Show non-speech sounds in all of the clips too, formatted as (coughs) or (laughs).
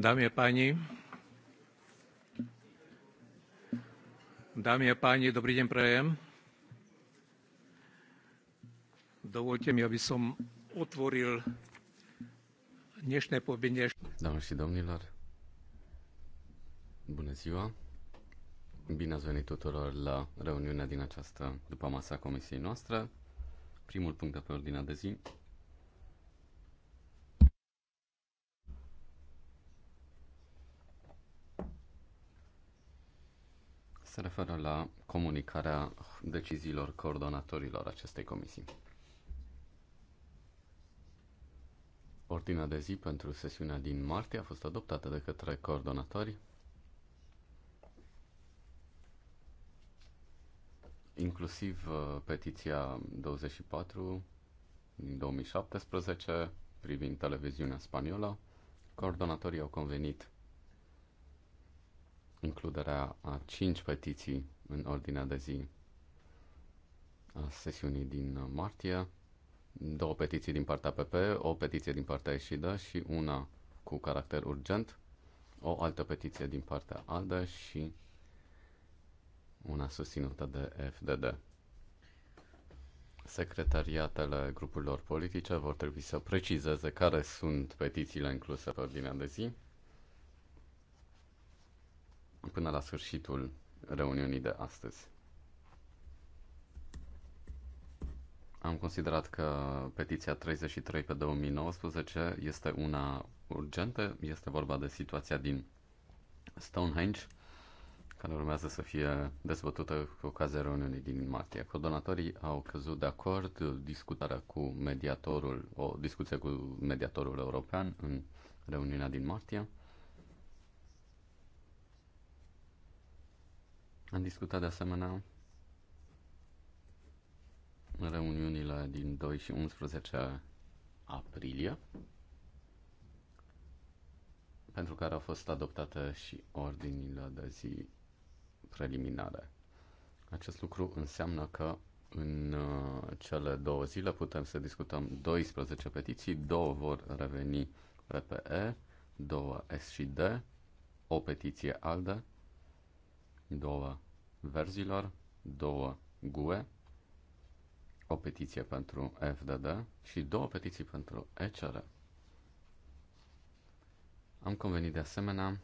Dámy a páni, dámy a páni, dobrý deň prajem. Dovolte mi, aby som otvoril dnešné pobedne. dámy și domnilor, bună ziua! Bine ați venit tuturor la reuniunea din această după masa comisiei noastre. Primul punct de pe ordinea de zi la comunicarea deciziilor coordonatorilor acestei comisii. Ordinea de zi pentru sesiunea din martie a fost adoptată de către coordonatori, inclusiv uh, petiția 24 din 2017 privind televiziunea spaniolă. Coordonatorii au convenit includerea a cinci petiții în ordinea de zi a sesiunii din martie, două petiții din partea PP, o petiție din partea Ieșidă și una cu caracter urgent, o altă petiție din partea ALDE și una susținută de FDD. Secretariatele grupurilor politice vor trebui să precizeze care sunt petițiile incluse pe ordinea de zi până la sfârșitul reuniunii de astăzi. Am considerat că petiția 33 pe 2019 este una urgentă, este vorba de situația din Stonehenge, care urmează să fie dezbătută cu ocazia reuniunii din martie. Coordonatorii au căzut de acord discutarea cu mediatorul, o discuție cu mediatorul european în reuniunea din martie Am discutat de asemenea reuniunile din 2 și 11 aprilie, pentru care au fost adoptate și ordinile de zi preliminare. Acest lucru înseamnă că în uh, cele două zile putem să discutăm 12 petiții, două vor reveni RPE, două S și D, o petiție ALDE, două verzilor, două GUE, o petiție pentru FDD și două petiții pentru ECR. Am convenit de asemenea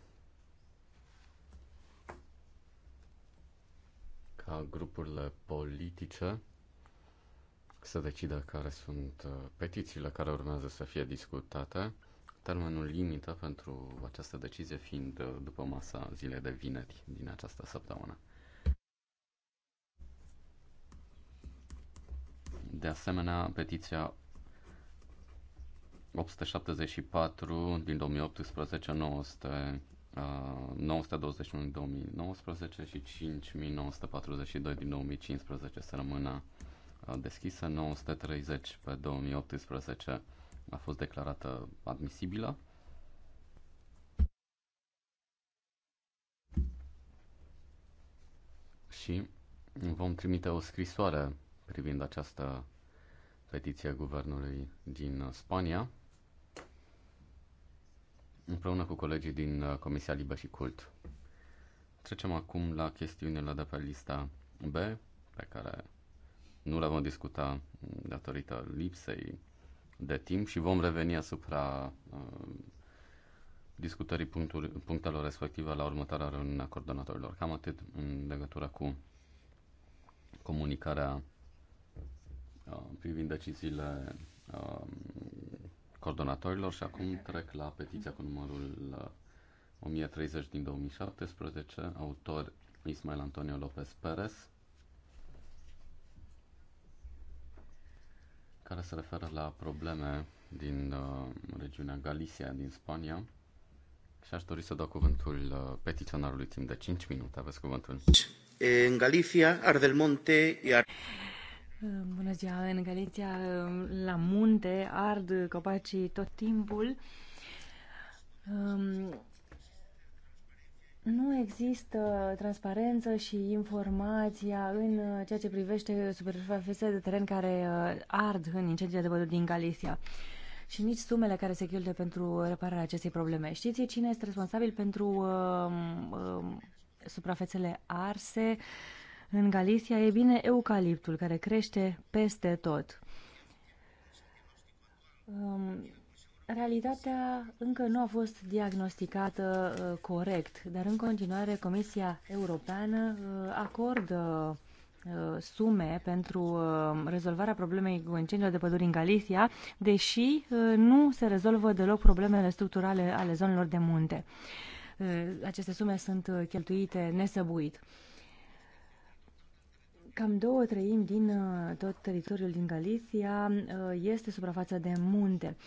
ca grupurile politice să decidă care sunt uh, petițiile care urmează să fie discutate termenul limită pentru această decizie fiind uh, după masa zilei de vineri din această săptămână. De asemenea, petiția 874 din 2018, 900, uh, 921 din 2019 și 5942 din 2015 să rămână uh, deschisă, 930 pe 2018 a fost declarată admisibilă. Și vom trimite o scrisoare privind această petiție guvernului din Spania, împreună cu colegii din uh, Comisia Libă și Cult. Trecem acum la chestiunile de pe lista B, pe care nu le vom discuta datorită lipsei de timp și vom reveni asupra uh, discutării punctelor respective la următoarea reuniune a coordonatorilor. Cam atât în legătură cu comunicarea uh, privind deciziile uh, coordonatorilor și acum trec la petiția cu numărul 1030 din 2017, autor Ismail Antonio López Pérez, care se referă la probleme din uh, regiunea Galicia din Spania. Și aș dori să dau cuvântul uh, petiționarului timp de 5 minute. Aveți cuvântul. În Galicia, monte iar... Bună ziua! În Galicia, la munte, ard copacii tot timpul. Um, nu există transparență și informația în uh, ceea ce privește suprafețele de teren care uh, ard în incendiile de păduri din Galicia și nici sumele care se cheltuie pentru repararea acestei probleme. Știți cine este responsabil pentru uh, uh, suprafețele arse în Galicia? E bine, eucaliptul, care crește peste tot. Um, Realitatea încă nu a fost diagnosticată uh, corect, dar în continuare Comisia Europeană uh, acordă uh, sume pentru uh, rezolvarea problemei cu incendiul de păduri în Galicia, deși uh, nu se rezolvă deloc problemele structurale ale zonelor de munte. Uh, aceste sume sunt cheltuite nesăbuit. Cam două treimi din tot teritoriul din Galicia este suprafața de munte. Uh,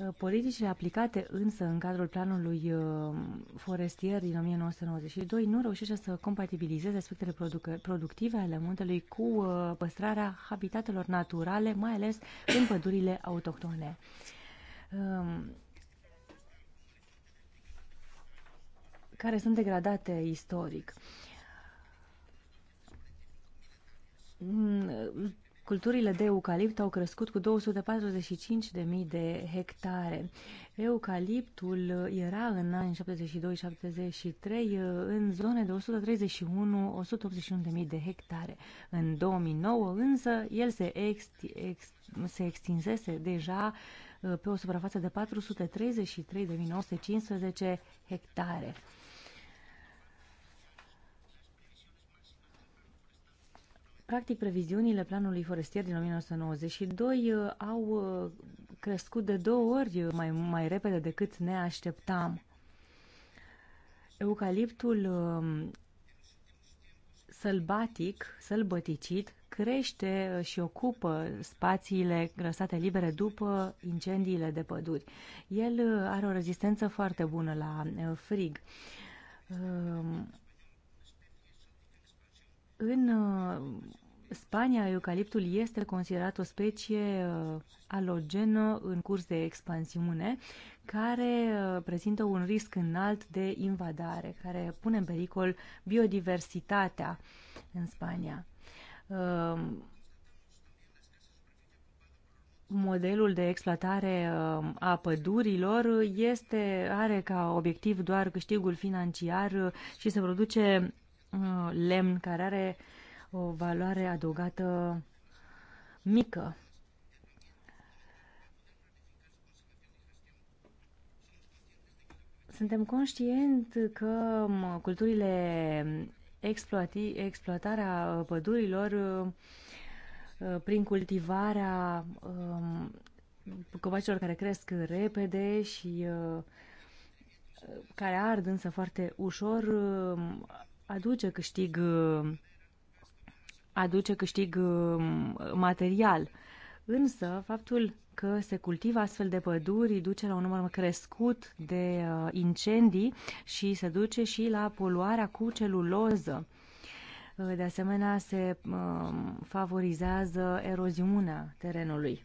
Uh, politicile aplicate însă în cadrul planului uh, forestier din 1992 nu reușește să compatibilizeze aspectele productive ale muntelui cu uh, păstrarea habitatelor naturale, mai ales în pădurile autohtone. Um, care sunt degradate istoric mm, Culturile de eucalipt au crescut cu 245.000 de hectare. Eucaliptul era în anii 72-73 în zone de 131-181.000 de hectare. În 2009 însă el se, ex, ex, se extinsese deja uh, pe o suprafață de 433.915 hectare. Practic, previziunile planului forestier din 1992 uh, au uh, crescut de două ori uh, mai, mai repede decât ne așteptam. Eucaliptul um, sălbatic, sălbăticit, crește și ocupă spațiile lăsate libere după incendiile de păduri. El are o rezistență foarte bună la frig. Um, în uh, Spania, eucaliptul este considerat o specie uh, alogenă în curs de expansiune, care uh, prezintă un risc înalt de invadare, care pune în pericol biodiversitatea în Spania. Modelul de exploatare a pădurilor este, are ca obiectiv doar câștigul financiar și se produce Uh, lemn care are o valoare adăugată mică. Suntem conștient că um, culturile exploati, exploatarea uh, pădurilor uh, prin cultivarea um, copacilor care cresc repede și care ard însă foarte ușor um, aduce câștig uh, aduce câștig uh, material. Însă, faptul că se cultivă astfel de păduri duce la un număr crescut de uh, incendii și se duce și la poluarea cu celuloză. De asemenea, se um, favorizează eroziunea terenului.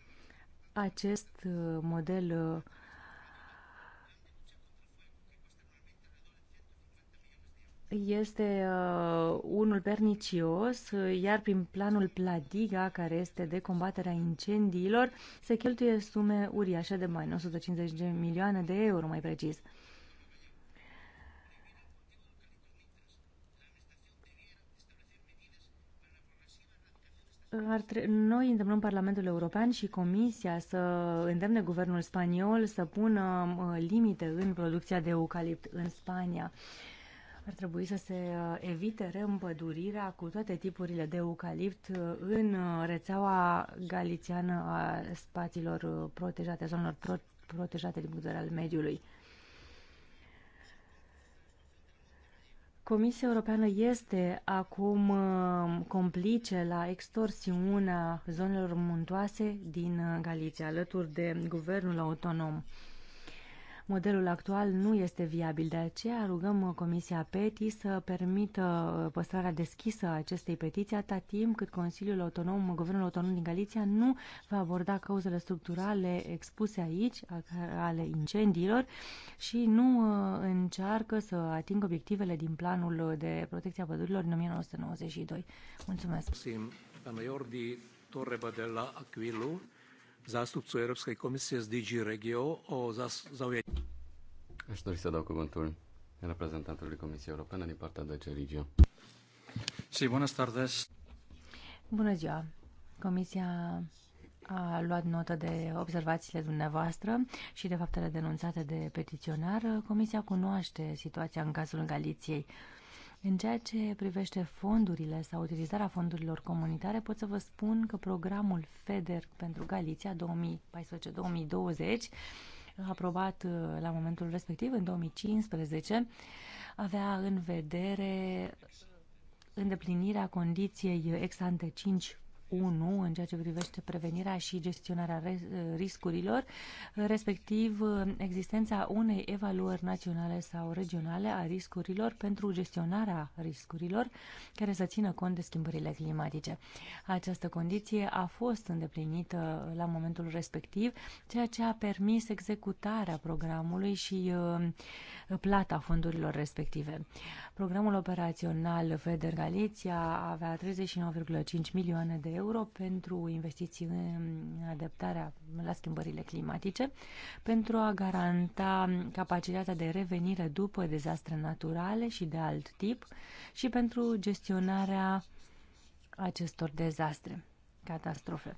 Acest model este uh, unul pernicios, iar prin planul Pladiga, care este de combaterea incendiilor, se cheltuie sume uriașe de bani, 150 de milioane de euro mai precis. Ar tre- Noi îndemnăm Parlamentul European și Comisia să îndemne guvernul spaniol să pună uh, limite în producția de eucalipt în Spania. Uh, ar trebui să se uh, evite reîmpădurirea cu toate tipurile de eucalipt uh, în uh, rețeaua galițiană a spațiilor protejate, zonelor pro protejate din punct de al mediului. Comisia Europeană este acum complice la extorsiunea zonelor muntoase din Galicia, alături de guvernul autonom Modelul actual nu este viabil, de aceea rugăm uh, Comisia PETI să permită uh, păstrarea deschisă a acestei petiții atât timp cât Consiliul Autonom, Guvernul Autonom din Galiția nu va aborda cauzele structurale expuse aici, ale incendiilor, și nu uh, încearcă să atingă obiectivele din planul de protecție a pădurilor din 1992. Mulțumesc! Sim, Torre Badella Aquilu zástupců Evropské komise z DG Regio o zaujetí. Aș dori să dau cuvântul reprezentantului Comisiei Europene din partea DG Regio. Sí, buenas tardes. Bună ziua. Comisia a luat notă de observațiile dumneavoastră și de faptele denunțate de petiționar. Comisia cunoaște situația în cazul Galiției. În ceea ce privește fondurile sau utilizarea fondurilor comunitare, pot să vă spun că programul FEDER pentru Galicia 2014-2020, aprobat uh, la momentul respectiv în 2015, avea în vedere îndeplinirea condiției ex ante 5 1 în ceea ce privește prevenirea și gestionarea eh, riscurilor, respectiv eh, existența unei evaluări naționale sau regionale a riscurilor pentru gestionarea riscurilor care să țină cont de schimbările climatice. Această condiție a fost îndeplinită la momentul respectiv, ceea ce a permis executarea programului și eh, plata fondurilor respective. Programul operațional FEDER Galiția avea 39,5 milioane de euro pentru investiții în adaptarea la schimbările climatice, pentru a garanta capacitatea de revenire după dezastre naturale și de alt tip și pentru gestionarea acestor dezastre, catastrofe.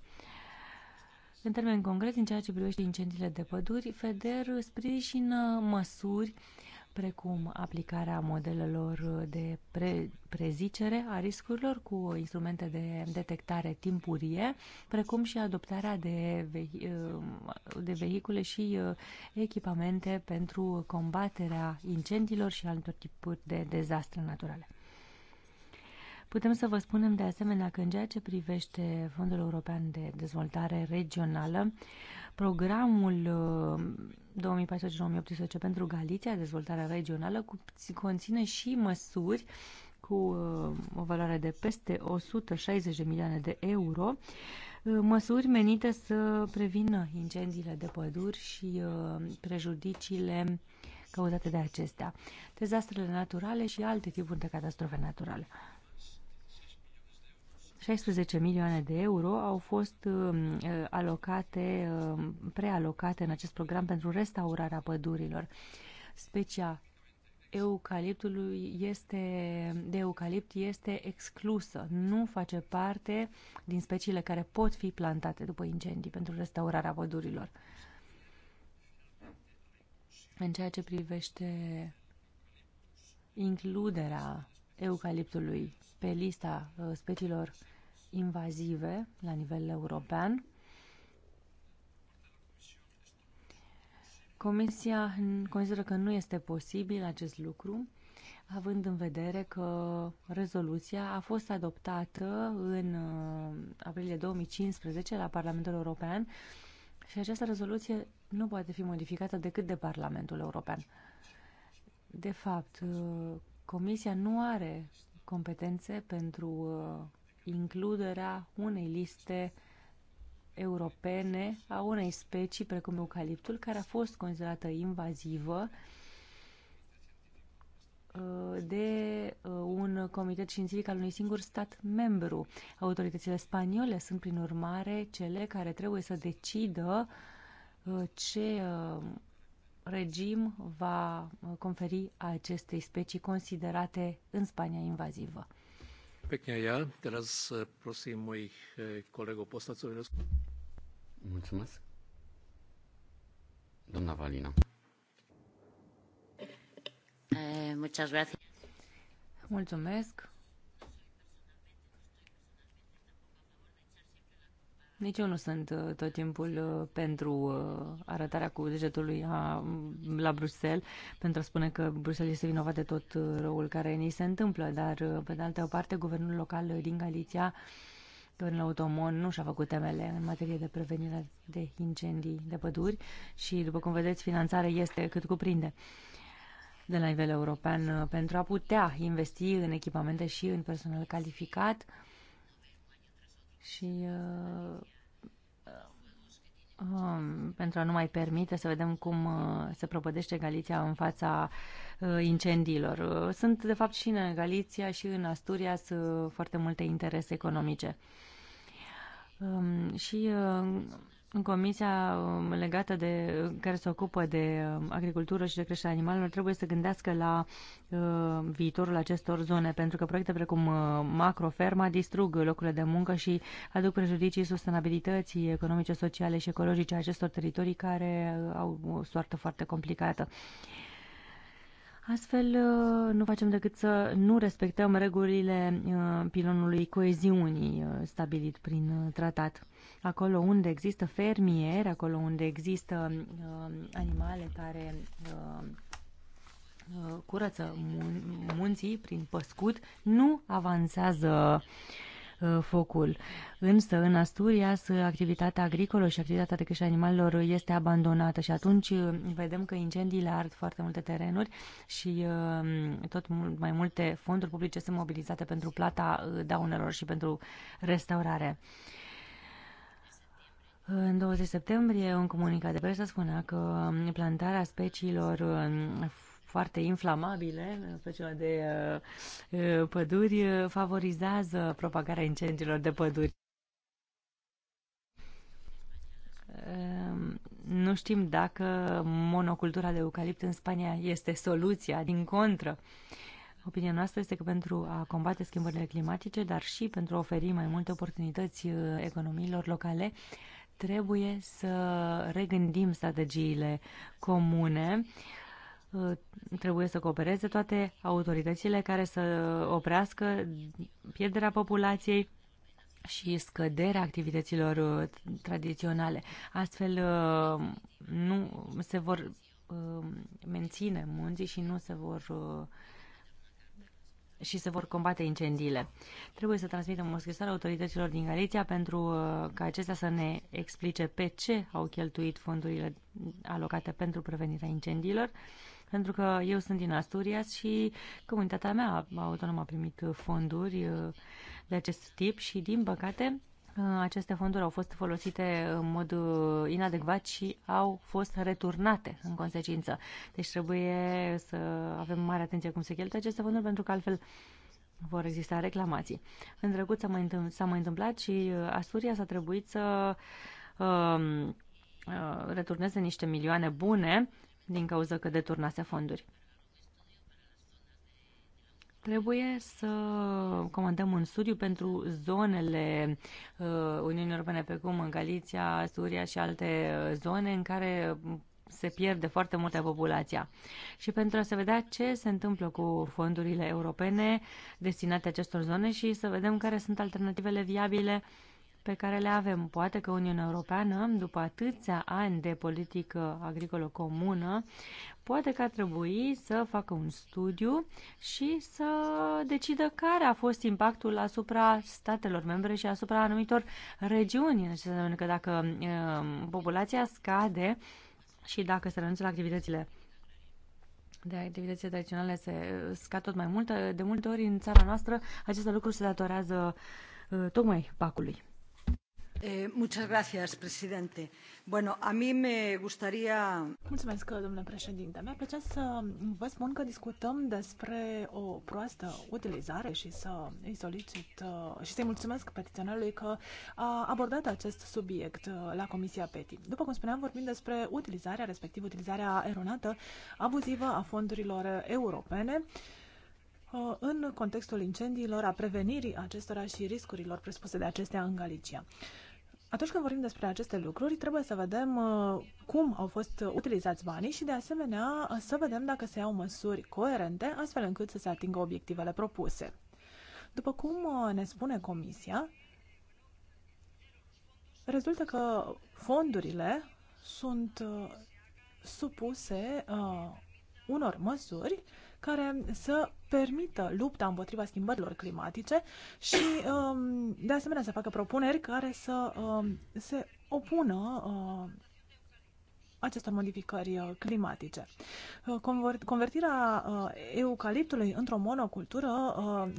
În termeni concret, în ceea ce privește incendiile de păduri, FEDER sprijină măsuri uh, precum aplicarea modelelor de pre prezicere a riscurilor cu instrumente de detectare timpurie, precum și adoptarea de, ve uh, de vehicule și uh, echipamente pentru combaterea incendiilor și altor tipuri de dezastre naturale. Putem să vă spunem de asemenea că în ceea ce privește Fondul European de Dezvoltare Regională, Programul 2014-2018 uh, pentru Galicia, dezvoltarea regională, conține și măsuri cu uh, o valoare de peste 160 de milioane de euro, uh, măsuri menite să prevină incendiile de păduri și prejudiciile cauzate de acestea, dezastrele naturale și alte tipuri de catastrofe naturale. 16 milioane de euro au fost um, uh, alocate, um, prealocate în acest program pentru restaurarea pădurilor. Specia eucaliptului este, de eucalipt este exclusă, nu face parte din speciile care pot fi plantate după incendii pentru restaurarea pădurilor. În ceea ce privește includerea eucaliptului pe lista uh, speciilor invazive la nivel european. Comisia consideră că nu este posibil acest lucru, având în vedere că rezoluția a fost adoptată în uh, aprilie 2015 la Parlamentul European și această rezoluție nu poate fi modificată decât de Parlamentul European. De fapt, uh, Comisia nu are competențe pentru uh, includerea unei liste europene a unei specii precum eucaliptul, care a fost considerată invazivă uh, de uh, un comitet științific al unui singur stat membru. Autoritățile spaniole sunt, prin urmare, cele care trebuie să decidă uh, ce regim va conferi acestei specii considerate în Spania invazivă. Pekne ja. Teraz prosím mojich kolegov poslancov. Mulțumesc. Doamna Valina. Mulțumesc. Nici eu nu sunt uh, tot timpul uh, pentru uh, arătarea cu degetului a, mm, la Bruxelles, pentru a spune că Bruxelles este vinovat de tot răul care ni se întâmplă, dar, pe de altă parte, guvernul local din Galicia, guvernul automon, nu și-a făcut temele în materie de prevenire de incendii de păduri și, după cum vedeți, finanțarea este cât cuprinde de la nivel european pentru a putea investi în echipamente și în personal calificat, și uh, um, pentru a nu mai permite să vedem cum uh, se propădește Galiția în fața uh, incendiilor. Uh, sunt, de fapt, și în Galiția și în Asturias uh, foarte multe interese economice. Um, și uh, în comisia um, legată de, care se ocupă de um, agricultură și de creșterea animalelor trebuie să gândească la uh, viitorul acestor zone, pentru că proiecte precum uh, macroferma distrug locurile de muncă și aduc prejudicii sustenabilității economice, sociale și ecologice a acestor teritorii care uh, au o soartă foarte complicată. Astfel, uh, nu facem decât să nu respectăm regulile pilonului coeziunii stabilit prin tratat acolo unde există fermieri, acolo unde există uh, animale care uh, uh, curăță mun munții prin păscut, nu avansează uh, focul. Însă în Asturias activitatea agricolă și activitatea de creștere animalelor este abandonată și atunci uh, vedem că incendiile ard foarte multe terenuri și um, tot mai multe fonduri publice sunt mobilizate pentru plata uh, daunelor și pentru restaurare. În 20 septembrie, un comunicat de presă spunea că plantarea speciilor um, foarte inflamabile, speciile de uh, uh, păduri, favorizează propagarea incendiilor de păduri. Um, nu știm dacă monocultura de eucalipt în Spania este soluția, din contră. Opinia noastră este că pentru a combate schimbările climatice, dar și pentru a oferi mai multe oportunități uh, economiilor locale, Trebuie să regândim strategiile comune uh, trebuie să coopereze toate autoritățile care să oprească pierderea populației și scăderea activităților uh, tradiționale. Astfel uh, nu se vor menține munții și nu se vor și se vor combate incendiile. Trebuie să transmitem o scrisoare autorităților din Galicia pentru uh, ca acestea să ne explice pe ce au cheltuit fondurile alocate pentru prevenirea incendiilor, pentru că eu sunt din Asturias și comunitatea mea autonomă a primit fonduri uh, de acest tip și, din păcate, aceste fonduri au fost folosite în mod uh, inadecvat și au fost returnate în consecință. Deci trebuie să avem mare atenție cum se cheltuie aceste fonduri, pentru că altfel vor exista reclamații. În trecut s-a mai, întâmpl- mai întâmplat și uh, Asturia s-a trebuit să uh, uh, returneze niște milioane bune din cauza că deturnase fonduri. Trebuie să comandăm un studiu pentru zonele uh, Uniunii Europene, precum în Galiția, Asturia și alte uh, zone în care se pierde foarte multă populația. Și pentru a se vedea ce se întâmplă cu fondurile europene destinate acestor zone și să vedem care sunt alternativele viabile uh, pe care le avem. Poate că Uniunea Europeană, după atâția ani de politică agricolă comună, poate că ar trebui să facă un studiu și să decidă care a fost impactul asupra statelor membre și asupra anumitor regiuni. În acest că dacă um, populația scade și dacă se renunță la activitățile de activitățile tradiționale se uh, scad tot mai mult. De multe ori în țara noastră aceste lucruri se datorează uh, tocmai pacului. Eh, mulțumesc, domnule președinte. Mi-ar plăcea să vă spun că discutăm despre o proastă utilizare și să îi solicit eh, și să-i mulțumesc petiționarului că a abordat acest subiect eh, la Comisia PETI. După cum spuneam, vorbim despre utilizarea, respectiv utilizarea eronată, abuzivă a fondurilor europene în contextul incendiilor, a prevenirii acestora și riscurilor presupuse de acestea în Galicia. Atunci când vorbim despre aceste lucruri, trebuie să vedem uh, cum au fost utilizați banii și, de asemenea, uh, să vedem dacă se iau măsuri coerente, astfel încât să se atingă obiectivele propuse. După cum uh, ne spune Comisia, rezultă că fondurile sunt supuse unor măsuri care să permită lupta împotriva schimbărilor climatice și, um, de asemenea, să facă propuneri care să um, se opună uh, acestor modificări uh, climatice. Uh, convertirea eucaliptului într-o monocultură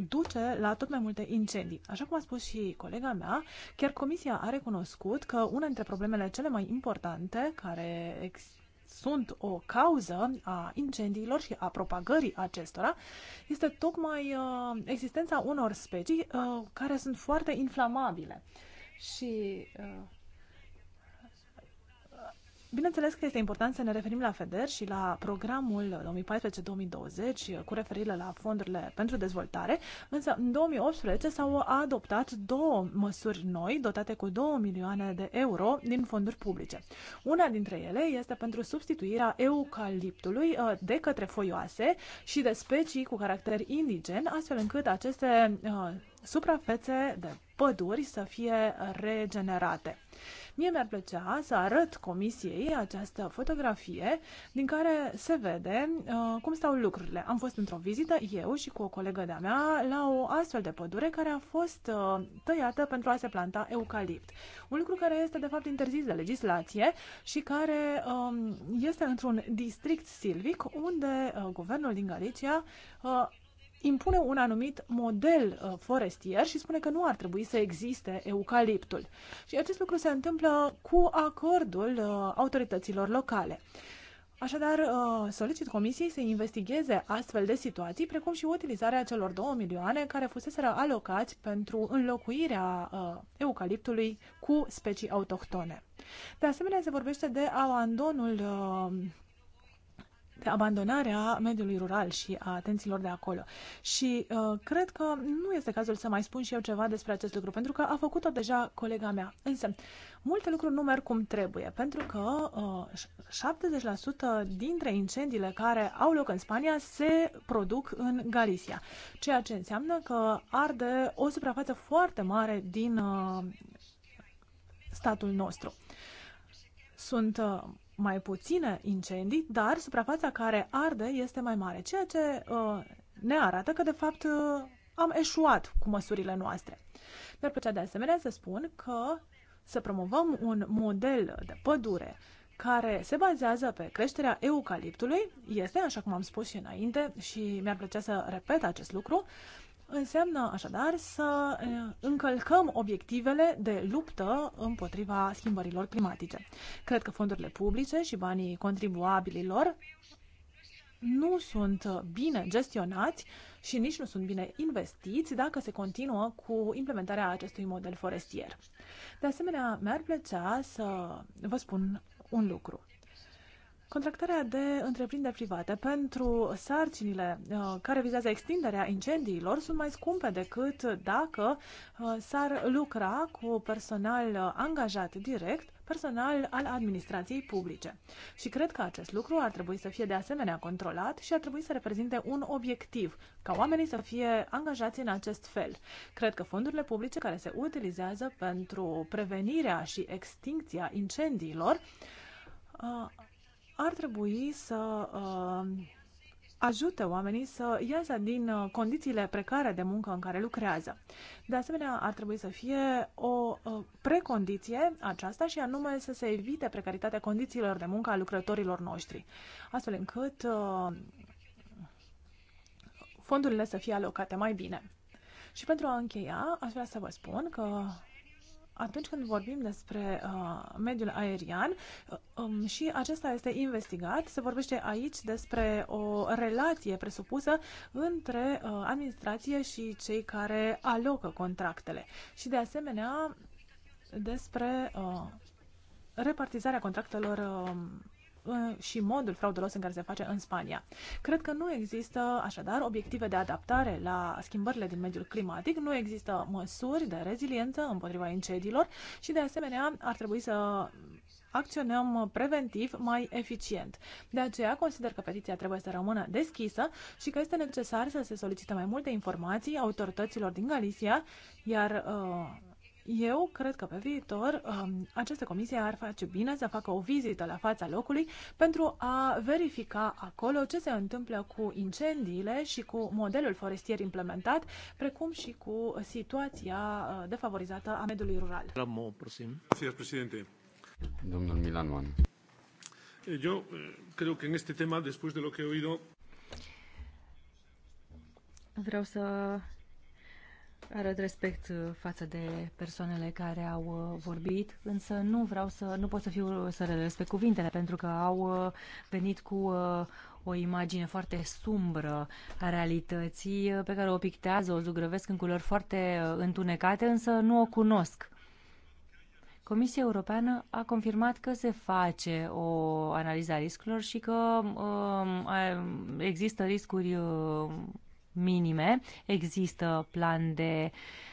duce la tot mai multe incendii. Așa cum a spus și colega mea, chiar Comisia a recunoscut că una dintre problemele cele mai importante care există sunt o cauză a incendiilor și a propagării acestora este tocmai uh, existența unor specii uh, care sunt foarte inflamabile. Și uh, Bineînțeles că este important să ne referim la FEDER și la programul 2014-2020 uh, cu referire la fondurile pentru dezvoltare, însă în 2018 s-au adoptat două măsuri noi dotate cu 2 milioane de euro din fonduri publice. Una dintre ele este pentru substituirea eucaliptului uh, de către foioase și de specii cu caracter indigen, astfel încât aceste uh, suprafețe de păduri să fie regenerate. Mie mi-ar plăcea să arăt comisiei această fotografie din care se vede uh, cum stau lucrurile. Am fost într-o vizită, eu și cu o colegă de-a mea, la o astfel de pădure care a fost uh, tăiată pentru a se planta eucalipt. Un lucru care este de fapt interzis de legislație și care uh, este într-un district silvic unde uh, guvernul din Galicia uh, impune un anumit model uh, forestier și spune că nu ar trebui să existe eucaliptul. Și acest lucru se întâmplă cu acordul uh, autorităților locale. Așadar, uh, solicit Comisiei să investigheze astfel de situații, precum și utilizarea celor 2 milioane care fuseseră alocați pentru înlocuirea eucaliptului cu specii autohtone. De asemenea, se vorbește de abandonul de abandonarea mediului rural și a atenților de acolo. Și uh, cred că nu este cazul să mai spun și eu ceva despre acest lucru, pentru că a făcut-o deja colega mea. Însă, multe lucruri nu merg cum trebuie, pentru că uh, 70% dintre incendiile care au loc în Spania se produc în Galicia, ceea ce înseamnă că arde o suprafață foarte mare din uh, statul nostru. Sunt uh, mai puține incendii, dar suprafața care arde este mai mare, ceea ce uh, ne arată că, de fapt, uh, am eșuat cu măsurile noastre. Dar pe cea de asemenea să spun că să promovăm un model de pădure care se bazează pe creșterea eucaliptului este, așa cum am spus și înainte și mi-ar plăcea să repet acest lucru, Înseamnă așadar să încălcăm obiectivele de luptă împotriva schimbărilor climatice. Cred că fondurile publice și banii contribuabililor nu sunt bine gestionați și nici nu sunt bine investiți dacă se continuă cu implementarea acestui model forestier. De asemenea, mi-ar plăcea să vă spun un lucru. Contractarea de întreprinderi private pentru sarcinile uh, care vizează extinderea incendiilor sunt mai scumpe decât dacă uh, s-ar lucra cu personal uh, angajat direct, personal al administrației publice. Și cred că acest lucru ar trebui să fie de asemenea controlat și ar trebui să reprezinte un obiectiv, ca oamenii să fie angajați în acest fel. Cred că fondurile publice care se utilizează pentru prevenirea și extincția incendiilor ar trebui să uh, ajute oamenii să iasă din uh, condițiile precare de muncă în care lucrează. De asemenea, ar trebui să fie o uh, precondiție aceasta și anume să se evite precaritatea condițiilor de muncă a lucrătorilor noștri, astfel încât uh, fondurile să fie alocate mai bine. Și pentru a încheia, aș vrea să vă spun că atunci când vorbim despre uh, mediul aerian uh, um, și acesta este investigat, se vorbește aici despre o relație presupusă între uh, administrație și cei care alocă contractele și de asemenea despre uh, repartizarea contractelor uh, Uh, și modul fraudulos în care se face în Spania. Cred că nu există așadar obiective de adaptare la schimbările din mediul climatic, nu există măsuri de reziliență împotriva incendiilor și de asemenea ar trebui să acționăm preventiv mai eficient. De aceea consider că petiția trebuie să rămână deschisă și că este necesar să se solicite mai multe informații autorităților din Galicia, iar uh, eu cred că pe viitor um, aceste comisii ar face bine să facă o vizită la fața locului pentru a verifica acolo ce se întâmplă cu incendiile și cu modelul forestier implementat, precum și cu situația uh, defavorizată a mediului rural. Ramon, prosim. președinte. Domnul Milanuan. Eu eh, eh, cred că în acest tema, după ce lo que he oído, Vreau să arăt respect uh, față de persoanele care au uh, vorbit, însă nu vreau să, nu pot să fiu să respect cuvintele, pentru că au uh, venit cu o imagine foarte sumbră a realității pe care o pictează, o zugrăvesc în culori foarte întunecate, însă nu o cunosc. Comisia Europeană a confirmat că se face o analiză a riscurilor și că um, există riscuri um, minime. Există plan de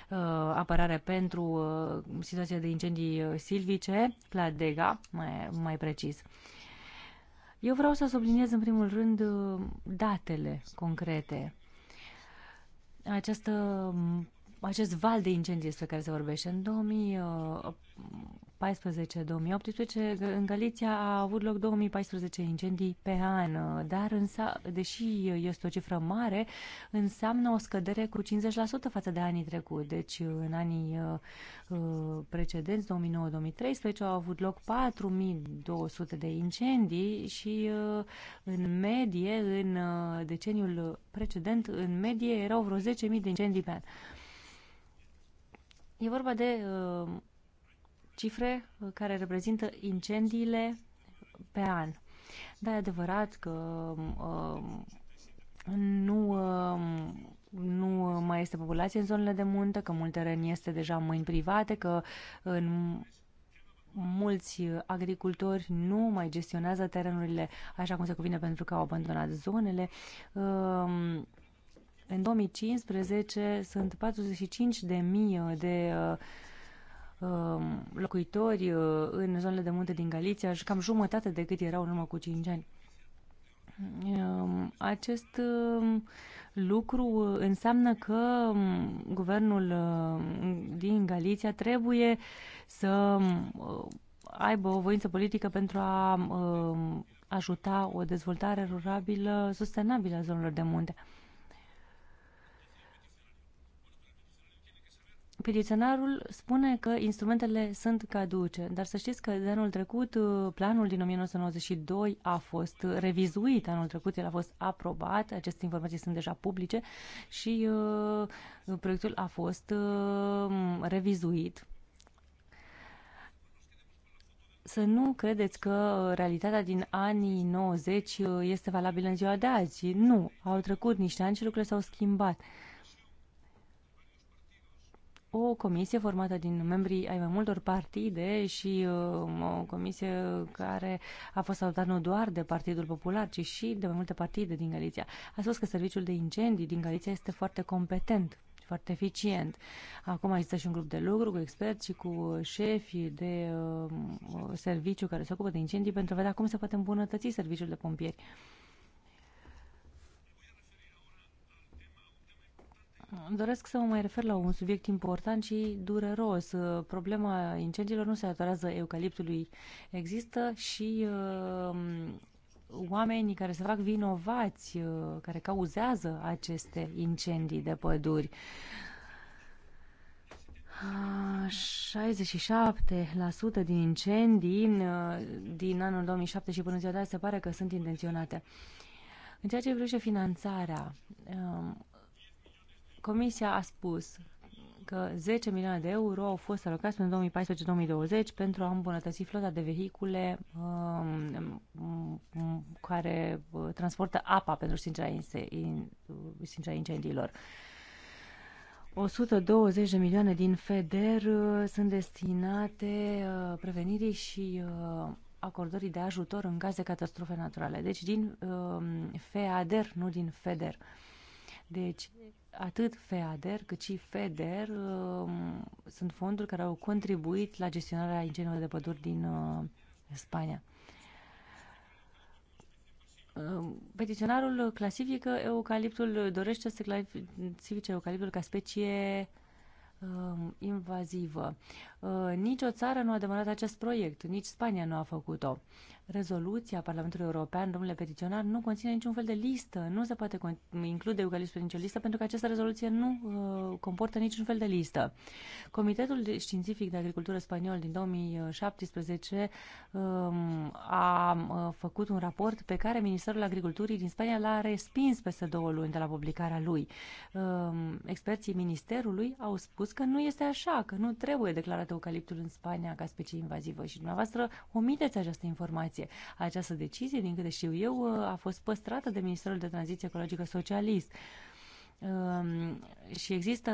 uh, apărare pentru uh, situația de incendii uh, silvice, la DEGA, mai, mai precis. Eu vreau să subliniez în primul rând uh, datele concrete. Această acest val de incendii despre care se vorbește. În 2014-2018, uh, în Galiția a avut loc 2014 incendii pe an, uh, dar însă, deși este o cifră mare, înseamnă o scădere cu 50% față de anii trecuți. Deci, în anii uh, precedenți, 2009-2013, au avut loc 4200 de incendii și, în medie, în deceniul precedent, în medie erau vreo 10.000 de incendii pe an. E vorba de uh, cifre uh, care reprezintă incendiile pe an. Da, e adevărat că uh, nu, uh, nu mai este populație în zonele de munte, că mult teren este deja în mâini private, că uh, în mulți agricultori nu mai gestionează terenurile așa cum se cuvine pentru că au abandonat zonele. Uh, în 2015 sunt 45 de mii uh, de uh, um, locuitori uh, în zonele de munte din Galicia, și cam jumătate de cât erau în urmă cu 5 ani. Um, acest um, lucru înseamnă că guvernul din Galicia trebuie să aibă o voință politică pentru a ajuta o dezvoltare rurabilă sustenabilă a zonelor de munte. Petiționarul spune că instrumentele sunt caduce, dar să știți că de anul trecut uh, planul din 1992 a fost revizuit, anul trecut el a fost aprobat, aceste informații sunt deja publice și uh, proiectul a fost uh, revizuit. Să nu credeți că realitatea din anii 90 uh, este valabilă în ziua de azi. Nu, au trecut niște ani și lucrurile s-au schimbat. Uh, o comisie formată din membrii ai mai multor partide și uh, o comisie care a fost salutată nu doar de Partidul Popular, ci și de mai multe partide din Galiția. A spus că serviciul de incendii din Galiția este foarte competent foarte eficient. Acum există și un grup de lucru cu experți și cu șefi de uh, serviciu care se ocupă de incendii pentru a vedea cum se poate îmbunătăți serviciul de pompieri. Uh, Doresc să mă mai refer la un subiect important și dureros. Problema incendiilor nu se datorează eucaliptului. Există și uh, oamenii care se fac vinovați, uh, care cauzează aceste incendii de păduri. 67% ah, din incendii uh, din anul 2007 și până ziua de azi se pare că sunt intenționate. În ceea ce privește finanțarea, um, Comisia a spus că 10 milioane de euro au fost alocați în 2014-2020 pentru a îmbunătăți flota de vehicule um, um care uh, transportă apa pentru stingerea incendiilor. 120 de milioane din FEDER uh, sunt destinate uh, prevenirii și acordării de ajutor în caz de catastrofe naturale. Deci din um, FEADER, nu din FEDER. Deci atât FEADER cât și FEDER um, sunt fonduri care au contribuit la gestionarea incendiilor de păduri din uh, Spania. Um, petiționarul clasifică eucaliptul, dorește să clasifice eucaliptul ca specie um, invazivă. Uh, nicio țară nu a demarat acest proiect, nici Spania nu a făcut-o. Rezoluția Parlamentului European, domnule petiționar, nu conține niciun fel de listă, nu se poate include eucaliptul nicio listă, pentru că această rezoluție nu uh, comportă niciun fel de listă. Comitetul Științific de Agricultură Spaniol din 2017 um, a uh, făcut un raport pe care Ministerul Agriculturii din Spania l-a respins peste două luni de la publicarea lui. Um, experții Ministerului au spus că nu este așa, că nu trebuie declarată eucaliptul în Spania ca specie invazivă și dumneavoastră omiteți această informație. Această decizie, din câte știu eu, a fost păstrată de Ministerul de Tranziție Ecologică Socialist. Uh, Ehm, și există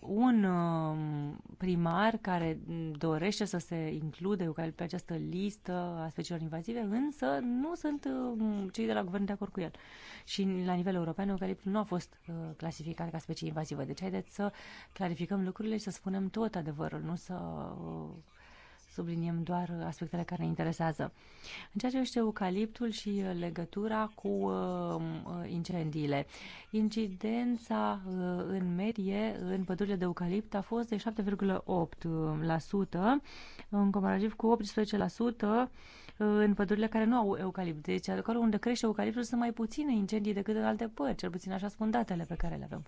un ehm, primar care dorește să se include pe această listă a speciilor invazive, însă nu sunt ehm, cei de la guvern de acord cu el. Și la nivel european, eucaliptul nu a fost clasificat ca specie invazivă. Deci haideți să clarificăm lucrurile și să spunem tot adevărul, nu să subliniem doar aspectele care ne interesează. În ceea ce este eucaliptul și uh, legătura cu uh, uh, incendiile, incidența în medie în pădurile de eucalipt a fost de 7,8% în comparativ cu 18% în pădurile care nu au eucalipt. Deci acolo unde crește eucaliptul sunt mai puține incendii decât în alte părți, cel puțin așa spun datele pe care le avem.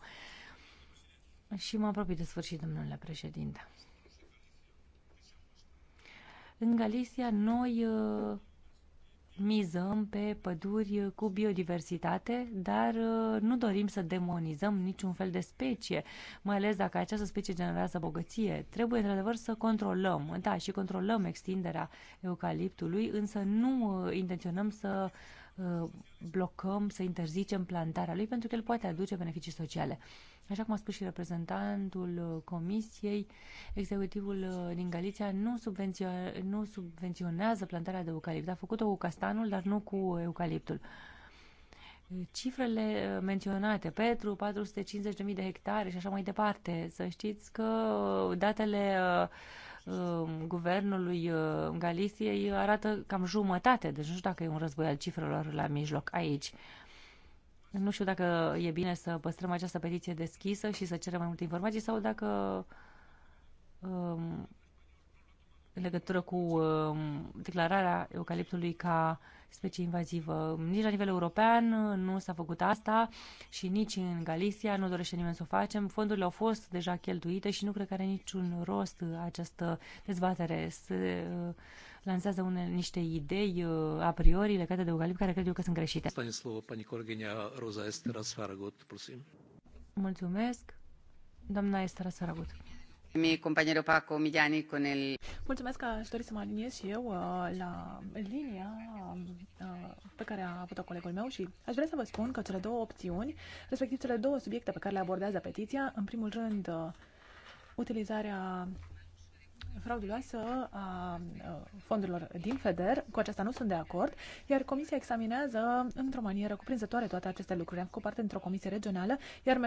Și mă apropii de sfârșit, domnule președinte. În Galicia noi uh, mizăm pe păduri cu biodiversitate, dar uh, nu dorim să demonizăm niciun fel de specie, mai ales dacă această specie generează bogăție. Trebuie, într-adevăr, să controlăm, da, și controlăm extinderea eucaliptului, însă nu uh, intenționăm să Uh, blocăm, să interzicem plantarea lui, pentru că el poate aduce beneficii sociale. Așa cum a spus și reprezentantul uh, Comisiei, executivul uh, din Galiția nu, subvențio- nu subvenționează plantarea de eucalipt. A făcut-o cu castanul, dar nu cu eucaliptul. Cifrele menționate, Petru, 450.000 de hectare și așa mai departe, să știți că datele uh, Um, guvernului um, Galiciei arată cam jumătate, deci nu știu dacă e un război al cifrelor la mijloc aici. Nu știu dacă e bine să păstrăm această petiție deschisă și să cerem mai multe informații sau dacă um, în legătură cu um, declararea eucaliptului ca uh, specie invazivă. Nici la nivel european nu s-a făcut asta și nici în Galicia nu dorește nimeni să o facem. Fondurile au fost deja cheltuite și nu cred că are niciun rost această dezbatere. Se uh, lansează une, niște idei uh, a priori legate de eucalipt care cred eu că sunt greșite. Mulțumesc. Doamna Estera Saragut. Mi compañero Paco Miliani con el... Mulțumesc că aș dori să mă aliniez și eu uh, la linia uh, pe care a avut-o colegul meu și aș vrea să vă spun că cele două opțiuni, respectiv cele două subiecte pe care le abordează petiția, în primul rând uh, utilizarea frauduloasă a fondurilor din FEDER. Cu aceasta nu sunt de acord, iar Comisia examinează într-o manieră cuprinzătoare toate aceste lucruri. Am făcut parte într-o comisie regională, iar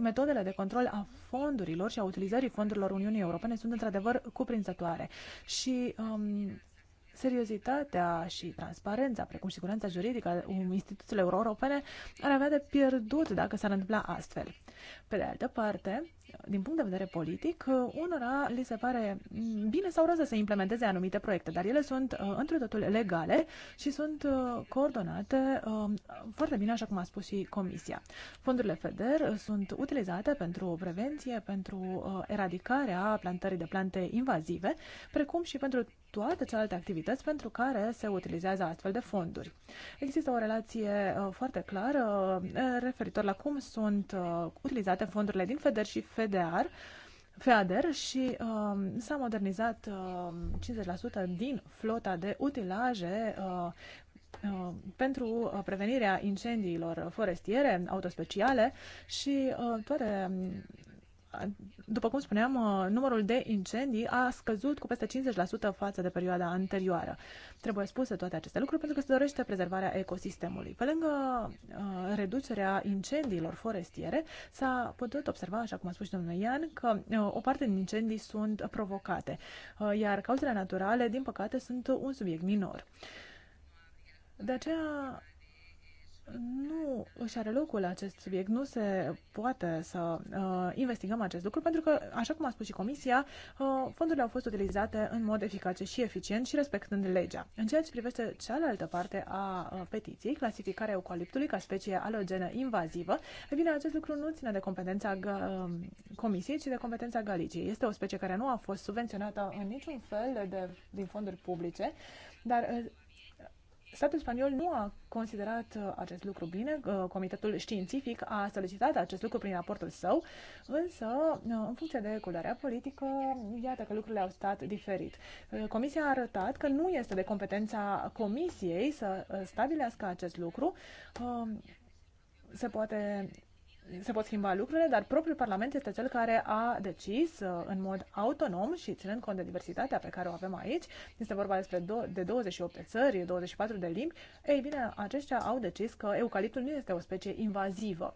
metodele de control a fondurilor și a utilizării fondurilor Uniunii Europene sunt într-adevăr cuprinzătoare. Și um, seriozitatea și transparența, precum și siguranța juridică a instituțiilor europene, ar avea de pierdut dacă s-ar întâmpla astfel. Pe de altă parte, din punct de vedere politic, uh, unora li se pare bine sau rău să se implementeze anumite proiecte, dar ele sunt uh, într totul legale și sunt uh, coordonate uh, foarte bine, așa cum a spus și Comisia. Fondurile FEDER uh, sunt utilizate pentru prevenție, pentru uh, eradicarea plantării de plante invazive, precum și pentru toate celelalte activități pentru care se utilizează astfel de fonduri. Există o relație uh, foarte clară uh, referitor la cum sunt uh, utilizate fondurile din FEDER și FEDEAR, FEADER și um, s-a modernizat um, 50% din flota de utilaje uh, uh, pentru uh, prevenirea incendiilor forestiere, autospeciale și uh, toate um, după cum spuneam, uh, numărul de incendii a scăzut cu peste 50% față de perioada anterioară. Trebuie spuse toate aceste lucruri pentru că se dorește prezervarea ecosistemului. Pe lângă uh, reducerea incendiilor forestiere, s-a putut observa, așa cum a spus și domnul Ian, că uh, o parte din incendii sunt provocate, iar cauzele naturale, din păcate, sunt un subiect minor. De aceea nu își are locul acest subiect, nu se poate să uh, investigăm acest lucru, pentru că, așa cum a spus și Comisia, uh, fondurile au fost utilizate în mod eficace și eficient și respectând legea. În ceea ce privește cealaltă parte a uh, petiției, clasificarea eucaliptului ca specie alogenă invazivă, e bine, acest lucru nu ține de competența uh, Comisiei, ci de competența Galiciei. Este o specie care nu a fost subvenționată în niciun fel de, din fonduri publice, dar uh, Statul spaniol nu a considerat uh, acest lucru bine. Uh, comitetul științific a solicitat acest lucru prin raportul său, însă, uh, în funcție de culoarea politică, iată că lucrurile au stat diferit. Comisia a arătat că nu este de competența Comisiei să stabilească acest lucru. Se poate se pot schimba lucrurile, dar propriul Parlament este cel care a decis uh, în mod autonom și ținând cont de diversitatea pe care o avem aici, este vorba despre de 28 de țări, 24 de limbi, ei bine, aceștia au decis că eucaliptul nu este o specie invazivă.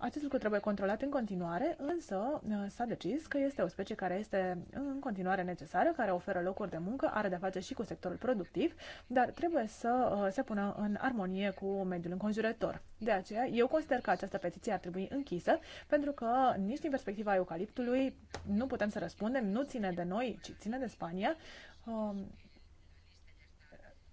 Acest lucru trebuie controlat în continuare, însă uh, s-a decis că este o specie care este în continuare necesară, care oferă locuri de muncă, are de-a face și cu sectorul productiv, dar trebuie să uh, se pună în armonie cu mediul înconjurător. De aceea, eu consider că această petiție ar trebui închisă, pentru că nici din perspectiva eucaliptului nu putem să răspundem, nu ține de noi, ci ține de Spania um,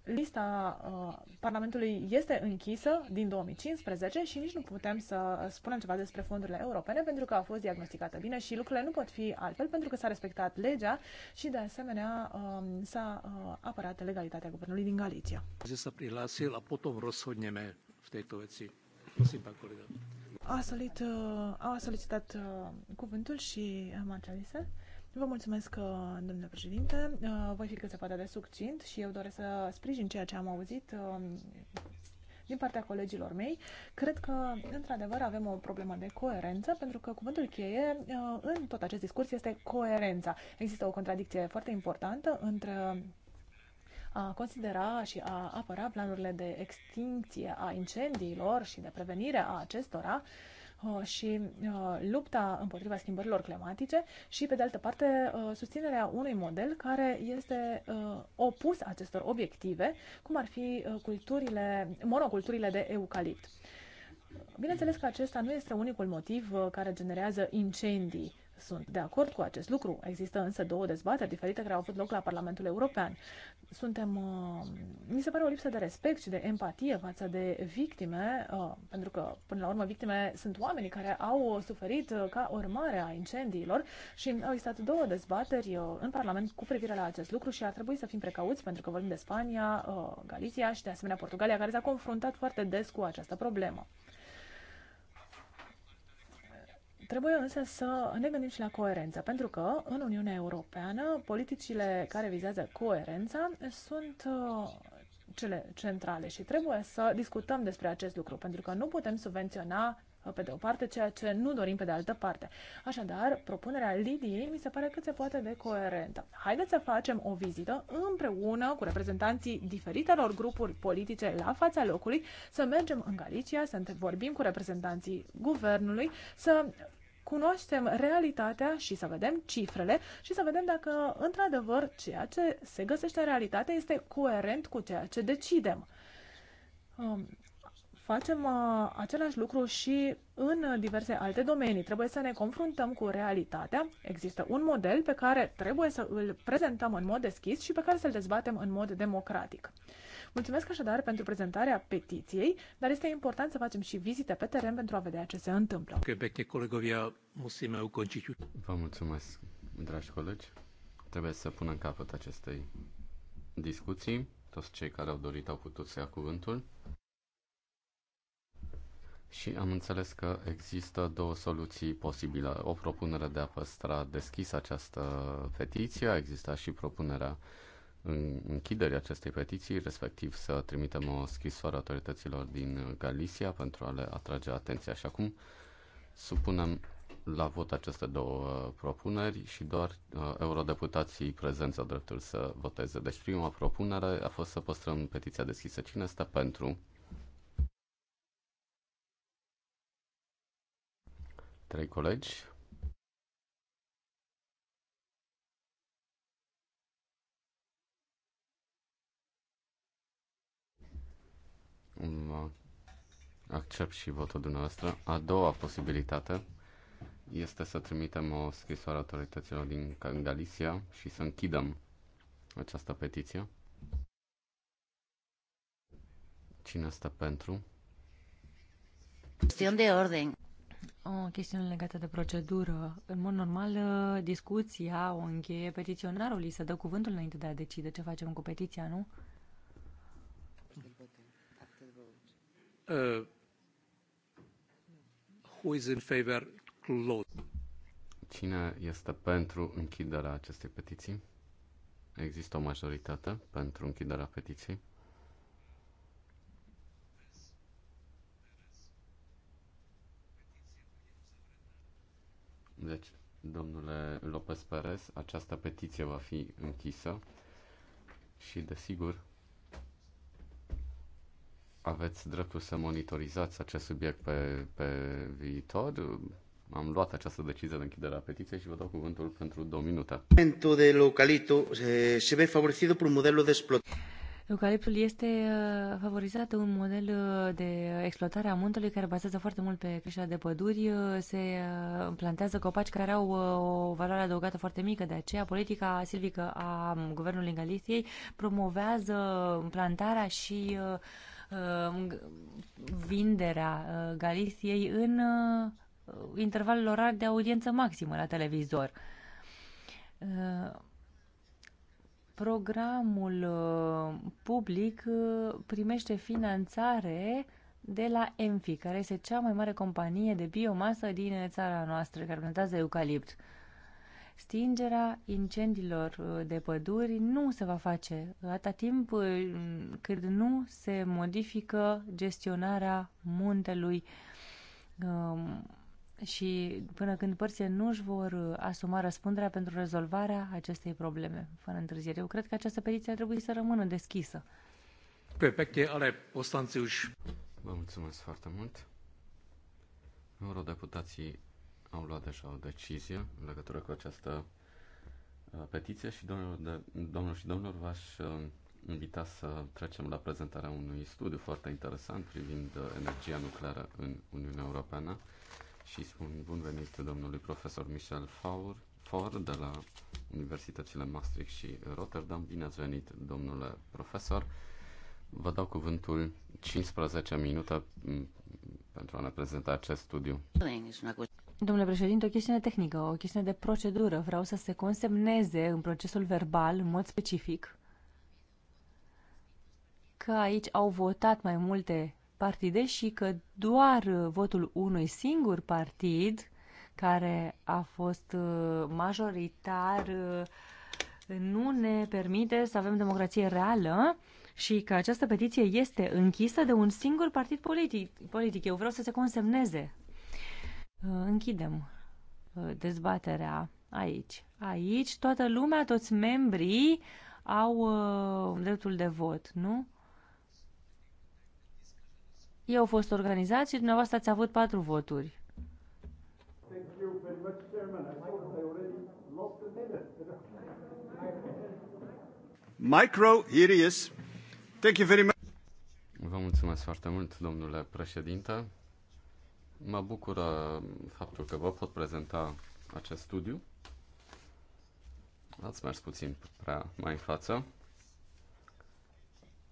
lista uh, Parlamentului este închisă din 2015 și nici nu putem să spunem ceva despre fondurile europene pentru că a fost diagnosticată bine și lucrurile nu pot fi altfel pentru că s-a respectat legea și de asemenea uh, s-a uh, apărat legalitatea guvernului din Galicia. Să a potom uh, v tejto veci. Prosím, pán uh, A, solicitat a uh, cuvântul și uh, Marcelise. Vă mulțumesc, uh, domnule președinte. Uh, voi fi cât se poate de succint și eu doresc să sprijin ceea ce am auzit uh, din partea colegilor mei. Cred că, într-adevăr, avem o problemă de coerență, pentru că cuvântul cheie în tot acest discurs este coerența. Există o contradicție foarte importantă între a considera și a apăra planurile de extinție a incendiilor și de prevenire a acestora, uh, Uh, și uh, lupta împotriva schimbărilor climatice și, pe de altă parte, uh, susținerea unui model care este opus acestor obiective, cum ar fi culturile, monoculturile de eucalipt. Bineînțeles că acesta nu este unicul motiv care generează incendii sunt de acord cu acest lucru. Există însă două dezbateri diferite care au avut loc la Parlamentul European. Suntem, uh, mi se pare o lipsă de respect și de empatie față de victime, uh, pentru că, până la urmă, victime sunt oamenii care au suferit uh, ca urmare a incendiilor și au existat două dezbateri în Parlament cu privire la acest lucru și ar trebui să fim precauți, pentru că vorbim de Spania, Galicia și, de asemenea, Portugalia, care s-a confruntat foarte des cu această problemă. Trebuie însă să ne gândim și la coerență, pentru că în Uniunea Europeană politicile care vizează coerența sunt uh, cele centrale și trebuie să discutăm despre acest lucru, pentru că nu putem subvenționa pe de o parte, ceea ce nu dorim pe de altă parte. Așadar, propunerea Lidiei mi se pare cât se poate de coerentă. Haideți să facem o vizită împreună cu reprezentanții diferitelor grupuri politice la fața locului, să mergem în Galicia, să vorbim cu reprezentanții guvernului, să cunoaștem realitatea și să vedem cifrele și să vedem dacă, într-adevăr, ceea ce se găsește în realitate este coerent cu ceea ce decidem. Um, facem uh, același lucru și în diverse alte domenii. Trebuie să ne confruntăm cu realitatea. Există un model pe care trebuie să îl prezentăm în mod deschis și pe care să-l dezbatem în mod democratic. Mulțumesc așadar pentru prezentarea petiției, dar este important să facem și vizite pe teren pentru a vedea ce se întâmplă. Vă mulțumesc, dragi colegi. Trebuie să punem capăt acestei discuții. Toți cei care au dorit au putut să ia cuvântul și am înțeles că există două soluții posibile. O propunere de a păstra deschisă această petiție, a existat și propunerea închiderii acestei petiții, respectiv să trimitem o scrisoare autorităților din Galicia pentru a le atrage atenția. Și acum supunem la vot aceste două uh, propuneri și doar uh, eurodeputații prezenți au dreptul să voteze. Deci prima propunere a fost să păstrăm petiția deschisă. Cine este pentru? trei colegi. Uh, accept și votul dumneavoastră. A doua posibilitate este să trimitem o scrisoare autorităților din Galicia și să închidem această petiție. Cine stă pentru? Cuestión de ordine o chestiune legată de procedură. În mod normal, uh, discuția o încheie petiționarul, îi se dă cuvântul înainte de a decide ce facem cu petiția, nu? Uh, who is in favor close? Cine este pentru închiderea acestei petiții? Există o majoritate pentru închiderea petiției? Deci, domnule Lopez Perez, această petiție va fi închisă și, desigur, aveți dreptul să monitorizați acest subiect pe, pe viitor. Am luat această decizie de închidere a petiției și vă dau cuvântul pentru două minute. de localito se, eh, se ve favorecido por un modelo de explotație. Eucaliptul este uh, favorizat un model uh, de exploatare a muntelui care bazează foarte mult pe creșterea de păduri. Uh, se plantează copaci care au o valoare adăugată foarte mică, de aceea politica silvică a guvernului Galiciei promovează plantarea și vinderea Galiciei în intervalul orar de audiență maximă la televizor programul uh, public uh, primește finanțare de la Enfi, care este cea mai mare companie de biomasă din țara noastră, care plantează eucalipt. Stingerea incendiilor uh, de păduri nu se va face atâta timp cât nu se modifică gestionarea muntelui um, și până când părțile nu își vor uh, asuma răspunderea pentru rezolvarea acestei probleme, fără întârziere. Eu cred că această petiție ar trebui să rămână deschisă. Prefecte ale Postanțiuș. Vă mulțumesc foarte mult. Eurodeputații au luat deja o decizie în legătură cu această uh, petiție și domnilor, de, domnilor și domnilor v-aș uh, invita să trecem la prezentarea unui studiu foarte interesant privind energia nucleară în Uniunea Europeană și spun bun venit domnului profesor Michel Faur, For de la Universitățile Maastricht și Rotterdam. Bine ați venit, domnule profesor. Vă dau cuvântul 15 minute pentru a ne prezenta acest studiu. Domnule președinte, o chestiune tehnică, o chestiune de procedură. Vreau să se consemneze în procesul verbal, în mod specific, că aici au votat mai multe partide și că doar uh, votul unui singur partid care a fost uh, majoritar uh, nu ne permite să avem democrație reală și că această petiție este închisă de un singur partid politic. politic. Eu vreau să se consemneze. Închidem dezbaterea aici. Aici toată lumea, toți membrii au dreptul de vot, nu? Ei au fost organizați și dumneavoastră ați avut patru voturi. Micro, here is. Thank you very much. Vă mulțumesc foarte mult, domnule președinte. Mă bucură faptul că vă pot prezenta acest studiu. Ați mers puțin prea mai în față.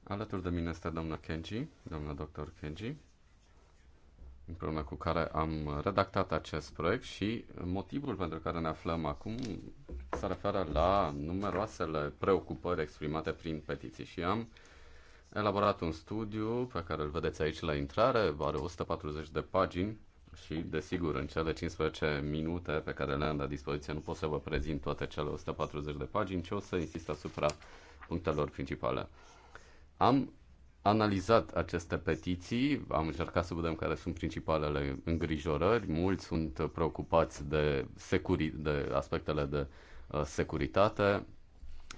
Alături de mine este doamna Kenji, doamna doctor Kenji, împreună cu care am redactat acest proiect și motivul pentru care ne aflăm acum se referă la numeroasele preocupări exprimate prin petiții și am elaborat un studiu pe care îl vedeți aici la intrare, are 140 de pagini și, desigur, în cele 15 minute pe care le-am la dispoziție nu pot să vă prezint toate cele 140 de pagini, ci o să insist asupra punctelor principale. Am analizat aceste petiții, am încercat să vedem care sunt principalele îngrijorări. Mulți sunt preocupați de, securi- de aspectele de uh, securitate,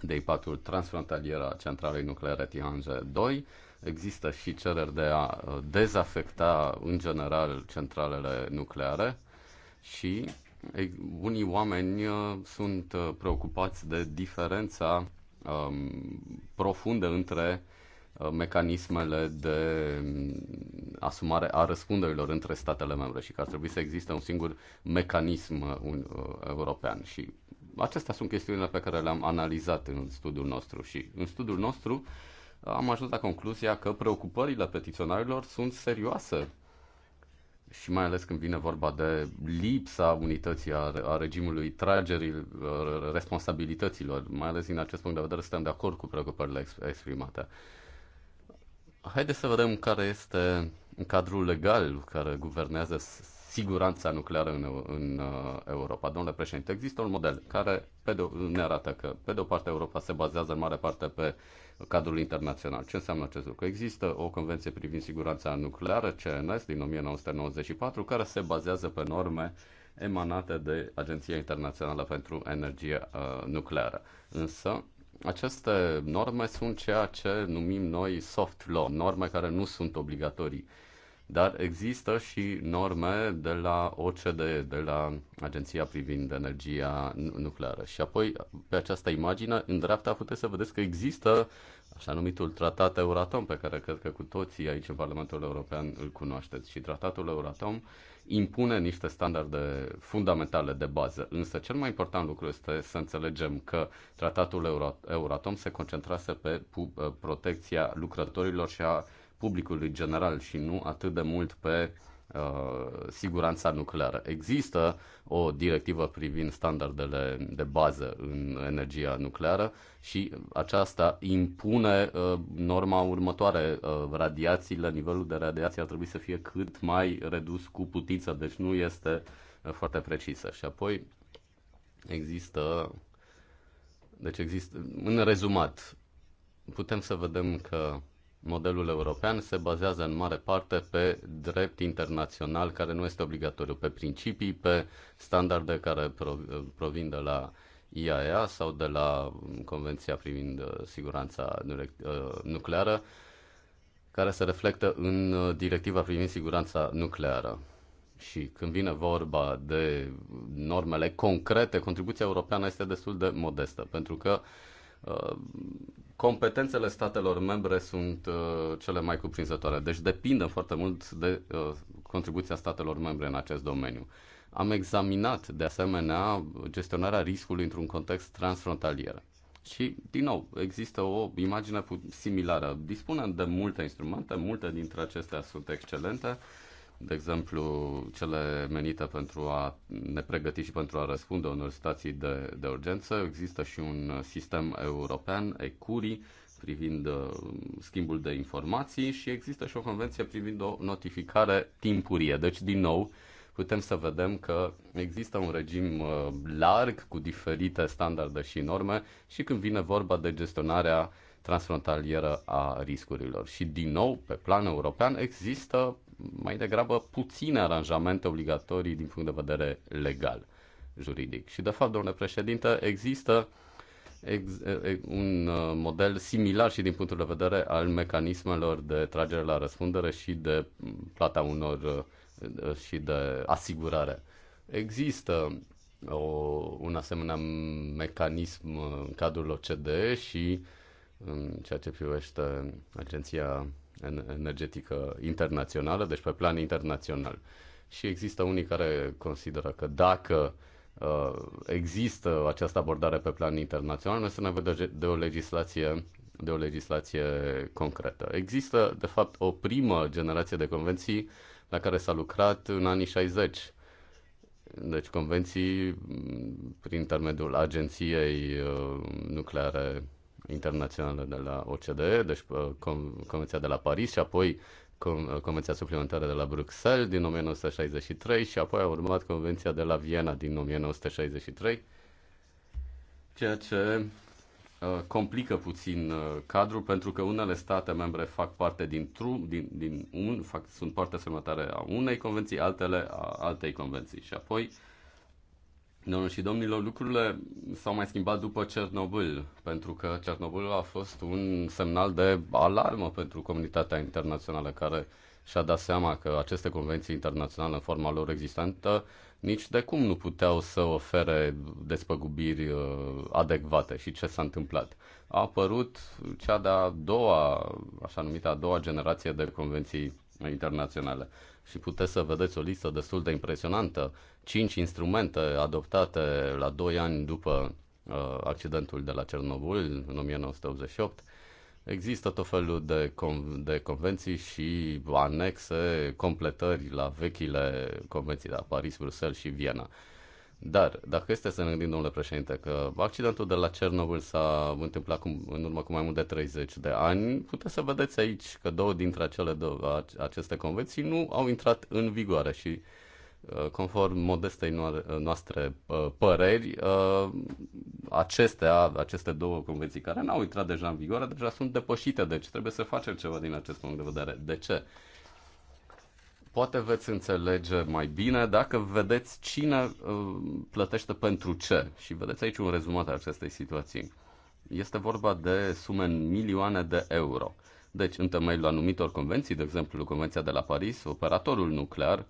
de impactul transfrontalier a centralei nucleare Tihange 2. Există și cereri de a uh, dezafecta în general centralele nucleare și unii oameni uh, sunt uh, preocupați de diferența um, profundă între uh, Uh, mecanismele de mm, asumare a răspunderilor între statele membre și că ar trebui să existe un singur mecanism uh, un, uh, european. Și acestea sunt chestiunile pe care le-am analizat în studiul nostru și în studiul nostru uh, am ajuns la concluzia că preocupările petiționarilor sunt serioase și mai ales când vine vorba de lipsa unității a, a regimului, tragerii responsabilităților, mai ales din acest punct de vedere suntem de acord cu preocupările exprimate. Haideți să vedem care este cadrul legal care guvernează siguranța nucleară în, în uh, Europa. Domnule președinte, există un model care pe de, ne arată că, pe de o parte, Europa se bazează în mare parte pe cadrul internațional. Ce înseamnă acest lucru? Există o convenție privind siguranța nucleară, CNS, din 1994, care se bazează pe norme emanate de Agenția Internațională pentru Energie uh, Nucleară. Însă, aceste norme sunt ceea ce numim noi soft law, norme care nu sunt obligatorii. Dar există și norme de la OCDE, de la Agenția privind energia nucleară. Și apoi, pe această imagine, în dreapta puteți să vedeți că există așa numitul tratat Euratom, pe care cred că cu toții aici în Parlamentul European îl cunoașteți. Și tratatul Euratom uh, impune niște standarde fundamentale de bază. Însă cel mai important lucru este să înțelegem că tratatul Euratom se concentrase pe uh, protecția lucrătorilor și a publicului general și nu atât de mult pe uh, Uh, siguranța nucleară. Există o directivă privind standardele de bază în energia nucleară și aceasta impune uh, norma următoare. Uh, Radiațiile, nivelul de radiație ar trebui să fie cât mai redus cu putință, deci nu este foarte precisă. Și apoi există. Deci există. În rezumat, putem să vedem că Modelul european se bazează în mare parte pe drept internațional care nu este obligatoriu, pe principii, pe standarde care provin de la IAEA sau de la Convenția privind uh, siguranța uh, nucleară, care se reflectă în uh, directiva privind siguranța nucleară. Și când vine vorba de normele concrete, contribuția europeană este destul de modestă, pentru că competențele statelor membre sunt uh, cele mai cuprinzătoare. Deci depindem foarte mult de uh, contribuția statelor membre în acest domeniu. Am examinat, de asemenea, gestionarea riscului într-un context transfrontalier. Și, din nou, există o imagine similară. Dispunem de multe instrumente, multe dintre acestea sunt excelente, uh, de exemplu, cele menite pentru a ne pregăti și pentru a răspunde unor stații de, de urgență. Există și un sistem european, ECURI, privind uh, schimbul de informații și există și o convenție privind o notificare timpurie. Deci, din nou, putem să vedem că există un regim uh, larg cu diferite standarde și norme și când vine vorba de gestionarea transfrontalieră a riscurilor. Și din nou, pe plan european, există mai degrabă puține aranjamente obligatorii din punct de vedere legal, juridic. Și, de fapt, domnule președinte, există ex, un uh, model similar și din punctul de vedere al mecanismelor de tragere la răspundere și de plata unor uh, uh, și de asigurare. Există o, un asemenea mecanism în cadrul OCDE și în ceea ce privește Agenția energetică internațională, deci pe plan internațional. Și există unii care consideră că dacă uh, există această abordare pe plan internațional, noi să ne vedem de o legislație de o legislație concretă. Există, de fapt, o primă generație de convenții la care s-a lucrat în anii 60. Deci convenții prin intermediul Agenției uh, Nucleare internațională de la OCDE, deci uh, Convenția de la Paris și apoi uh, Convenția suplimentară de la Bruxelles din 1963 și apoi a urmat Convenția de la Viena din 1963, ceea ce uh, complică puțin cadrul pentru că unele state membre fac parte din, tru, din, din un, fac, sunt parte semnătare a unei convenții, altele a altei convenții. Și apoi Domnul și domnilor, lucrurile s-au mai schimbat după Cernobâl, pentru că Cernobâl a fost un semnal de alarmă pentru comunitatea internațională care și-a dat seama că aceste convenții internaționale în forma lor existentă nici de cum nu puteau să ofere despăgubiri uh, adecvate și ce s-a întâmplat. A apărut cea de-a doua, așa numită a doua generație de convenții internaționale și puteți să vedeți o listă destul de impresionantă cinci instrumente adoptate la doi ani după uh, accidentul de la Cernobâl în 1988. Există tot felul de, con- de convenții și anexe, completări la vechile convenții de la Paris, Bruxelles și Viena. Dar, dacă este să ne gândim, domnule președinte, că accidentul de la Cernobâl s-a întâmplat cu, în urmă cu mai mult de 30 de ani, puteți să vedeți aici că două dintre acele două, aceste convenții nu au intrat în vigoare și uh, Uh, conform modestei uh, noastre uh, păreri, acestea, aceste două convenții care n-au intrat deja în vigoare, deja sunt depășite, deci trebuie să facem ceva din acest punct de vedere. De ce? Poate veți înțelege mai bine dacă vedeți cine plătește pentru ce. Și vedeți aici un rezumat al acestei situații. Este vorba de sume în milioane de euro. Deci, în temeiul anumitor convenții, de exemplu Convenția de la Paris, operatorul nuclear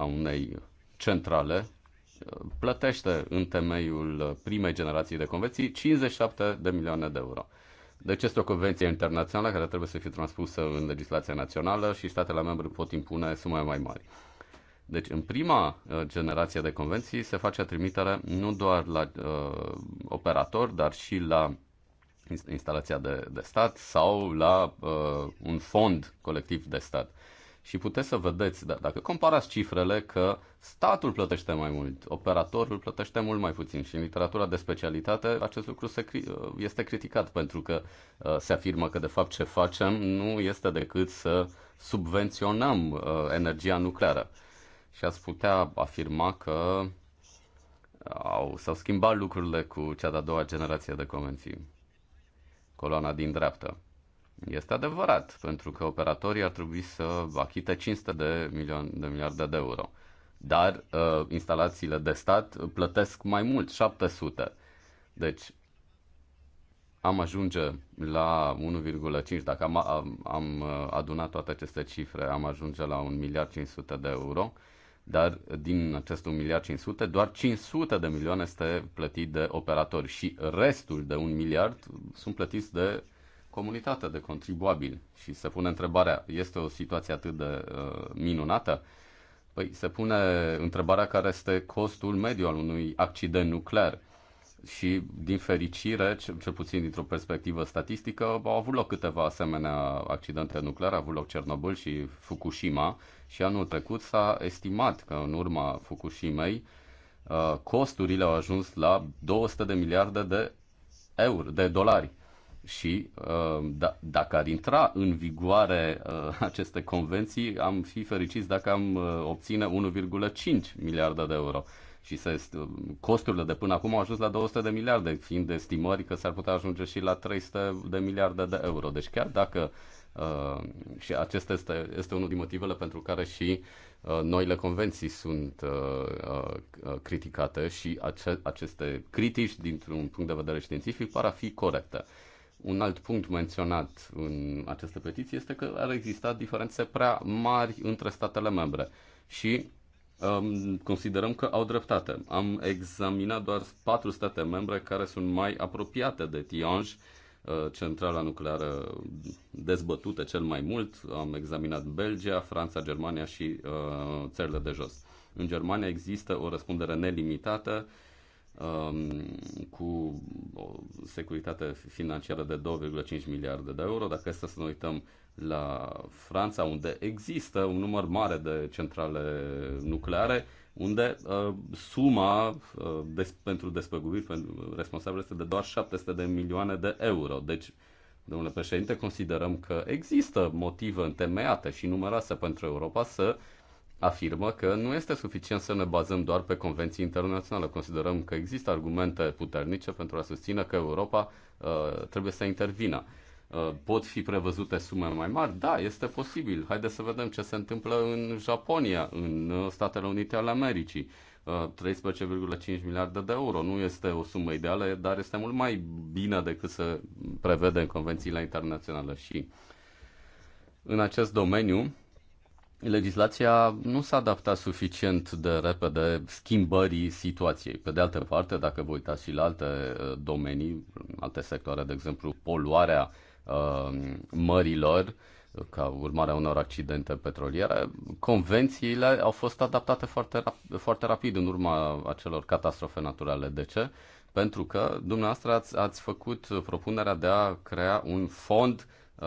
a unei centrale plătește în temeiul primei generații de convenții 57 de milioane de euro. Deci este o convenție internațională care trebuie să fie transpusă în legislația națională și statele membre pot impune sume mai mari. Deci în prima uh, generație de convenții se face trimitere nu doar la uh, operator, dar și la instalația de, de stat sau la uh, un fond colectiv de stat. Și puteți să vedeți, da, dacă comparați cifrele, că statul plătește mai mult, operatorul plătește mult mai puțin și în literatura de specialitate acest lucru se cri- uh, este criticat pentru că uh, se afirmă că de fapt ce facem nu este decât să subvenționăm uh, energia nucleară. Și ați putea afirma că au, s-au schimbat lucrurile cu cea de-a doua generație de convenții. Coloana din dreapta. Este adevărat, pentru că operatorii ar trebui să achită 500 de, milion de miliarde de euro. Dar uh, instalațiile de stat plătesc mai mult, 700. Deci am ajunge la 1,5, dacă am, am, am uh, adunat toate aceste cifre, am ajunge la 1 miliard 500 de euro, dar din acest 1 miliard 500, doar 500 de milioane este plătit de operatori și restul de 1 miliard sunt plătiți de comunitate de contribuabili și se pune întrebarea, este o situație atât de uh, minunată? Păi se pune întrebarea care este costul mediu al unui accident nuclear. Și, din fericire, cel, puțin dintr-o perspectivă statistică, au avut loc câteva asemenea accidente nucleare, au avut loc Cernobâl și Fukushima și anul trecut s-a estimat că în urma Fukushimei uh, costurile au ajuns la 200 de miliarde de euro, de dolari și uh, da, dacă ar intra în vigoare uh, (laughs) aceste convenții, am fi fericiți dacă am uh, obține 1,5 miliarde de euro. Și se, costurile de până acum au ajuns la 200 de miliarde, fiind de estimări că s-ar putea ajunge și la 300 de miliarde de euro. Deci chiar dacă Uh, și acesta este, este unul din motivele pentru care și uh, noile convenții sunt uh, uh, criticate și ace- aceste critici, dintr-un punct de vedere științific, par a fi corecte. Uh, un alt punct menționat în aceste petiții este că ar exista diferențe prea mari între statele membre și um, considerăm că au dreptate. Am examinat doar patru state membre care sunt mai apropiate de Tianj, uh, centrala nucleară dezbătută cel mai mult. Am examinat Belgia, Franța, Germania și uh, țările de jos. În Germania există o răspundere nelimitată uh, Um, cu o securitate financiară de 2,5 miliarde de euro. Dacă este să ne uităm la Franța, unde există un număr mare de centrale nucleare, unde uh, suma uh, des, pentru despăgubiri pentru responsabil este de doar 700 de milioane de euro. Deci, domnule președinte, considerăm că există motive întemeiate și numeroase pentru Europa să uh, afirmă că nu este suficient să ne bazăm doar pe convenții internaționale. Considerăm că există argumente puternice pentru a susține că Europa uh, trebuie să intervină. Uh, pot fi prevăzute sume mai mari? Da, este posibil. Haideți să vedem ce se întâmplă în Japonia, în uh, Statele Unite ale Americii. 13,5 uh, miliarde de euro. Nu este o sumă ideală, dar este mult mai bine decât să prevede în convențiile internaționale. Și în acest domeniu, legislația nu s-a adaptat suficient de repede schimbării situației. Pe de altă parte, dacă vă uitați și la alte uh, domenii, alte sectoare, de exemplu, poluarea uh, mărilor, uh, ca urmare a unor accidente petroliere, convențiile au fost adaptate foarte, rap- foarte rapid în urma acelor catastrofe naturale. De ce? Pentru că dumneavoastră ați, ați făcut propunerea de a crea un fond uh,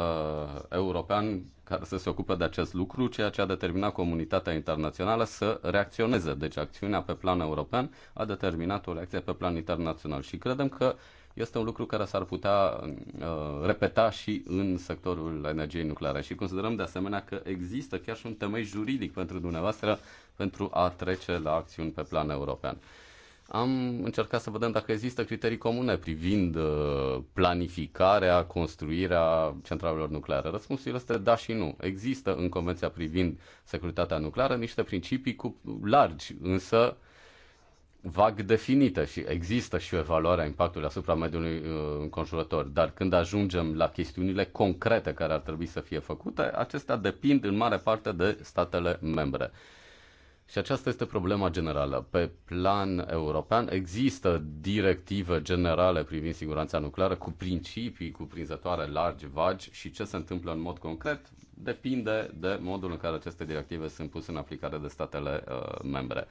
european care să se ocupe de acest lucru, ceea ce a determinat comunitatea internațională să reacționeze. Deci acțiunea pe plan european a determinat o reacție pe plan internațional și credem că este un lucru care s-ar putea uh, repeta și în sectorul energiei nucleare și considerăm de asemenea că există chiar și un temei juridic pentru dumneavoastră pentru a trece la acțiuni pe plan european am încercat să vedem dacă există criterii comune privind uh, planificarea, construirea centralelor nucleare. Răspunsul este da și nu. Există în Convenția privind securitatea nucleară niște principii cu largi, însă vag definite și există și o evaluare a impactului asupra mediului uh, înconjurător, dar când ajungem la chestiunile concrete care ar trebui să fie făcute, acestea depind în mare parte de statele membre. Și aceasta este problema generală. Pe plan european există directive generale privind siguranța nucleară cu principii cuprinzătoare largi, vagi și ce se întâmplă în mod concret depinde de modul în care aceste directive sunt puse în aplicare de statele uh, membre.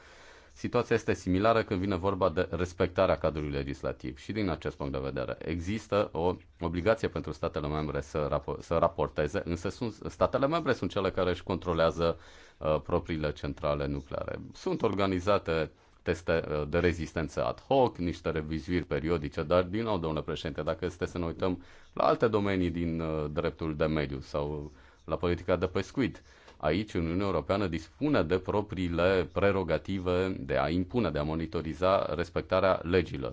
Situația este similară când vine vorba de respectarea cadrului legislativ și din acest punct de vedere există o obligație pentru statele membre să, rapo- să raporteze, însă sunt, statele membre sunt cele care își controlează Uh, propriile centrale nucleare. Sunt organizate teste uh, de rezistență ad hoc, niște revizuiri periodice, dar din nou, domnule președinte, dacă este să ne uităm la alte domenii din uh, dreptul de mediu sau la politica de pescuit, aici Uniunea Europeană dispune de propriile prerogative de a impune, de a monitoriza respectarea legilor.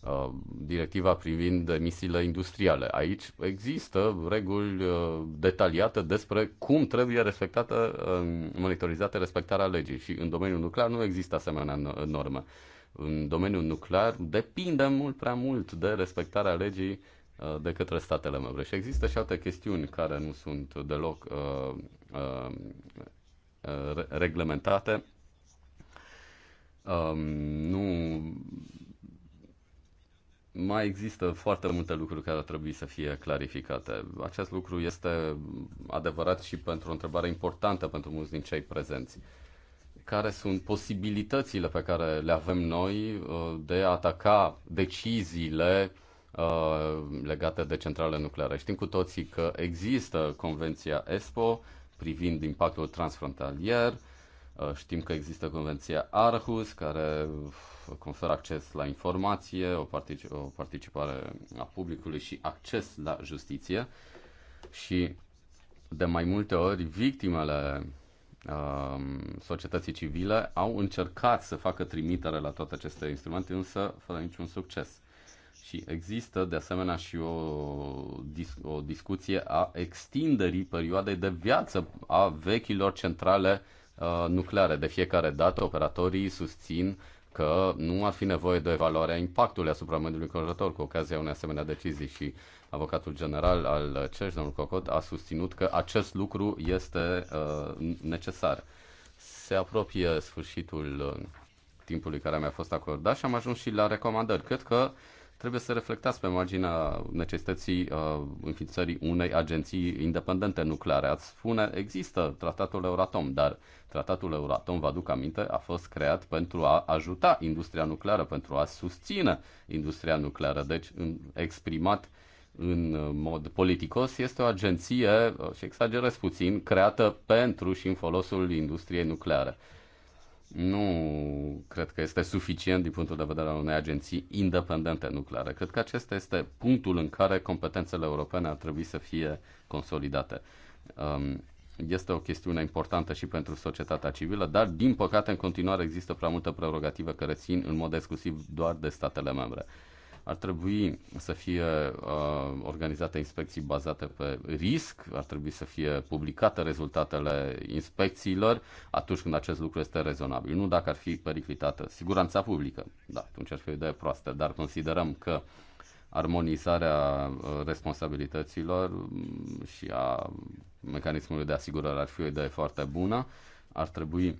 Uh, directiva privind emisiile industriale. Aici există reguli uh, detaliate despre cum trebuie respectată, um, monitorizată respectarea legii și în domeniul nuclear nu există asemenea normă. În domeniul nuclear depinde mult prea mult de respectarea legii uh, de către statele membre. Și există și alte chestiuni care nu sunt deloc uh, uh, reglementate. Um, nu mai există foarte multe lucruri care ar trebui să fie clarificate. Acest lucru este adevărat și pentru o întrebare importantă pentru mulți din cei prezenți. Care sunt posibilitățile pe care le avem noi uh, de a ataca deciziile uh, legate de centrale nucleare? Știm cu toții că există Convenția ESPO privind impactul transfrontalier, Uh, știm că există Convenția Arhus, care uh, conferă acces la informație, o, o participare a publicului și acces la justiție. Și de mai multe ori, victimele um, societății civile au încercat să facă trimitere la toate aceste instrumente, însă fără niciun succes. Și există de asemenea și o, dis- o discuție a extinderii perioadei de viață a vechilor centrale uh, Uh, nucleare. De fiecare dată, operatorii susțin că nu ar fi nevoie de evaluarea impactului asupra mediului înconjurător cu ocazia unei asemenea decizii și avocatul general al CEJ, domnul Cocot, a susținut că acest lucru este uh, necesar. Se apropie sfârșitul uh, timpului care mi-a fost acordat și am ajuns și la recomandări. Cred că uh, trebuie să reflectați pe marginea necesității uh, înființării unei agenții independente nucleare. Ați spune, există tratatul Euratom, dar tratatul Euratom, vă aduc aminte, a fost creat pentru a ajuta industria nucleară, pentru a susține industria nucleară. Deci, în, exprimat în uh, mod politicos, este o agenție, uh, și exagerez puțin, creată pentru și în folosul industriei nucleare nu cred că este suficient din punctul de vedere al unei agenții independente nucleare. Cred că acesta este punctul în care competențele europene ar trebui să fie consolidate. Um, este o chestiune importantă și pentru societatea civilă, dar din păcate în continuare există prea multe prerogative care țin în mod exclusiv doar de statele membre. Ar trebui să fie uh, organizate inspecții bazate pe risc, ar trebui să fie publicate rezultatele inspecțiilor atunci când acest lucru este rezonabil, nu dacă ar fi periclitată siguranța publică. Da, atunci ar fi o idee proastă, dar considerăm că armonizarea uh, responsabilităților mm, și a mecanismului de asigurare ar fi o idee foarte bună. Ar trebui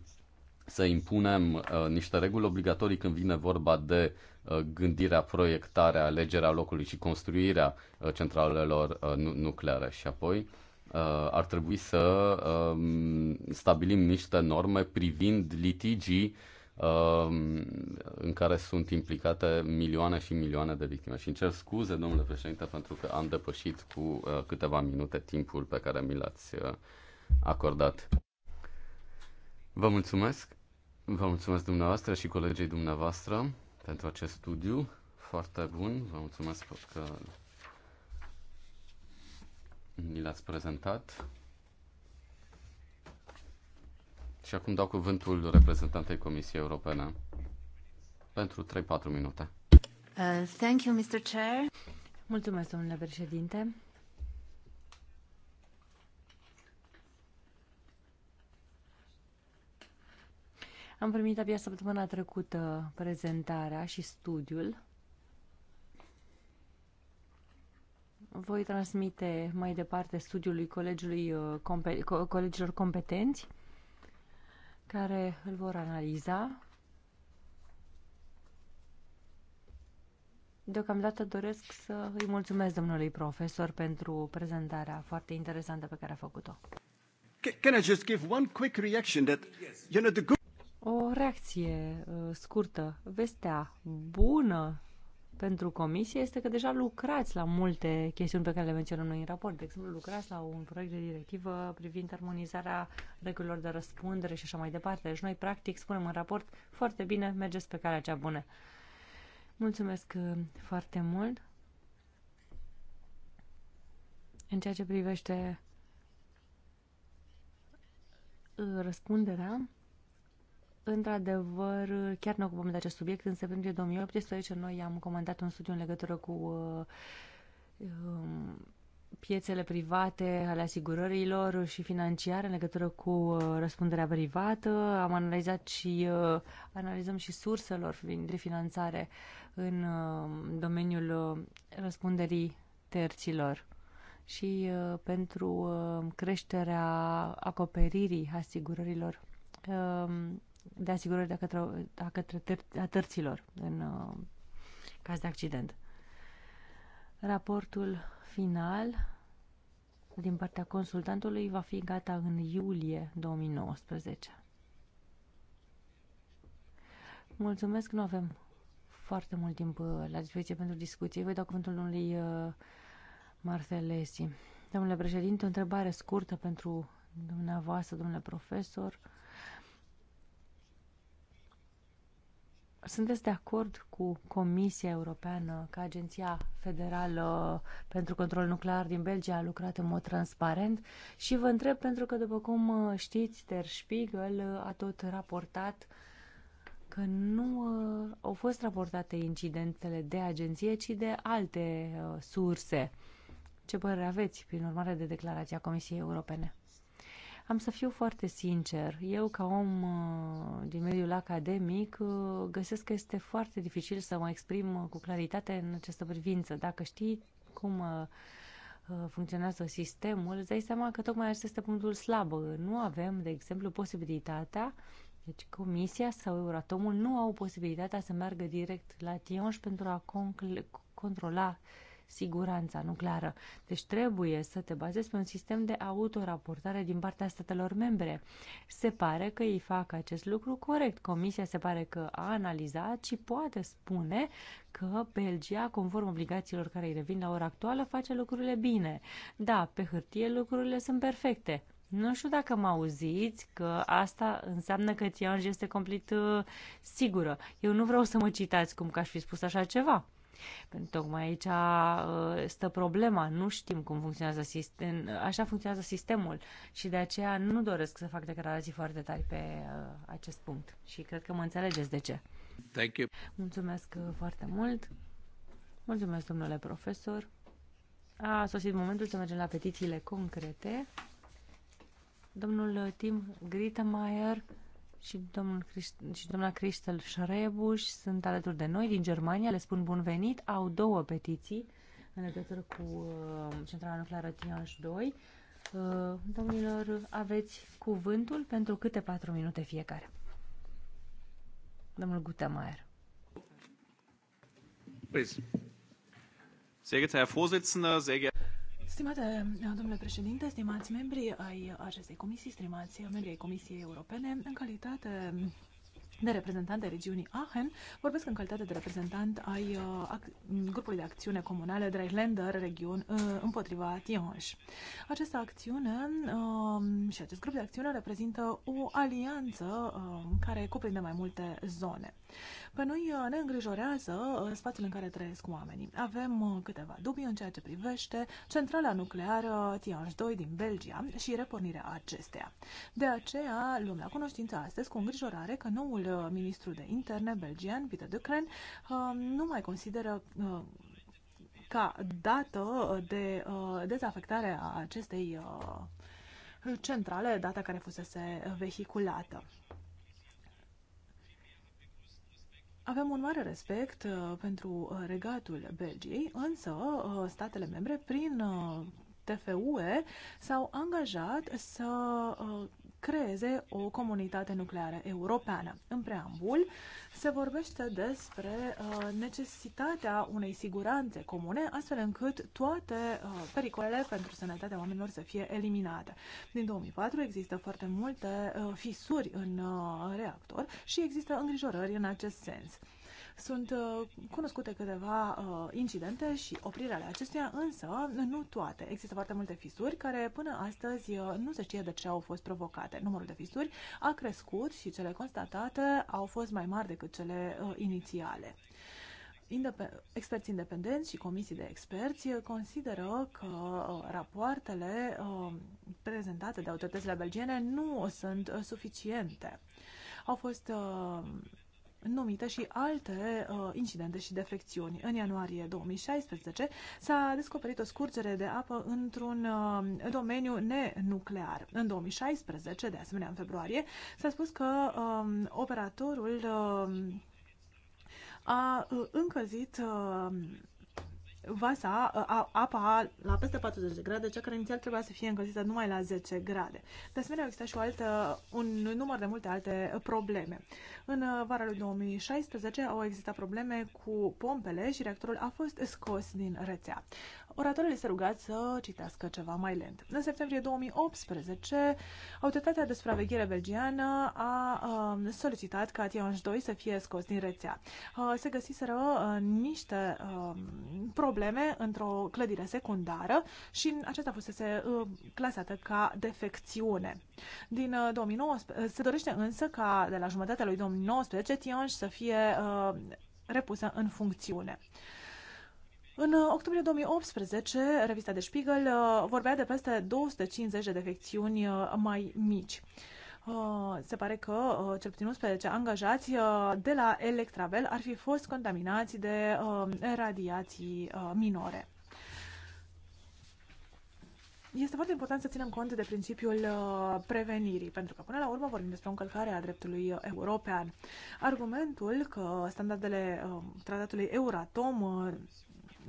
să impunem uh, niște reguli obligatorii când vine vorba de Uh, gândirea, proiectarea, alegerea locului și construirea uh, centralelor uh, nucleare. Și apoi ar trebui să um, stabilim niște norme privind litigii um, în care sunt implicate milioane și milioane de victime. Și încerc scuze, domnule președinte, pentru că am depășit cu câteva minute timpul pe care mi l-ați acordat. Vă mulțumesc! Vă mulțumesc dumneavoastră și colegii dumneavoastră pentru acest studiu foarte bun. Vă mulțumesc că mi l-ați prezentat. Și acum dau cuvântul reprezentantei Comisiei Europene pentru 3-4 minute. Uh, thank you, Mr. Chair. Mulțumesc, domnule președinte. Am primit abia săptămâna trecută prezentarea și studiul. Voi transmite mai departe studiului colegiului, uh, compe, co, colegilor competenți care îl vor analiza. Deocamdată doresc să îi mulțumesc domnului profesor pentru prezentarea foarte interesantă pe care a făcut-o. Can I just give one quick reaction that, you know, the good o reacție uh, scurtă. Vestea bună pentru comisie este că deja lucrați la multe chestiuni pe care le menționăm noi în raport. De exemplu, lucrați la un proiect de directivă privind armonizarea regulilor de răspundere și așa mai departe. Deci noi, practic, spunem în raport foarte bine, mergeți pe calea cea bună. Mulțumesc uh, foarte mult. În ceea ce privește uh, răspunderea, Într-adevăr, chiar ne ocupăm de acest subiect. În septembrie 2018 noi am comandat un studiu în legătură cu uh, um, piețele private ale asigurărilor și financiare în legătură cu uh, răspunderea privată. Am analizat și uh, analizăm și surselor de finanțare în uh, domeniul uh, răspunderii terților și uh, pentru creșterea acoperirii asigurărilor de asigurări de către, a, către ter, a tărților în uh, caz de accident. Raportul final din partea consultantului va fi gata în iulie 2019. Mulțumesc, nu avem foarte mult timp uh, la dispoziție pentru discuții. Voi da cuvântul lui uh, Marcelesi. Domnule președinte, o întrebare scurtă pentru dumneavoastră, domnule profesor. Sunteți de acord cu Comisia Europeană că Agenția Federală pentru Control Nuclear din Belgia a lucrat în mod transparent? Și vă întreb pentru că, după cum uh, știți, Der Spiegel uh, a tot raportat că nu uh, au fost raportate incidentele de agenție, ci de alte surse. Ce părere aveți, prin urmare, de declarația Comisiei Europene? Am să fiu foarte sincer. Eu, ca om uh, din mediul academic, uh, găsesc că este foarte dificil să mă exprim uh, cu claritate în această privință. Dacă știi cum funcționează sistemul, îți dai seama că tocmai acesta este punctul slab. Nu avem, de exemplu, posibilitatea deci Comisia sau Euratomul nu au posibilitatea să meargă direct la Tionș pentru a controla siguranța nucleară. Deci trebuie să te bazezi pe un sistem de autoraportare din partea statelor membre. Se pare că ei fac acest lucru corect. Comisia se pare că a analizat și poate spune că Belgia, conform obligațiilor care îi revin la ora actuală, face lucrurile bine. Da, pe hârtie lucrurile sunt perfecte. Nu știu dacă mă auziți că asta înseamnă că Tianj este complet uh, sigură. Eu nu vreau să mă citați cum că aș fi spus așa ceva. Pentru tocmai aici stă problema, nu știm cum funcționează sistemul, așa funcționează sistemul și de aceea nu doresc să fac declarații foarte tari pe acest punct și cred că mă înțelegeți de ce. Thank you. Mulțumesc foarte mult. Mulțumesc, domnule profesor. A sosit momentul să mergem la petițiile concrete. Domnul Tim Gritemeier și, domnul Christ- și doamna Cristel Schrebuș sunt alături de noi din Germania. Le spun bun venit. Au două petiții în legătură cu uh, centrala nucleară Tianj 2. Uh, domnilor, aveți cuvântul pentru câte patru minute fiecare. Domnul Gutemeier. Please. Sehr geehrter Herr Vorsitzender, sehr geehrter Stimate domnule președinte, stimați membri ai acestei comisii, stimați membri ai Comisiei Europene, în calitate de reprezentant de regiunii Aachen, vorbesc în calitate de reprezentant ai uh, grupului de acțiune comunale Dreilander Region uh, împotriva Tionj. Această acțiune uh, și acest grup de acțiune reprezintă o alianță uh, care cuprinde mai multe zone. Pe noi uh, ne îngrijorează uh, spațiul în care trăiesc oamenii. Avem uh, câteva dubii în ceea ce privește centrala nucleară Tionj 2 din Belgia și repornirea acesteia. De aceea luăm la cunoștință astăzi cu îngrijorare că noul Uh, ministrul ministru de interne belgian, Peter Ducren, uh, nu mai consideră uh, ca dată de dezafectare a acestei centrale, data care fusese vehiculată. Avem un mare respect pentru regatul Belgiei, însă statele membre, prin TFUE, s-au angajat să creeze o comunitate nucleară europeană. În preambul se vorbește despre uh, necesitatea unei siguranțe comune, astfel încât toate uh, pericolele pentru sănătatea oamenilor să fie eliminate. Din 2004 există foarte multe uh, fisuri în uh, reactor și există îngrijorări în acest sens. Sunt uh, cunoscute câteva uh, incidente și oprirea ale acestuia, însă nu toate. Există foarte multe fisuri care până astăzi uh, nu se știe de ce au fost provocate. Numărul de fisuri a crescut și cele constatate au fost mai mari decât cele inițiale. Indep- experți independenți și comisii de experți consideră că rapoartele prezentate de autoritățile belgiene nu sunt suficiente. Au fost numite și alte uh, incidente și defecțiuni. În ianuarie 2016 s-a descoperit o scurgere de apă într-un uh, domeniu nenuclear. În 2016, de asemenea în februarie, s-a spus că um, operatorul um, uh, a încălzit uh, vasa, a, apa la peste 40 de grade, cea care inițial trebuia să fie încălzită numai la 10 grade. De asemenea, există și o altă, un număr de multe alte probleme. În uh, vara lui 2016 au existat probleme cu pompele și reactorul a fost scos din rețea. Oratorul este rugat să citească ceva mai lent. În septembrie 2018, Autoritatea de Supraveghere Belgiană a um, solicitat ca Tianj 2 să fie scos din rețea. Uh, se găsiseră uh, niște uh, probleme într-o clădire secundară și aceasta fusese uh, clasată ca defecțiune. Din uh, 2019, uh, se dorește însă ca de la jumătatea lui 2019 Tianj să fie uh, repusă în funcțiune. Uh, în uh, octombrie 2018, revista de Spiegel uh, vorbea de peste 250 de defecțiuni uh, mai mici. Se pare că cel puțin 11 angajați de la Electravel ar fi fost contaminați de radiații minore. Este foarte important să ținem cont de principiul prevenirii, pentru că până la urmă vorbim despre o încălcare a dreptului european. Argumentul că standardele tratatului Euratom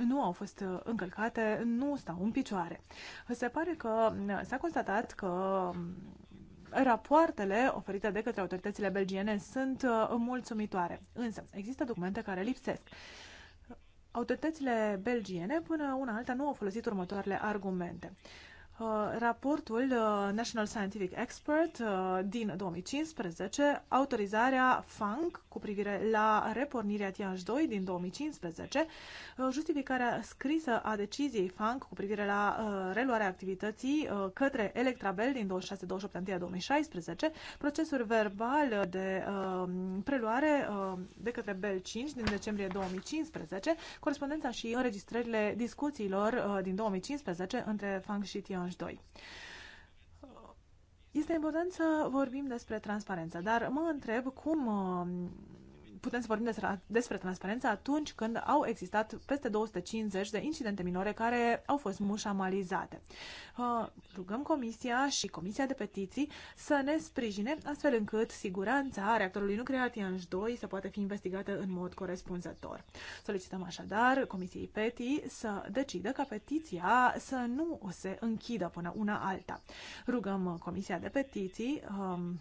nu au fost uh, încălcate nu stau în picioare. Se pare că uh, s-a constatat că um, rapoartele oferite de către autoritățile belgiene sunt uh, mulțumitoare, însă există documente care lipsesc. Autoritățile belgiene până una alta nu au folosit următoarele argumente. Raportul National Scientific Expert din 2015, autorizarea FANC cu privire la repornirea Tianj 2 din 2015, uh, justificarea scrisă a deciziei FANC cu privire la uh, reluarea activității uh, către Electrabel din 26-28 2016, procesul verbal de preluare de către Bel 5 din decembrie 2015, corespondența și înregistrările discuțiilor din 2015 între FANC și Tianj 2. Este important să vorbim despre transparență, dar mă întreb cum uh, putem să vorbim despre, despre transparență atunci când au existat peste 250 de incidente minore care au fost mușamalizate. Uh, rugăm Comisia și Comisia de Petiții să ne sprijine astfel încât siguranța reactorului nuclear Tianj-2 să poată fi investigată în mod corespunzător. Solicităm așadar Comisiei PETI să decidă ca petiția să nu se închidă până una alta. Rugăm Comisia de Petiții um,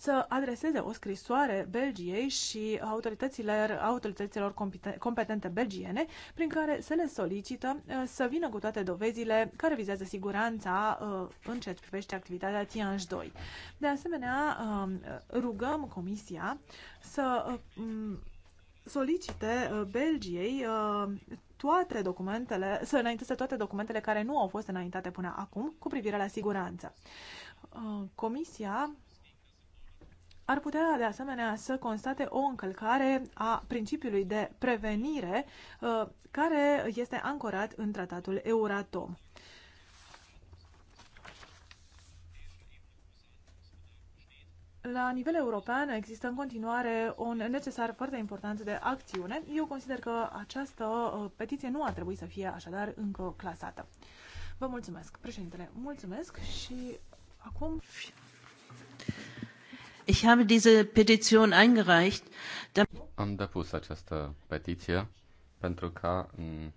să adreseze o scrisoare Belgiei și autorităților, autorităților competente belgiene, prin care să le solicită uh, să vină cu toate dovezile care vizează siguranța uh, în ceea ce privește activitatea Tianj 2. De asemenea, um, rugăm Comisia să uh, solicite Belgiei toate documentele, să înainteze toate documentele care nu au fost înaintate până acum cu privire la siguranță. Comisia ar putea de asemenea să constate o încălcare a principiului de prevenire uh, care este ancorat în tratatul Euratom. La nivel european există în continuare un necesar foarte important de acțiune. Eu consider că această uh, petiție nu ar trebui să fie așadar încă clasată. Vă mulțumesc, președintele. Mulțumesc și acum... Ich habe diese Petition eingereicht. Am depus această petiție pentru ca mm,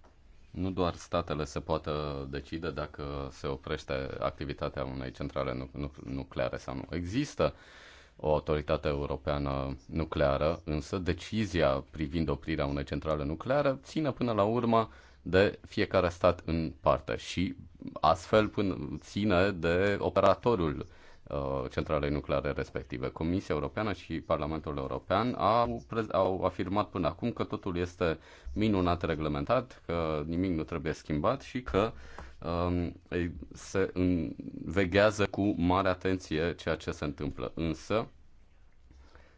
nu doar statele se poată decide dacă se oprește activitatea unei centrale nucleare sau nu. Există o autoritate europeană nucleară, însă decizia privind oprirea unei centrale nucleare ține până la urmă de fiecare stat în parte și astfel până ține de operatorul Uh, centrale nucleare respective. Comisia Europeană și Parlamentul European au, au afirmat până acum că totul este minunat reglementat, că nimic nu trebuie schimbat și că um, se veghează cu mare atenție ceea ce se întâmplă. Însă,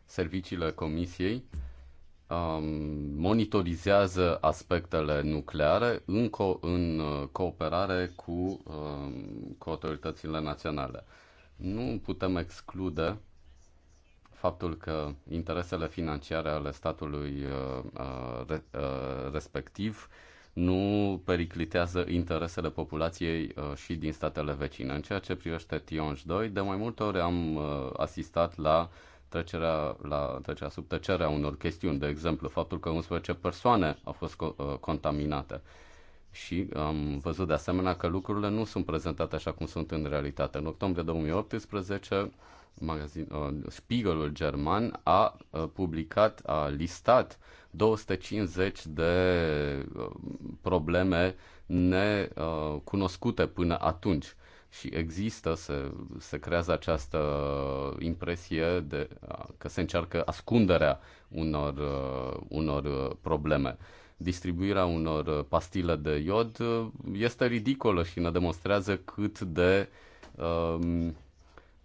serviciile Comisiei um, monitorizează aspectele nucleare în, co- uh, în cooperare cu, um, cu autoritățile naționale. Nu putem exclude faptul că interesele financiare ale statului uh, uh, uh, respectiv nu periclitează interesele populației și din statele vecine. În ceea ce privește Tionj 2, de mai multe ori am asistat la trecerea, la trecerea sub tăcerea unor chestiuni, de exemplu faptul că 11 persoane au fost contaminate și am văzut de asemenea că lucrurile nu sunt prezentate așa cum sunt în realitate. În octombrie 2018, magazin, uh, Spiegelul german a uh, publicat, a listat 250 de uh, probleme necunoscute uh, până atunci. Și există, se, se creează această impresie de, uh, că se încearcă ascunderea unor, uh, unor probleme. Uh, distribuirea unor uh, pastile de iod uh, este ridicolă și ne demonstrează cât de um,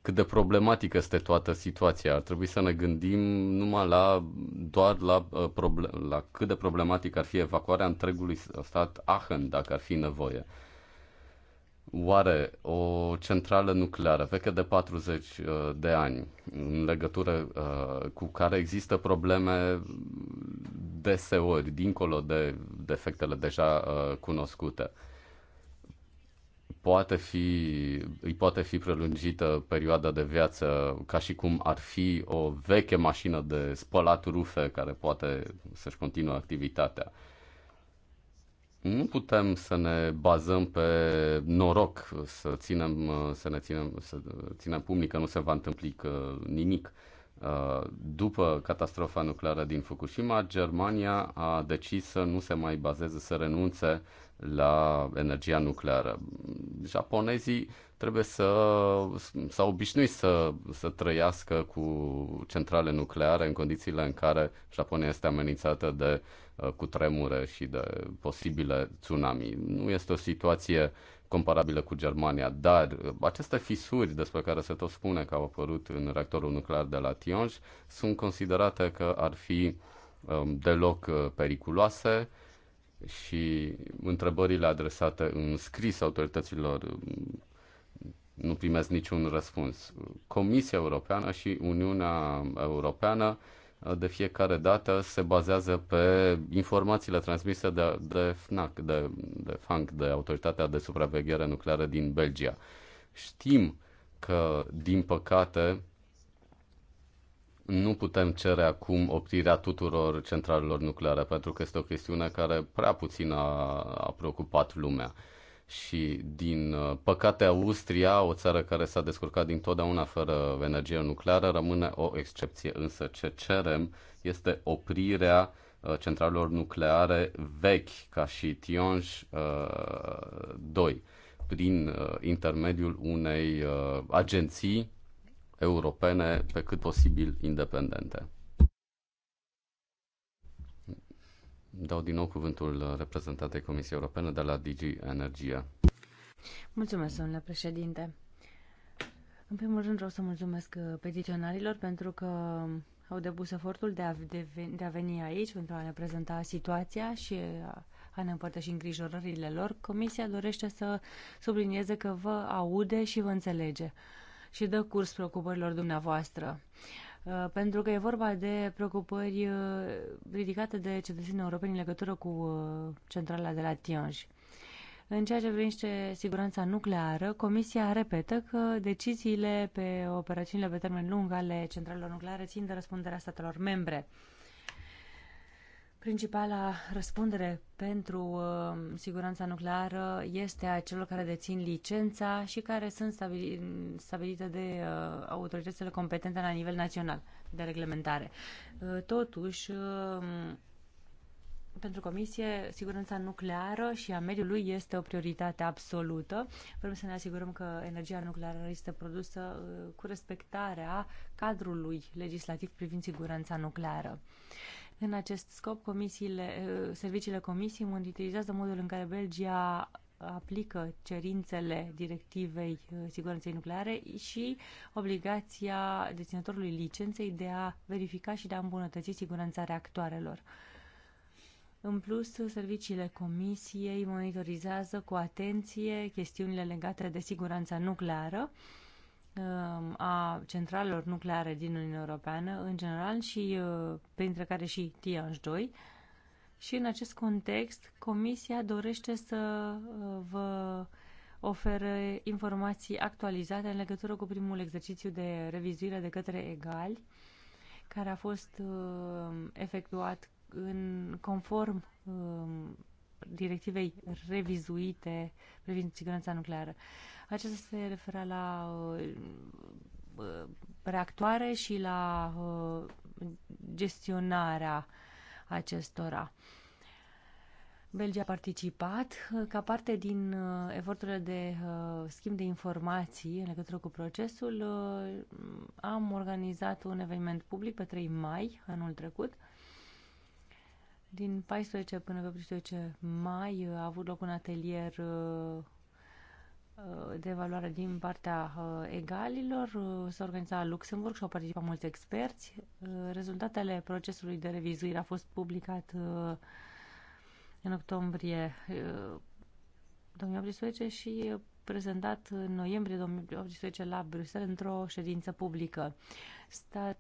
cât de problematică este toată situația. Ar trebui să ne gândim numai la, doar la, uh, la cât de problematic ar fi evacuarea întregului stat Aachen, dacă ar fi nevoie. Oare o centrală nucleară veche de 40 uh, de ani, în legătură uh, cu care există probleme deseori, dincolo de defectele deja uh, cunoscute, poate fi, îi poate fi prelungită perioada de viață ca și cum ar fi o veche mașină de spălat rufe care poate să-și continue activitatea nu putem să ne bazăm pe noroc, să, ținem, să ne ținem, să ținem pumnii că nu se va întâmpli că nimic. Uh, după catastrofa nucleară din Fukushima, Germania a decis să nu se mai bazeze, să renunțe la energia nucleară. Japonezii trebuie să s-au obișnuit să, să trăiască cu centrale nucleare în condițiile în care Japonia este amenințată de uh, cu tremure și de posibile tsunami. Nu este o situație comparabilă cu Germania, dar uh, aceste fisuri despre care se tot spune că au apărut în reactorul nuclear de la Tionj sunt considerate că ar fi um, deloc uh, periculoase și întrebările adresate în scris autorităților um, nu primesc niciun răspuns. Comisia Europeană și Uniunea Europeană uh, de fiecare dată se bazează pe informațiile transmise de, de FNAC, de, de FANC, de Autoritatea de Supraveghere Nucleară din Belgia. Știm că, din păcate, nu putem cere acum oprirea tuturor centralelor nucleare, pentru că este o chestiune care prea puțin a, a preocupat lumea și din uh, păcate Austria, o țară care s-a descurcat totdeauna fără energie nucleară, rămâne o excepție. Însă ce cerem este oprirea uh, centralelor nucleare vechi, ca și Tionj 2, uh, prin intermediul unei agenții europene pe cât posibil independente. Dau din nou cuvântul uh, reprezentatei Comisiei Europene de la DG Energia. Mulțumesc, domnule președinte. În primul rând vreau să mulțumesc uh, petiționarilor pentru că au depus efortul de a, de, de a veni aici pentru a ne prezenta situația și uh, a ne împărtăși îngrijorările lor. Comisia dorește să sublinieze că vă aude și vă înțelege și dă curs preocupărilor dumneavoastră. Uh, Uh, pentru că e vorba de preocupări uh, ridicate de cetățenii europeni în legătură cu uh, centrala de la Tianj. În ceea ce privește siguranța nucleară, Comisia repetă că deciziile pe operațiunile pe termen lung ale centralelor nucleare țin de răspunderea statelor membre. Principala răspundere pentru uh, siguranța nucleară este a celor care dețin licența și care sunt stabilite de uh, autoritățile competente la nivel național de reglementare. Uh, totuși, pentru Comisie, siguranța nucleară și a mediului este o prioritate absolută. Vrem să ne asigurăm că energia nucleară este produsă cu respectarea cadrului legislativ privind siguranța nucleară. În acest scop, comisiile, eh, serviciile comisiei monitorizează modul în care Belgia aplică cerințele directivei eh, siguranței nucleare și obligația deținătorului licenței de a verifica și de a îmbunătăți siguranța reactoarelor. În plus, serviciile comisiei monitorizează cu atenție chestiunile legate de siguranța nucleară, uh, Um, a centralelor nucleare din Uniunea Europeană în general și uh, printre care și Tianj-2 și în acest context Comisia dorește să uh, vă ofere informații actualizate în legătură cu primul exercițiu de revizuire de către EGAL care a fost uh, efectuat în conform um, directivei revizuite privind siguranța nucleară. Acesta se referă la uh, uh, reactoare și la uh, gestionarea acestora. Belgia a participat ca parte din eforturile de schimb de informații în legătură cu procesul. Am organizat un eveniment public pe 3 mai anul trecut. Din 14 până pe 18 mai a avut loc un atelier Uh, de evaluare din partea uh, egalilor. Uh, s-a organizat la Luxemburg și au participat mulți experți. Rezultatele procesului de revizuire a fost publicat în octombrie 2018 și prezentat în noiembrie 2018 la Bruxelles într-o ședință publică. Stat...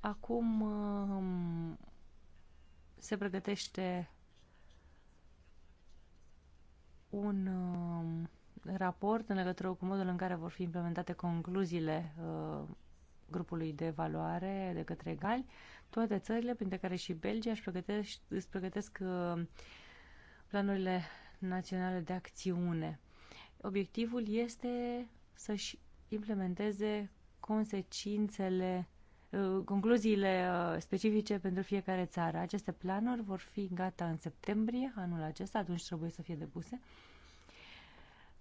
Acum um, se pregătește un um, raport în legătură cu modul în care vor fi implementate concluziile uh, grupului de evaluare de către Gali. Toate țările, printre care și Belgia, își pregătesc, își pregătesc uh, planurile naționale de acțiune. Obiectivul este să-și implementeze consecințele, uh, concluziile uh, specifice pentru fiecare țară. Aceste planuri vor fi gata în septembrie anul acesta, atunci trebuie să fie depuse.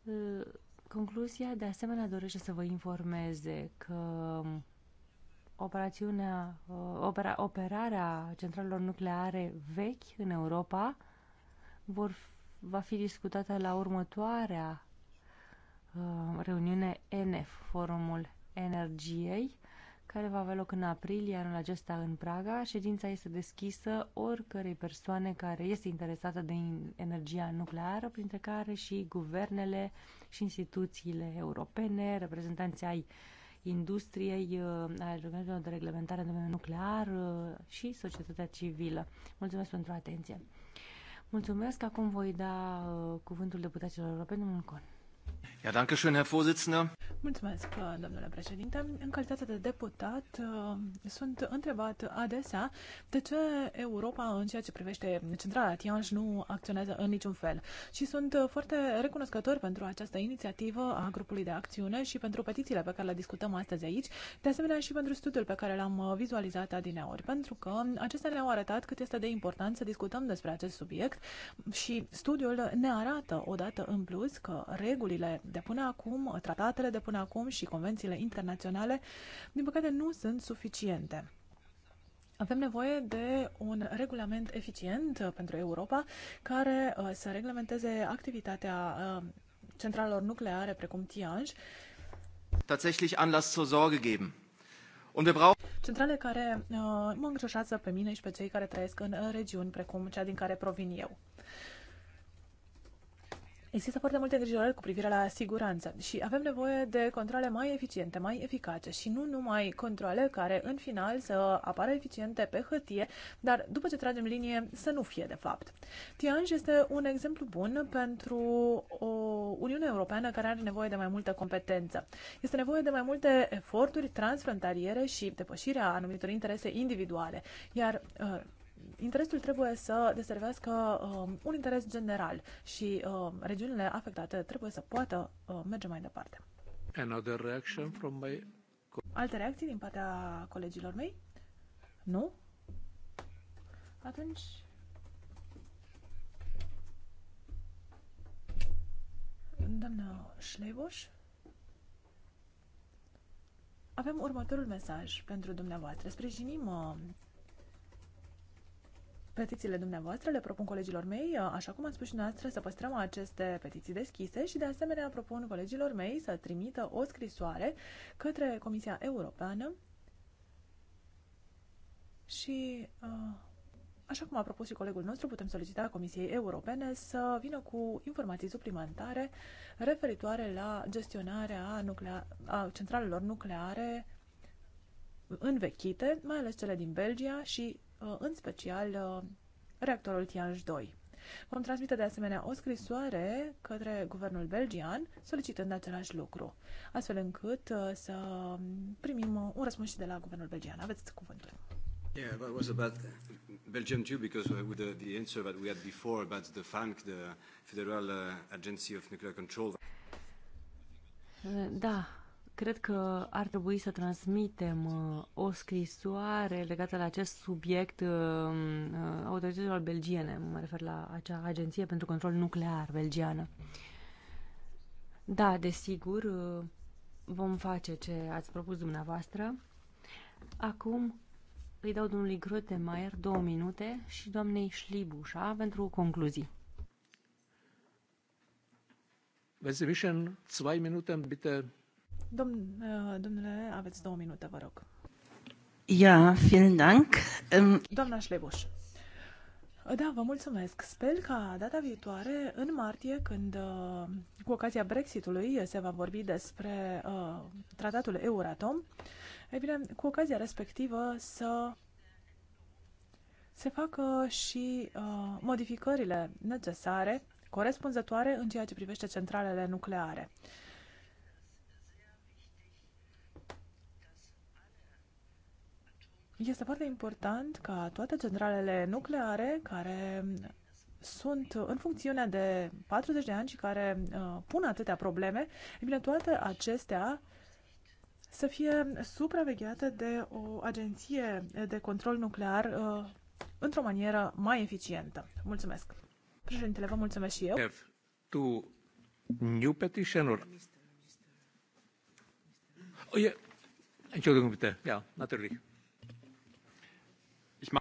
Uh, concluzia, de asemenea, dorește să vă informeze că um, operațiunea, uh, opera, operarea centralelor nucleare vechi în Europa vor, va fi discutată la următoarea uh, reuniune ENEF, Forumul Energiei, care va avea loc în aprilie anul acesta în Praga. Ședința este deschisă oricărei persoane care este interesată de energia nucleară, printre care și guvernele și instituțiile europene, reprezentanții ai industriei, uh, a organizațiilor de reglementare în domeniul nuclear uh, și societatea civilă. Mulțumesc pentru atenție! Mulțumesc! Acum voi da uh, cuvântul deputaților europeni, domnul Con. Ja, danke schön, Herr Vorsitzender. Mulțumesc, domnule președinte. În calitate de deputat, uh, sunt întrebat adesea de ce Europa, în ceea ce privește centrala Tianj, nu acționează în niciun fel. Și sunt uh, foarte recunoscător pentru această inițiativă a grupului de acțiune și pentru petițiile pe care le discutăm astăzi aici, de asemenea și pentru studiul pe care l-am uh, vizualizat adineori, pentru că acestea ne-au arătat cât este de important să discutăm despre acest subiect și studiul ne arată odată în plus că regulile care de până acum, tratatele de până acum și convențiile internaționale, din păcate, nu sunt suficiente. Avem nevoie de un regulament eficient uh, pentru Europa care uh, să reglementeze activitatea uh, centralelor nucleare precum Tianj. Tatsächlich Anlass zur Sorge geben. Und wir brauchen Centrale care mă îngrijorează pe mine și pe cei care trăiesc în regiuni precum cea din care provin eu. Există foarte multe îngrijorări cu privire la siguranță și avem nevoie de controle mai eficiente, mai eficace și nu numai controle care în final să apară eficiente pe hârtie, dar după ce tragem linie să nu fie de fapt. Tianj este un exemplu bun pentru o Uniune Europeană care are nevoie de mai multă competență. Este nevoie de mai multe eforturi transfrontaliere și depășirea anumitor interese individuale, iar uh, interesul trebuie să deservească um, un interes general și um, regiunile afectate trebuie să poată um, merge mai departe. Another reaction from my... Alte reacții din partea colegilor mei? Nu? Atunci... Doamna Șleiboș? Avem următorul mesaj pentru dumneavoastră. Sprijinim uh, petițiile dumneavoastră, le propun colegilor mei, uh, așa cum am spus și noastră, să păstrăm aceste petiții deschise și de asemenea propun colegilor mei să trimită o scrisoare către Comisia Europeană și uh, Așa cum a propus și colegul nostru, putem solicita Comisiei Europene să vină cu informații suplimentare referitoare la gestionarea nuclea- a centralelor nucleare învechite, mai ales cele din Belgia și Uh, în special uh, reactorul Tianj 2. Vom transmite de asemenea o scrisoare către guvernul belgian solicitând același lucru, astfel încât uh, să primim un răspuns și de la guvernul belgian. Aveți cuvântul. Yeah, but it was about Belgium too, because with the, the answer that we had before about the FANC, the Federal Agency of Nuclear Control. Da, Cred că ar trebui să transmitem uh, o scrisoare legată la acest subiect uh, uh, autorităților belgiene, mă refer la acea agenție pentru control nuclear belgiană. Da, desigur, vom face ce ați propus dumneavoastră. Acum îi dau domnului Grotemeier două minute și doamnei Șlibușa pentru concluzii. Wenn Sie wissen, zwei Minuten bitte Domn, uh, domnule, aveți două minute, vă rog. Ia, vielen Dank. Doamna Șlebuș. Da, vă mulțumesc. Sper ca data viitoare, în martie, când uh, cu ocazia Brexitului se va vorbi despre uh, tratatul Euratom, e bine, cu ocazia respectivă să se facă și uh, modificările necesare, corespunzătoare în ceea ce privește centralele nucleare. Uh, Este foarte important ca toate centralele nucleare care sunt în funcțiune de 40 de ani și care uh, pun atâtea probleme, e bine, toate acestea să fie supravegheate de o agenție de control nuclear uh, într-o manieră mai eficientă. Mulțumesc. Președintele, vă mulțumesc și eu. Tu, new petition or... Oh, yeah. Entschuldigung bitte. Ja, natürlich.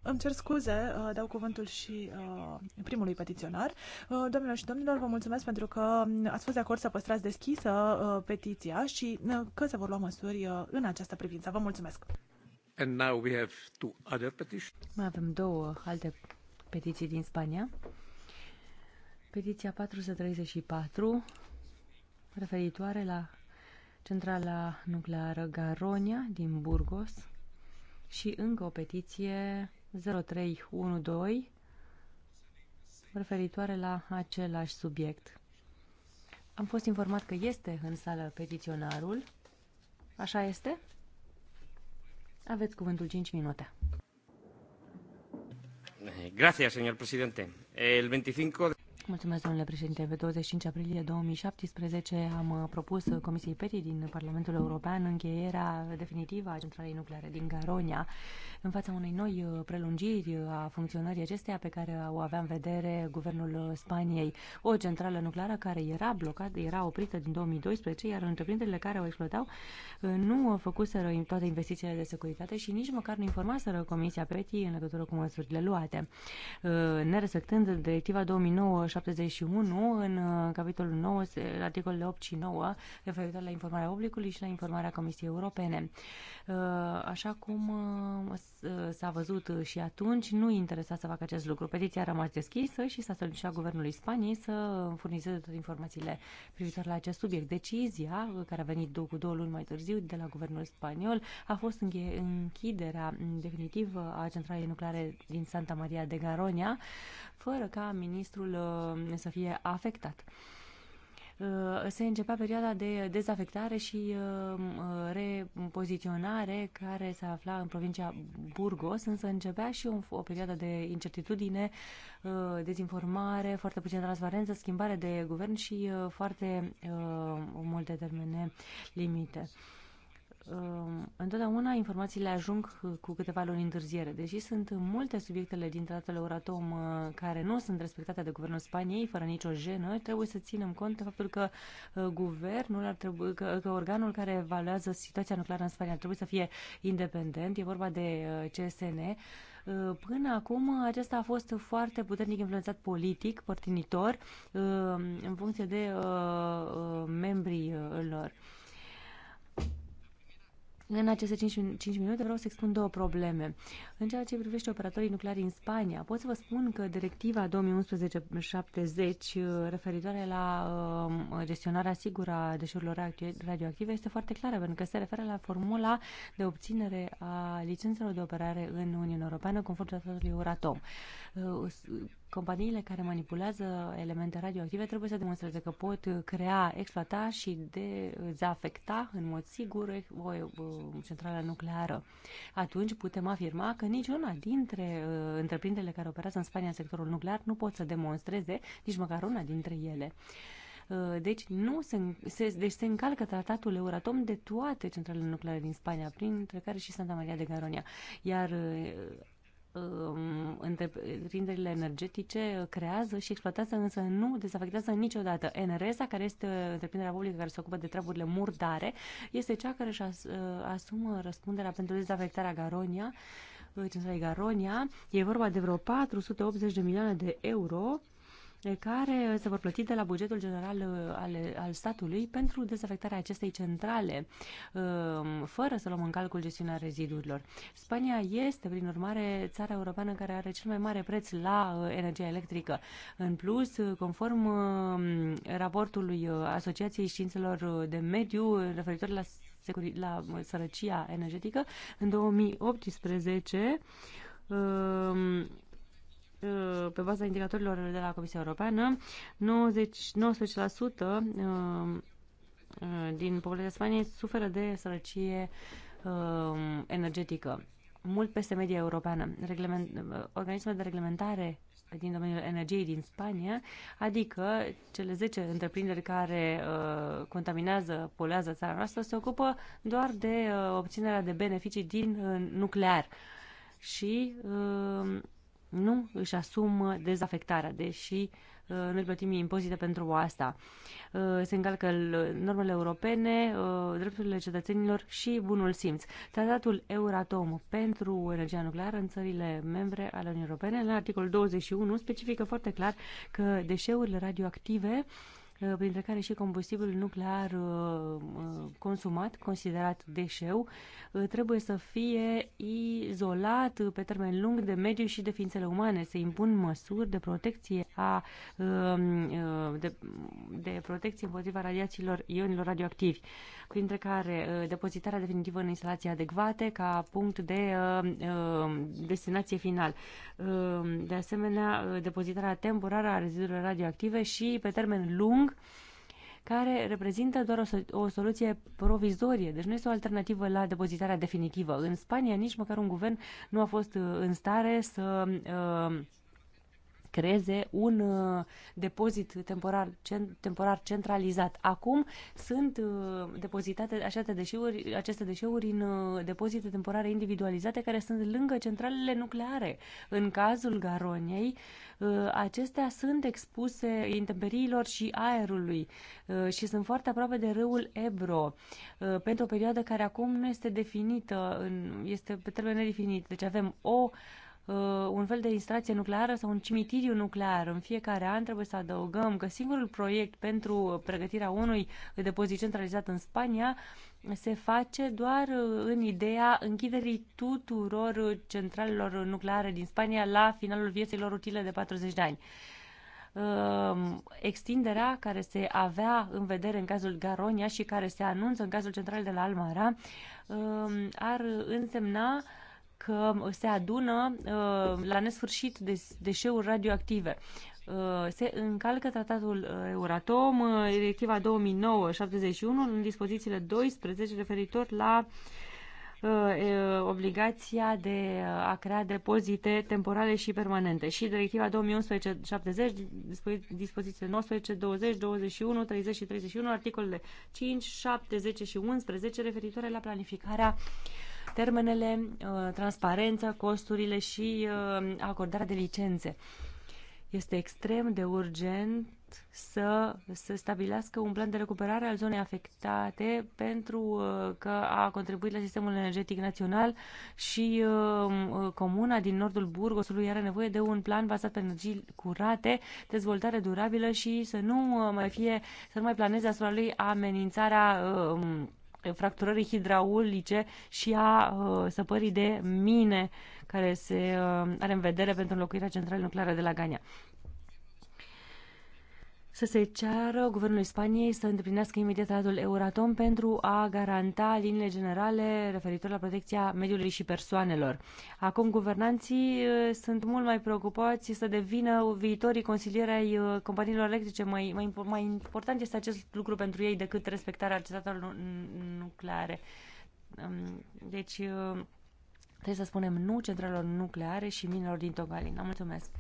Îmi cer scuze, uh, dau cuvântul și uh, primului petiționar. Uh, domnilor și domnilor, vă mulțumesc pentru că mm, ați fost de acord să păstrați deschisă petiția și că se vor lua măsuri în această privință. Vă mulțumesc! And now we have two other Mai avem două alte petiții din Spania. Petiția 434, referitoare la centrala nucleară Garonia din Burgos, și încă o petiție 0312 referitoare la același subiect. Am fost informat că este în sală petiționarul. Așa este? Aveți cuvântul 5 minute. Gracias, señor presidente. El 25 Mulțumesc, domnule președinte. Pe 25 aprilie 2017 am uh, propus uh, Comisiei PETI din Parlamentul European încheierea definitivă a centralei nucleare din Garonia în fața unei noi uh, prelungiri a funcționării acesteia pe care o avea în vedere guvernul Spaniei. O centrală nucleară care era blocată, era oprită din 2012, iar întreprinderile care o explodau nu făcuseră toate investițiile de securitate și nici măcar nu informaseră Comisia PETI în legătură cu măsurile luate. Nerespectând directiva 2009 71 în uh, capitolul 9, articolele 8 și 9 referitor la informarea publicului și la informarea Comisiei Europene. Uh, așa cum uh, s-a văzut și atunci, nu interesa să facă acest lucru. Petiția a rămas deschisă și s-a solicitat Guvernului Spaniei să furnizeze toate informațiile privitor la acest subiect. Decizia, care a venit cu două luni mai târziu de la Guvernul Spaniol, a fost închiderea definitivă a centralei nucleare din Santa Maria de Garonia, fără ca ministrul Uh, să fie afectat. Uh, se începea perioada de dezafectare și uh, repoziționare care se afla în provincia Burgos, însă începea și o, o perioadă de incertitudine, dezinformare, foarte puțină transparență, schimbare de guvern și foarte multe termene limite. Um, întotdeauna informațiile ajung cu câteva luni întârziere. Deși sunt multe subiectele din tratatul Euratom uh, care nu sunt respectate de guvernul Spaniei, fără nicio jenă, trebuie să ținem cont de faptul că uh, guvernul ar trebui, că, că organul care evaluează situația nucleară în Spania trebuie să fie independent, e vorba de uh, CSN. Până acum acesta a fost foarte puternic influențat politic, părtinitor, în funcție de membrii lor. În aceste 5, 5 minute vreau să expun două probleme. În ceea ce privește operatorii nucleari în Spania, pot să vă spun că directiva 2011-70 uh, referitoare la uh, gestionarea sigură a deșeurilor radioactive este foarte clară, pentru că se referă la formula de obținere a licențelor de operare în Uniunea Europeană conform tratatului Euratom. Uh, companiile care manipulează elemente radioactive trebuie să demonstreze că pot crea, exploata și dezafecta în mod sigur o, centrală nucleară. Atunci putem afirma că niciuna dintre uh, întreprinderile care operează în Spania în sectorul nuclear nu pot să demonstreze nici măcar una dintre ele. Uh, deci, nu se, se, deci se încalcă tratatul Euratom de toate centralele nucleare din Spania, printre care și Santa Maria de Garonia. Iar uh, Um, întreprinderile energetice creează și exploatează, însă nu dezafectează niciodată. Eneresa, care este întreprinderea publică care se ocupă de treburile murdare, este cea care își uh, asumă răspunderea pentru dezafectarea Garonia, uh, centralei Garonia. E vorba de vreo 480 de milioane de euro care se vor plăti de la bugetul general uh, al, al statului pentru dezafectarea acestei centrale, um, fără să luăm în calcul gestiunea rezidurilor. Spania este, prin urmare, țara europeană care are cel mai mare preț la uh, energia electrică. În plus, uh, conform um, raportului Asociației Științelor de Mediu referitor la, la sărăcia energetică, în 2018 Uh, pe baza indicatorilor de la Comisia Europeană, 90, 19% uh, uh, din populația Spaniei suferă de sărăcie energetică, mult peste media europeană. Reglement, organismele de reglementare din domeniul energiei din Spania, adică cele 10 întreprinderi care uh, contaminează, polează țara noastră, se ocupă doar de uh, obținerea de beneficii din uh, nuclear. Și uh, nu își asumă uh, dezafectarea, deși uh, noi plătim impozite pentru asta. Uh, se încalcă normele europene, drepturile cetățenilor și bunul simț. Tratatul Euratom pentru energia nucleară în țările membre ale Uniunii Europene, la articolul 21, specifică foarte clar că deșeurile radioactive uh, Eh, printre care și combustibilul nuclear eh, eh, consumat, considerat deșeu, trebuie să fie izolat pe termen lung de mediu și de ființele umane. Se impun măsuri de protecție a de, de protecție împotriva radiațiilor ionilor radioactivi, printre care depozitarea definitivă în instalații adecvate ca punct de destinație final. De asemenea, depozitarea temporară a rezidurilor radioactive și pe termen lung lung, care reprezintă doar o, o soluție provizorie, deci nu este o alternativă la depozitarea definitivă. În Spania nici măcar un guvern nu a fost uh, în stare să uh, creeze un uh, depozit temporar, cent, temporar centralizat. Acum sunt uh, depozitate aceste deșeuri, aceste deșeuri în uh, depozite temporare individualizate care sunt lângă centralele nucleare. În cazul Garoniei, acestea sunt expuse intemperiilor și aerului și sunt foarte aproape de râul Ebro pentru o perioadă care acum nu este definită, este pe termen nedefinit. Deci avem o Uh, un fel de instalație nucleară sau un cimitiriu nuclear. În fiecare an trebuie să adăugăm că singurul proiect pentru pregătirea unui depozit centralizat în Spania se face doar uh, în ideea închiderii tuturor centralelor nucleare din Spania la finalul vieții lor utile de 40 de ani. Um, extinderea care se avea în vedere în cazul Garonia și care se anunță în cazul central de la Almara um, ar însemna că se adună uh, la nesfârșit de deșeuri radioactive. Uh, se încalcă tratatul uh, Euratom, directiva 2009-71, în dispozițiile 12 referitor la obligația de a crea depozite temporale și permanente și directiva 2011-70, dispozițiile 19, 20, 21, 30 și 31, articolele 5, 7, 10 și 11 referitoare la planificarea uh, termenele, uh, transparența, costurile și uh, acordarea de licențe. Este extrem de urgent să se stabilească un plan de recuperare al zonei afectate pentru uh, că a contribuit la sistemul energetic național și comuna din nordul Burgosului are nevoie de un plan bazat pe energii curate, dezvoltare durabilă și să nu mai fie, să nu mai planeze asupra lui amenințarea fracturării hidraulice și a uh, săpării de mine care se uh, are în vedere pentru înlocuirea centralei nucleare de la Gania să se ceară Guvernului Spaniei să îndeplinească imediat tratul Euratom pentru a garanta liniile generale referitor la protecția mediului și persoanelor. Acum, guvernanții uh, sunt mult mai preocupați să devină viitorii consilieri ai uh, companiilor electrice. Mai, mai, mai important este acest lucru pentru ei decât respectarea tratatelor nucleare. Um, deci, uh, trebuie să spunem nu centralelor nucleare și minelor din Togalina. Mulțumesc!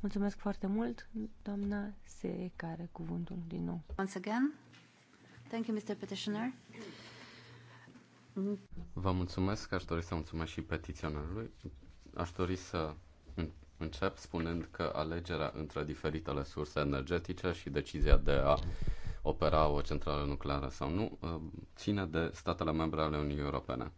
Mulțumesc foarte mult, doamna Se, care cuvântul din nou. Once again, thank you, Mr. Petitioner. Vă mulțumesc, aș dori să mulțumesc și petiționerului. Aș dori să încep spunând că alegerea între diferitele surse energetice și decizia de a opera o centrală nucleară sau nu ă, ține de statele membre ale Uniunii Europene.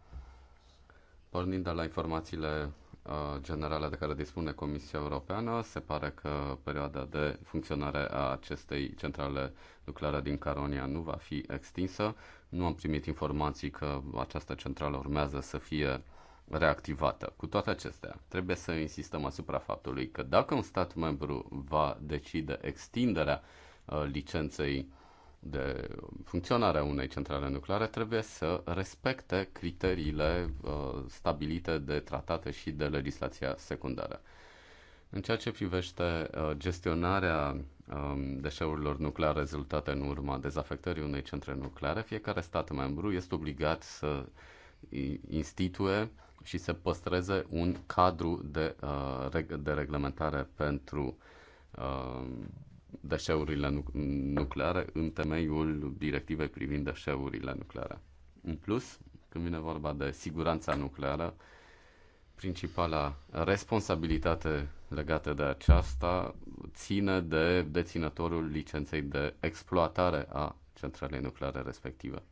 Pornind de la informațiile Uh, generale de care dispune Comisia Europeană. Se pare că perioada de funcționare a acestei centrale nucleare din Caronia nu va fi extinsă. Nu am primit informații că această centrală urmează să fie reactivată. Cu toate acestea, trebuie să insistăm asupra faptului că dacă un stat membru va decide extinderea uh, licenței de funcționare a unei centrale nucleare trebuie să respecte criteriile uh, stabilite de tratate și de legislația secundară. În ceea ce privește uh, gestionarea um, deșeurilor nucleare rezultate în urma dezafectării unei centre nucleare, fiecare stat membru este obligat să instituie și să păstreze un cadru de, uh, de reglementare pentru deșeurile nucleare în temeiul directivei privind deșeurile nucleare. În plus, când vine vorba de siguranța nucleară, principala responsabilitate legată de aceasta ține de deținătorul licenței de exploatare a centralei nucleare respective,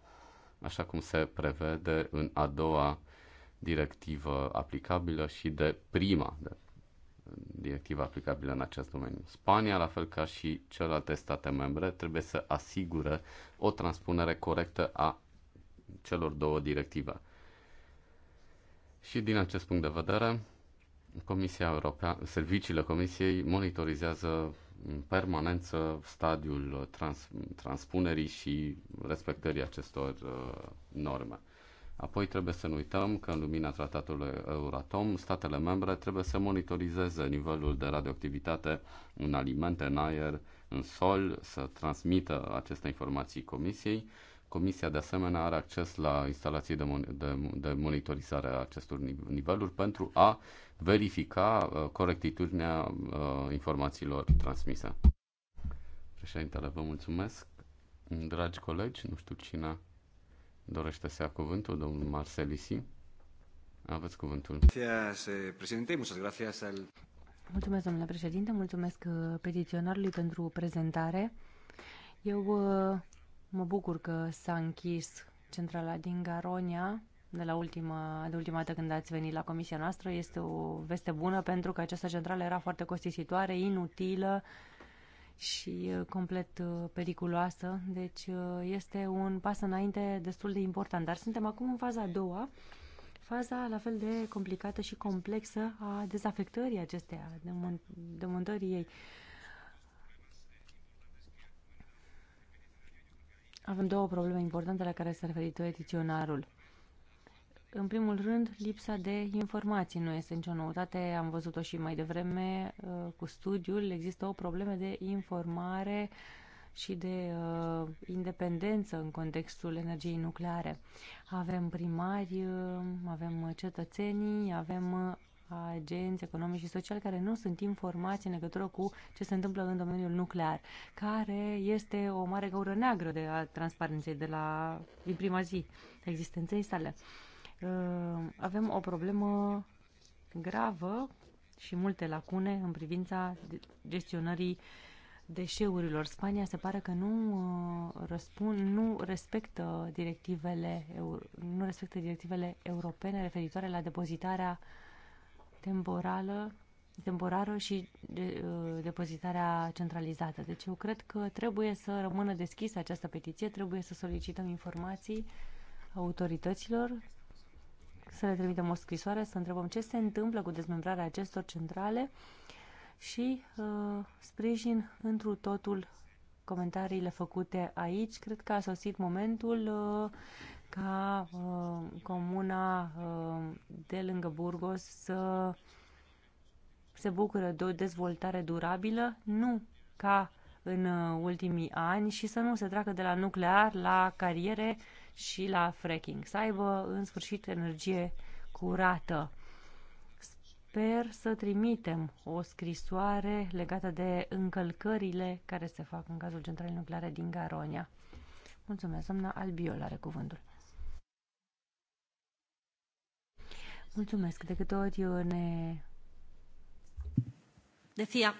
așa cum se prevede în a doua directivă aplicabilă și de prima, de directiva aplicabilă în acest domeniu. Spania, la fel ca și celelalte state membre, trebuie să asigure o transpunere corectă a celor două directive. Și din acest punct de vedere, Comisia Europeană, serviciile Comisiei monitorizează în permanență stadiul trans, transpunerii și respectării acestor uh, norme. Apoi trebuie să nu uităm că în lumina tratatului Euratom, statele membre trebuie să monitorizeze nivelul de radioactivitate în alimente, în aer, în sol, să transmită aceste informații comisiei. Comisia de asemenea are acces la instalații de, mon- de, de monitorizare a acestor niveluri pentru a verifica uh, corectitudinea uh, informațiilor transmise. Președintele, vă mulțumesc. Dragi colegi, nu știu cine Dorește să ia cuvântul domnul Marcelisi? Aveți cuvântul. Eh, mulțumesc, domnule președinte, mulțumesc uh, petiționarului pentru prezentare. Eu uh, mă bucur că s-a închis centrala din Garonia de la ultima, de ultima dată când ați venit la comisia noastră. Este o veste bună pentru că această centrală era foarte costisitoare, inutilă, și uh, complet uh, periculoasă, deci uh, este un pas înainte destul de important. Dar suntem acum în faza a doua, faza la fel de complicată și complexă a dezafectării acesteia, demontării ei. Avem două probleme importante la care s-a referit petiționarul. În primul rând, lipsa de informații nu este nicio noutate, am văzut-o și mai devreme uh, cu studiul, există o problemă de informare și de uh, independență în contextul energiei nucleare. Avem primari, uh, avem cetățenii, avem uh, agenți economici și sociali care nu sunt informați în legătură cu ce se întâmplă în domeniul nuclear, care este o mare gaură neagră de a transparenței de la din prima zi existenței sale. Uh, Uh, avem o problemă gravă și multe lacune în privința gestionării deșeurilor. Spania se pare că nu uh, răspund, nu respectă directivele nu respectă directivele europene referitoare la depozitarea temporală temporară și de, uh, depozitarea centralizată. Deci eu cred că trebuie să rămână deschisă această petiție, trebuie să solicităm informații autorităților să le trimitem o scrisoare, să întrebăm ce se întâmplă cu dezmembrarea acestor centrale și uh, sprijin întru totul comentariile făcute aici. Cred că a sosit momentul uh, ca uh, comuna uh, de lângă Burgos să se bucură de o dezvoltare durabilă, nu ca în uh, ultimii ani și să nu se treacă de la nuclear la cariere uh, și la fracking, să aibă în sfârșit energie curată. Sper să trimitem o scrisoare legată de încălcările care se fac în cazul centralei nucleare din Garonia. Mulțumesc, doamna Albiol are cuvântul. Mulțumesc. De câte ori ne... Decía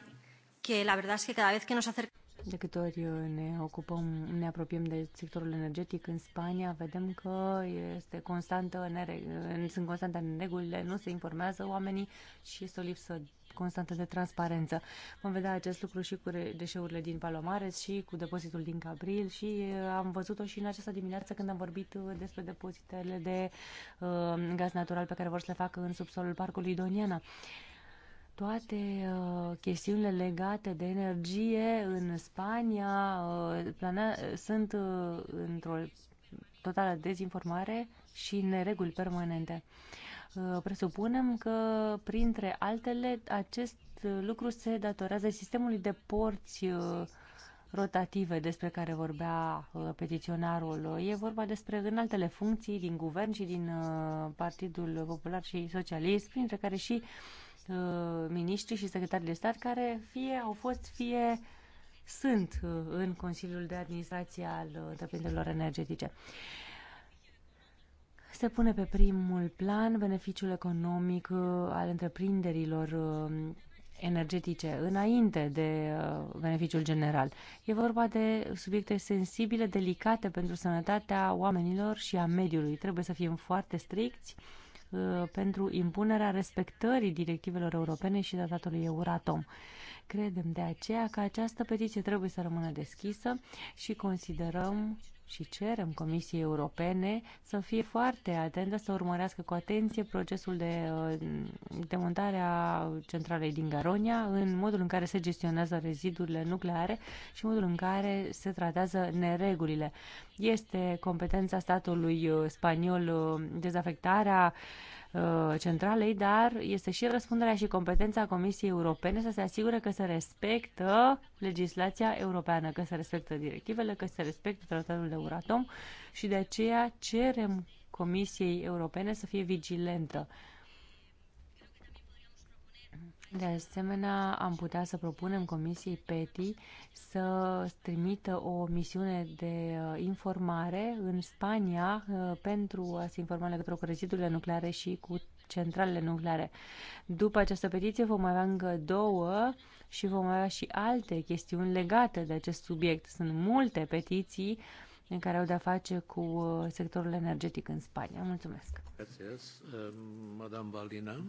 que la verdad es que cada vez que nos acercamos... De câte ori uh, ne ocupăm, ne apropiem de sectorul energetic în Spania, vedem că este constantă, uh, sunt constante regulile, nu se informează oamenii și este o lipsă constantă de transparență. Vom vedea acest lucru și cu deșeurile din Palomares și cu depozitul din Cabril și uh, am văzut-o și în această dimineață când am vorbit despre depozitele de uh, gaz natural pe care vor să le facă în subsolul parcului Doniana. Uh, toate uh, chestiunile legate de energie în Spania uh, plana- sunt uh, într-o totală dezinformare și nereguli permanente. Uh, presupunem că, printre altele, acest lucru se datorează sistemului de porți uh, rotative despre care vorbea uh, petiționarul. E vorba despre în altele funcții din guvern și din uh, Partidul Popular și Socialist, printre care și uh, Uh, miniștri și secretari de stat care fie au fost, fie sunt uh, în Consiliul de Administrație al uh, întreprinderilor energetice. Se pune pe primul plan beneficiul economic al întreprinderilor energetice înainte de beneficiul general. E vorba de subiecte sensibile, delicate pentru sănătatea oamenilor și a mediului. Trebuie să fim foarte stricți Uh, pentru impunerea respectării directivelor europene și tratatului Euratom. Credem de aceea că această petiție trebuie să rămână deschisă și considerăm și cerem Comisiei Europene să fie foarte atentă, să urmărească cu atenție procesul de uh, demontare a centralei din Garonia, în modul în care se gestionează rezidurile nucleare și modul în care se tratează neregulile. Este competența statului uh, spaniol uh, dezafectarea Uh, centralei, dar este și răspunderea și competența Comisiei Europene să se asigure că se respectă legislația europeană, că se respectă directivele, că se respectă tratatul de Euratom și de aceea cerem Comisiei Europene să fie vigilentă de asemenea, am putea să propunem Comisiei PETI să trimită o misiune de uh, informare în Spania uh, pentru a se informa în legătură cu rezidurile nucleare și cu centralele nucleare. După această petiție vom avea încă două și vom avea și alte chestiuni legate de acest subiect. Sunt multe petiții în care au de-a face cu uh, sectorul energetic în Spania. Mulțumesc! Mulțumesc, Madame Valina.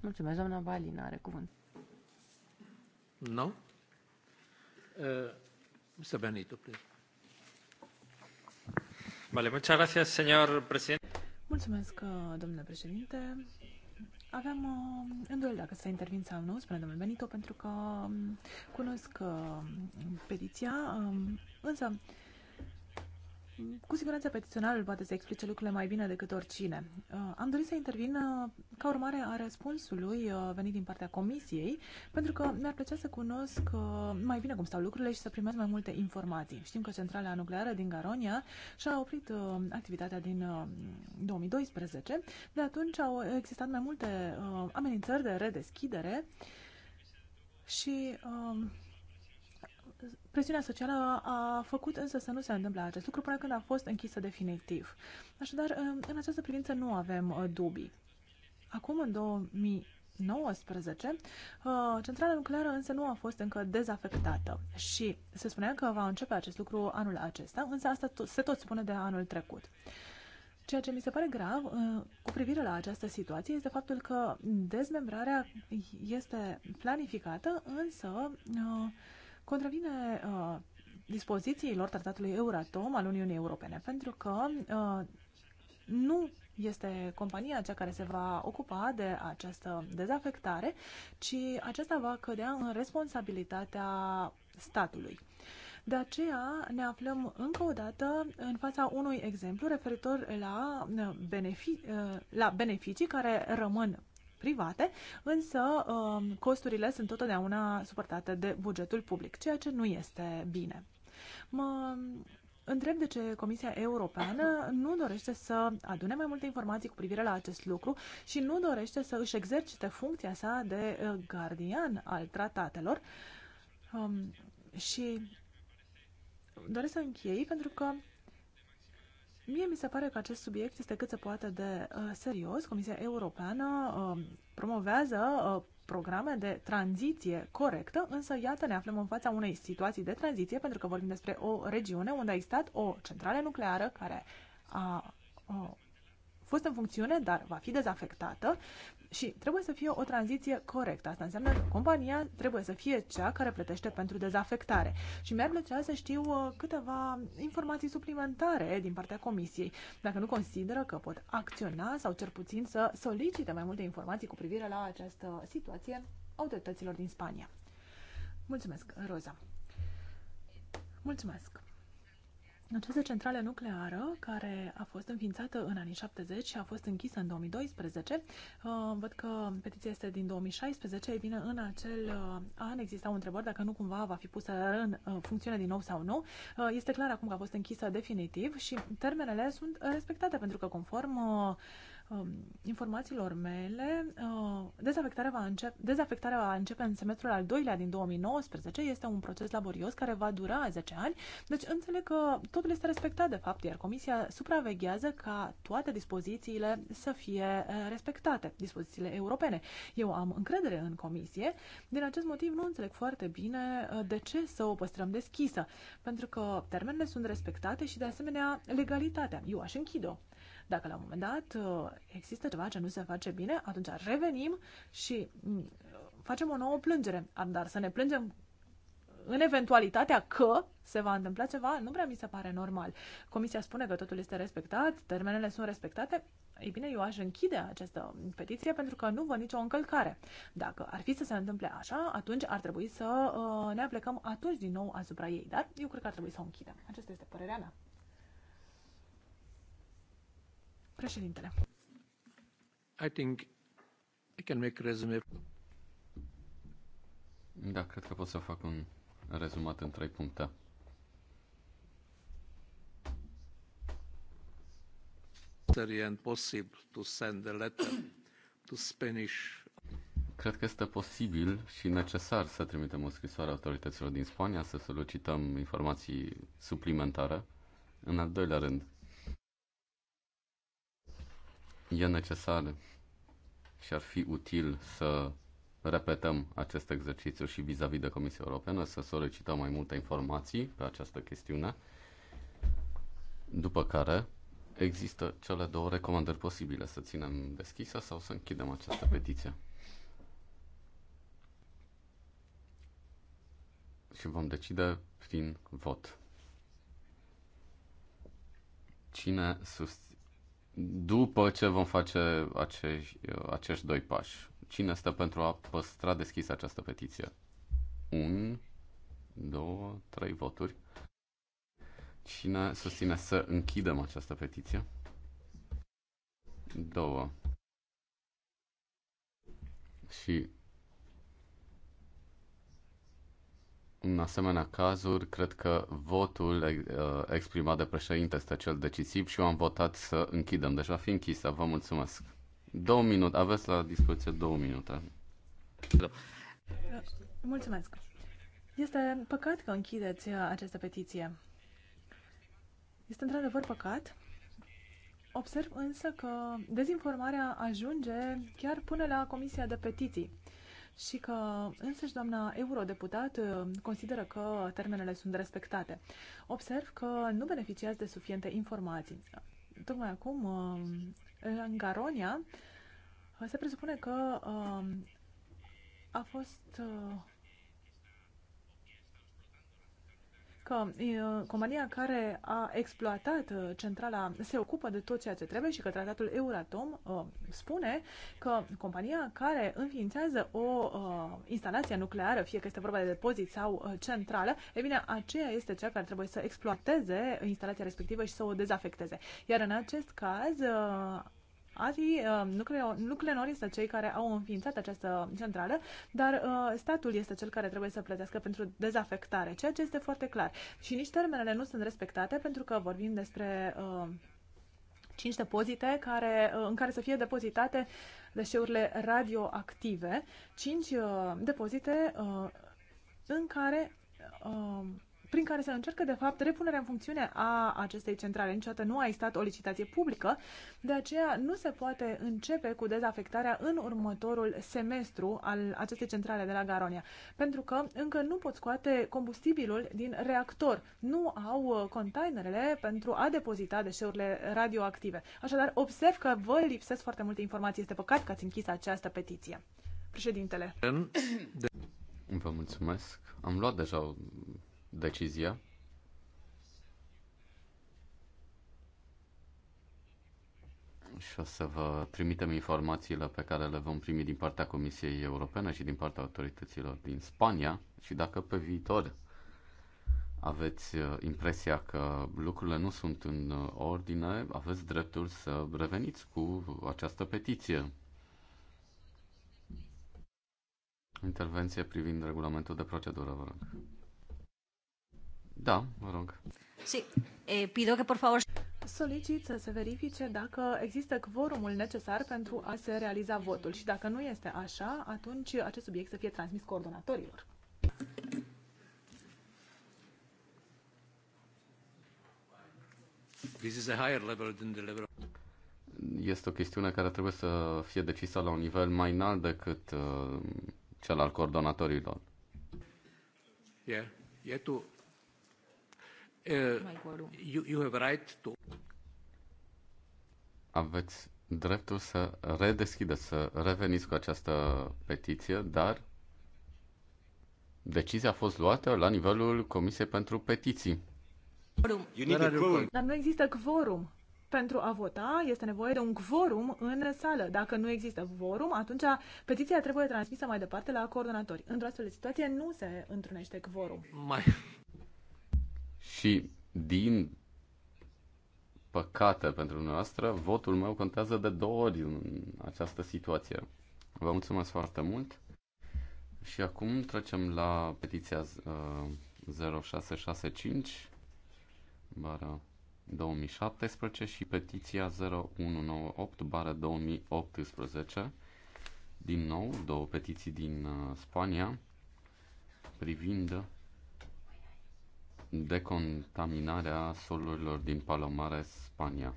Mulțumesc, doamna Balina, are cuvânt. Nu? No? Uh, să Benito, please. Vale, muchas gracias, señor presidente. Mulțumesc, eh, domnule președinte. Aveam uh, îndoiel dacă să intervin sau nu, spune domnul Benito, pentru că mm, cunosc uh, petiția, um, însă uh, cu siguranță petiționarul poate să explice lucrurile mai bine decât oricine. Uh, am dorit să intervin uh, ca urmare a răspunsului uh, venit din partea comisiei, pentru că mi-ar plăcea să cunosc mai bine cum stau lucrurile și să primesc mai multe informații. Știm că centrala nucleară din Garonia și-a oprit activitatea din 2012. De atunci au existat mai multe amenințări de redeschidere și presiunea socială a făcut însă să nu se întâmple acest lucru până când a fost închisă definitiv. Așadar, în această privință nu avem uh, dubii. Acum, în 2000 19, uh, centrala nucleară însă nu a fost încă dezafectată și se spunea că va începe acest lucru anul acesta, însă asta se tot spune de anul trecut. Ceea ce mi se pare grav uh, cu privire la această situație este faptul că dezmembrarea este planificată, însă contravine uh, dispozițiilor tratatului Euratom al Uniunii Europene, pentru că uh, nu este compania cea care se va ocupa de această dezafectare, ci aceasta va cădea în responsabilitatea statului. De aceea ne aflăm încă o dată în fața unui exemplu referitor la, uh, benefic- uh, la beneficii care rămân private, însă um, costurile sunt totdeauna suportate de bugetul public, ceea ce nu este bine. Mă întreb de ce Comisia Europeană nu dorește să adune mai multe informații cu privire la acest lucru și nu dorește să își exercite funcția sa de uh, gardian al tratatelor. Um, și doresc să închei pentru că Mie mi se pare că acest subiect este cât se poate de uh, serios. Comisia Europeană uh, promovează uh, programe de tranziție corectă, însă iată ne aflăm în fața unei situații de tranziție pentru că vorbim despre o regiune unde a existat o centrală nucleară care a, uh, fost în funcțiune, dar va fi dezafectată și trebuie să fie o tranziție corectă. Asta înseamnă că compania trebuie să fie cea care plătește pentru dezafectare. Și mi-ar plăcea să știu uh, câteva informații suplimentare din partea comisiei, dacă nu consideră că pot acționa sau cel puțin să solicite mai multe informații cu privire la această situație autorităților din Spania. Mulțumesc, Roza. Mulțumesc. Această centrală nucleară, care a fost înființată în anii 70 și a fost închisă în 2012, uh, văd că petiția este din 2016, e bine, în acel uh, an existau întrebări dacă nu cumva va fi pusă în uh, funcțiune din nou sau nu. Este clar acum că a fost închisă definitiv și termenele sunt respectate pentru că conform Um, informațiilor mele, uh, dezafectarea va, începe, dezafectarea va începe în semestrul al doilea din 2019. Este un proces laborios care va dura 10 ani, deci înțeleg că totul este respectat de fapt, iar Comisia supraveghează ca toate dispozițiile să fie uh, respectate, dispozițiile europene. Eu am încredere în Comisie, din acest motiv nu înțeleg foarte bine uh, de ce să o păstrăm deschisă, pentru că termenele sunt respectate și de asemenea legalitatea. Eu aș închide-o. Dacă la un moment dat uh, există ceva ce nu se face bine, atunci revenim și mm, facem o nouă plângere. Dar să ne plângem în eventualitatea că se va întâmpla ceva, nu prea mi se pare normal. Comisia spune că totul este respectat, termenele sunt respectate. Ei bine, eu aș închide această petiție pentru că nu văd nicio încălcare. Dacă ar fi să se întâmple așa, atunci ar trebui să uh, ne aplecăm atunci din nou asupra ei. Dar eu cred că ar trebui să o închidem. Aceasta este părerea mea. Președintele. I think I can make resume. Da, cred că pot să fac un rezumat în trei puncte. and possible to send a letter to Spanish cred că este posibil și necesar să trimitem o scrisoare autorităților din Spania să solicităm informații suplimentare. În al doilea rând, e necesar și ar fi util să repetăm acest exercițiu și vis-a-vis -vis de Comisia Europeană, să solicităm mai multe informații pe această chestiune, după care există cele două recomandări posibile, să ținem deschisă sau să închidem această petiție. Și vom decide prin vot. Cine susține după ce vom face acești, acești doi pași. Cine stă pentru a păstra deschisă această petiție? Un, două, trei voturi. Cine susține să închidem această petiție? Două. Și În asemenea cazuri, cred că votul uh, exprimat de președinte este cel decisiv și eu am votat să închidem. Deci va fi închisă. Vă mulțumesc. Două minute. Aveți la dispoziție două minute. Mulțumesc. Este păcat că închideți această petiție. Este într-adevăr păcat. Observ însă că dezinformarea ajunge chiar până la Comisia de Petiții și că însăși doamna eurodeputat uh, consideră că termenele sunt respectate. Observ că nu beneficiați de suficiente informații. Tocmai acum, uh, în Garonia, uh, se presupune că a fost că compania care a exploatat uh, centrala se ocupă de tot ceea ce trebuie și că tratatul Euratom uh, spune că compania care înființează o uh, instalație nucleară, fie că este vorba de depozit sau centrală, e bine, aceea este cea care trebuie să exploateze instalația respectivă și să o dezafecteze. Iar în acest caz, Azi Ati, uh, Nuclenor sunt cei care au înființat această centrală, dar uh, statul este cel care trebuie să plătească pentru dezafectare, ceea ce este foarte clar. Și nici termenele nu sunt respectate pentru că vorbim despre uh, cinci depozite care, uh, în care să fie depozitate deșeurile radioactive, cinci uh, depozite uh, în care uh, prin care se încercă, de fapt, repunerea în funcțiune a acestei centrale. Niciodată nu a existat o licitație publică, de aceea nu se poate începe cu dezafectarea în următorul semestru al acestei centrale de la Garonia, pentru că încă nu pot scoate combustibilul din reactor, nu au uh, containerele pentru a depozita deșeurile radioactive. Așadar, observ că vă lipsesc foarte multe informații. Este păcat că ați închis această petiție. Președintele. Vă mulțumesc. Am luat deja decizia. și o să vă trimitem informațiile pe care le vom primi din partea Comisiei Europene și din partea autorităților din Spania și dacă pe viitor aveți uh, impresia că lucrurile nu sunt în uh, ordine, aveți dreptul să reveniți cu această petiție. Intervenție privind regulamentul de procedură, vă rog. Da, mă rog. Si, e, eh, pido că, por favor... Solicit să se verifice dacă există quorumul necesar pentru a se realiza votul și dacă nu este așa, atunci acest subiect să fie transmis coordonatorilor. This is a higher level than the level este o chestiune care trebuie să fie decisă la un nivel mai înalt decât uh, cel al coordonatorilor. Yeah. Yeah, tu. Uh, you, you have right to... Aveți dreptul să redeschideți, să reveniți cu această petiție, dar decizia a fost luată la nivelul Comisiei pentru Petiții. Dar nu există quorum. Pentru a vota este nevoie de un quorum în sală. Dacă nu există quorum, atunci petiția trebuie transmisă mai departe la coordonatori. Într-o astfel de situație nu se întrunește quorum. Mai, și din păcate pentru noastră, votul meu contează de două ori în această situație. Vă mulțumesc foarte mult. Și acum trecem la petiția 0665 uh, bară 2017 și petiția 0198 bară 2018. Din nou, două petiții din uh, Spania privind decontaminarea solurilor din Palomare, Spania.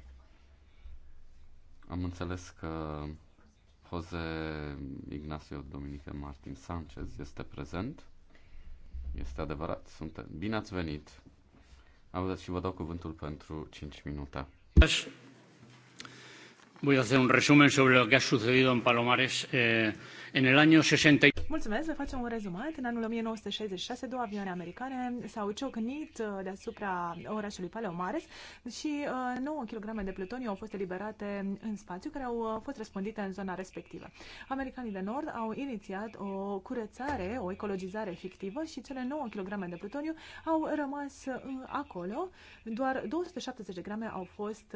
Am înțeles că Jose Ignacio Dominique Martin Sanchez este prezent. Este adevărat, sunt... bine ați venit. văzut și vă dau cuvântul pentru 5 minute. Voy a hacer un resumen sobre lo que ha sucedido en Palomares. Eh, en el año 60. Mulțumesc, vă facem un rezumat. În anul 1966, două avioane americane s-au ciocnit uh, deasupra orașului Palomares și 9 uh, kg de plutoniu au fost eliberate în spațiu, care au uh, fost răspândite în zona respectivă. Americanii de Nord au inițiat o curățare, o ecologizare fictivă și cele 9 kg de plutoniu au rămas acolo. Doar 270 de grame au fost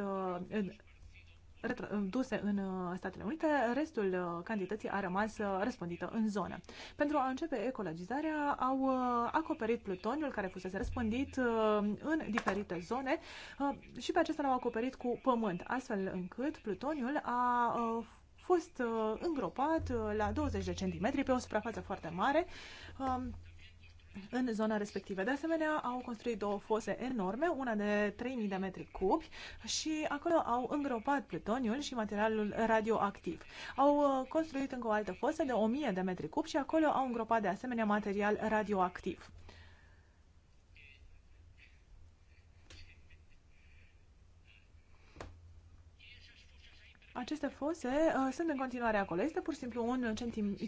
duse în uh, Statele Unite, restul uh, cantității a rămas uh, răspândită în zonă. Pentru a începe ecologizarea, au acoperit plutoniul care fusese răspândit în diferite zone și pe acesta l-au acoperit cu pământ, astfel încât plutoniul a fost îngropat la 20 de centimetri pe o suprafață foarte mare în zona respectivă. De asemenea, au construit două fose enorme, una de 3000 de metri cubi și acolo au îngropat plutoniul și materialul radioactiv. Au uh, construit încă o altă fosă de 1000 de metri cubi și acolo au îngropat de asemenea material radioactiv. Aceste fose uh, sunt în continuare acolo. Este pur și simplu un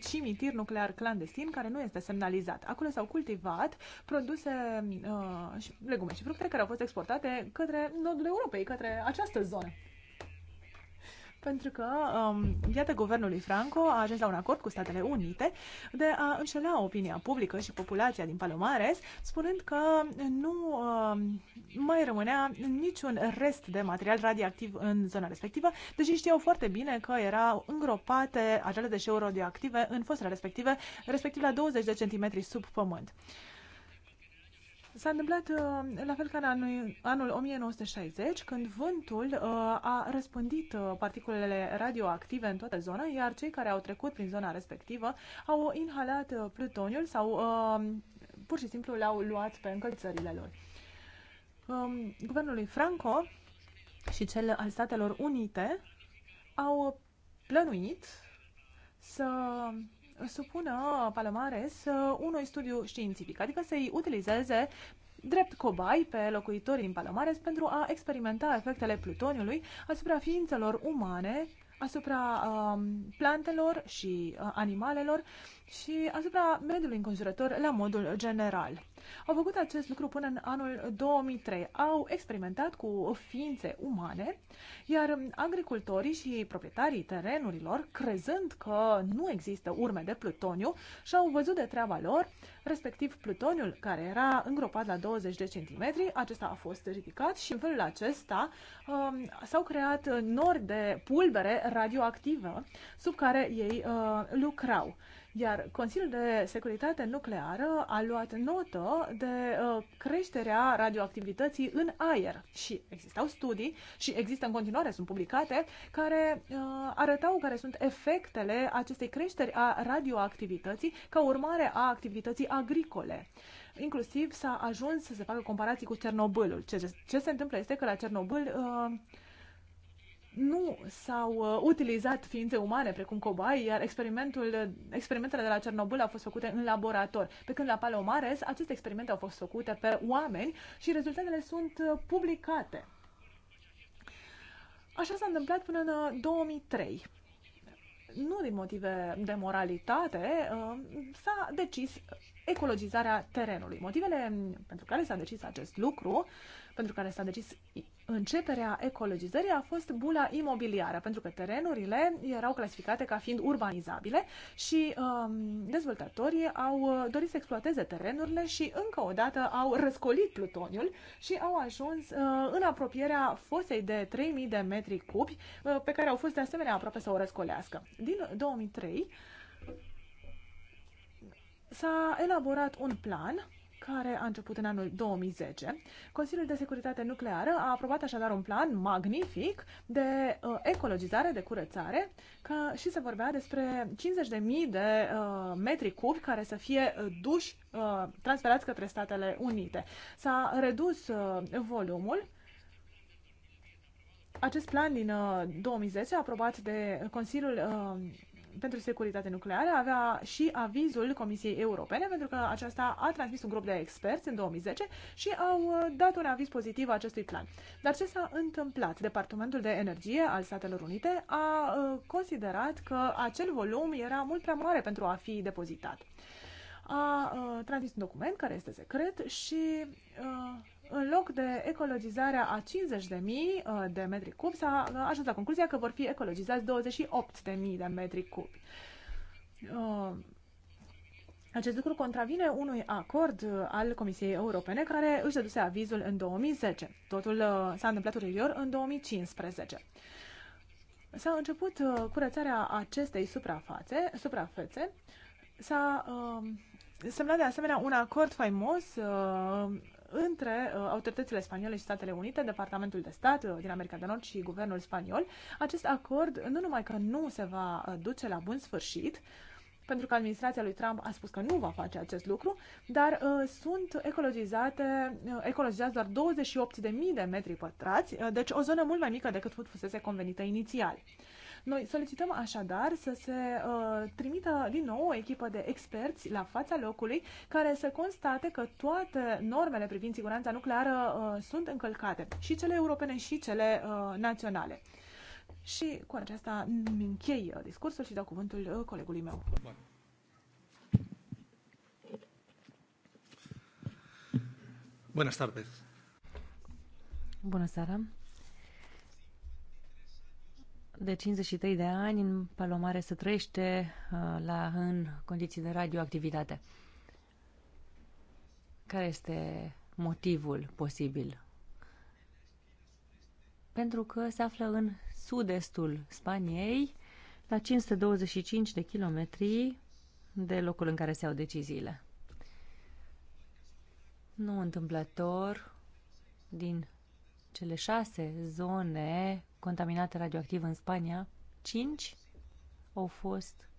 cimitir nuclear clandestin care nu este semnalizat. Acolo s-au cultivat produse uh, și legume și fructe care au fost exportate către nordul Europei, către această zonă pentru că, um, iată, guvernul Franco a ajuns la un acord cu Statele Unite de a înșela opinia publică și populația din Palomares, spunând că nu um, mai rămânea niciun rest de material radioactiv în zona respectivă, deși știau foarte bine că erau îngropate acele deșeuri radioactive în fostele respective, respectiv la 20 de centimetri sub pământ. S-a întâmplat uh, la fel ca în anul, 1960, când vântul uh, a răspândit uh, particulele radioactive în toată zona, iar cei care au trecut prin zona respectivă au inhalat plutoniul sau pur și simplu le-au luat pe încălțările lor. Um, Guvernul Franco și cel al Statelor Unite au plănuit să supună Palomares unui studiu științific, adică să-i utilizeze drept cobai pe locuitorii din Palomares pentru a experimenta efectele plutoniului asupra ființelor umane, asupra um, plantelor și uh, animalelor și asupra mediului înconjurător la modul general. Au făcut acest lucru până în anul 2003. Au experimentat cu ființe umane, iar agricultorii și proprietarii terenurilor, crezând că nu există urme de plutoniu, și-au văzut de treaba lor, respectiv plutoniul care era îngropat la 20 de centimetri, acesta a fost ridicat și în felul acesta um, s-au creat nori de pulbere radioactivă sub care ei uh, lucrau. Iar Consiliul de Securitate Nucleară a luat notă de uh, creșterea radioactivității în aer și existau studii și există în continuare, sunt publicate, care uh, arătau care sunt efectele acestei creșteri a radioactivității ca urmare a activității agricole. Inclusiv s-a ajuns să se facă comparații cu Cernobâlul. Ce, ce se întâmplă este că la Cernobâl uh, nu s-au uh, utilizat ființe umane precum cobai, iar experimentul, experimentele de la Cernobâl au fost făcute în laborator. Pe când la Palomares, aceste experimente au fost făcute pe oameni și rezultatele sunt uh, publicate. Așa s-a întâmplat până în 2003. Uh, nu din motive de moralitate, s-a decis ecologizarea terenului. Motivele pentru care s-a decis acest lucru, pentru care s-a decis începerea ecologizării a fost bula imobiliară, pentru că terenurile erau clasificate ca fiind urbanizabile și um, dezvoltatorii au uh, dorit să exploateze terenurile și încă o dată au răscolit plutoniul și au ajuns uh, în apropierea fosei de 3000 de metri cubi, uh, pe care au fost de asemenea aproape să o răscolească. Din 2003 s-a elaborat un plan care a început în anul 2010. Consiliul de Securitate Nucleară a aprobat așadar un plan magnific de uh, ecologizare, de curățare ca, și se vorbea despre 50.000 de uh, metri cubi care să fie uh, duși, uh, transferați către Statele Unite. S-a redus uh, volumul acest plan din uh, 2010, aprobat de Consiliul uh, pentru securitate nucleară avea și avizul Comisiei Europene, pentru că aceasta a transmis un grup de experți în 2010 și au uh, dat un aviz pozitiv acestui plan. Dar ce s-a întâmplat? Departamentul de Energie al Statelor Unite a uh, considerat că acel volum era mult prea mare pentru a fi depozitat. A uh, transmis un document care este secret și în loc de ecologizarea a 50.000 uh, de metri cubi, s-a uh, ajuns la concluzia că vor fi ecologizați 28.000 de metri cubi. Uh, acest lucru contravine unui acord al Comisiei Europene care își dăduse avizul în 2010. Totul s-a întâmplat ulterior în 2015. S-a început curățarea acestei suprafațe, suprafețe. S-a uh, semnat de asemenea un acord faimos uh, între uh, autoritățile spaniole și Statele Unite, Departamentul de Stat uh, din America de Nord și Guvernul spaniol. Acest acord nu numai că nu se va uh, duce la bun sfârșit, pentru că administrația lui Trump a spus că nu va face acest lucru, dar uh, sunt ecologizate, uh, ecologizați doar 28.000 de metri pătrați, uh, deci o zonă mult mai mică decât fusese convenită inițial. Noi solicităm așadar să se uh, trimită din nou o echipă de experți la fața locului care să constate că toate normele privind siguranța nucleară uh, sunt încălcate, și cele europene și cele uh, naționale. Și cu aceasta închei uh, discursul și dau cuvântul uh, colegului meu. Bună seara. Bună seara de 53 de ani în Palomare se trăiește uh, la, în condiții de radioactivitate. Care este motivul posibil? Pentru că se află în sud-estul Spaniei, la 525 de kilometri de locul în care se au deciziile. Nu întâmplător, din cele șase zone contaminate radioactiv în Spania, 5 au fost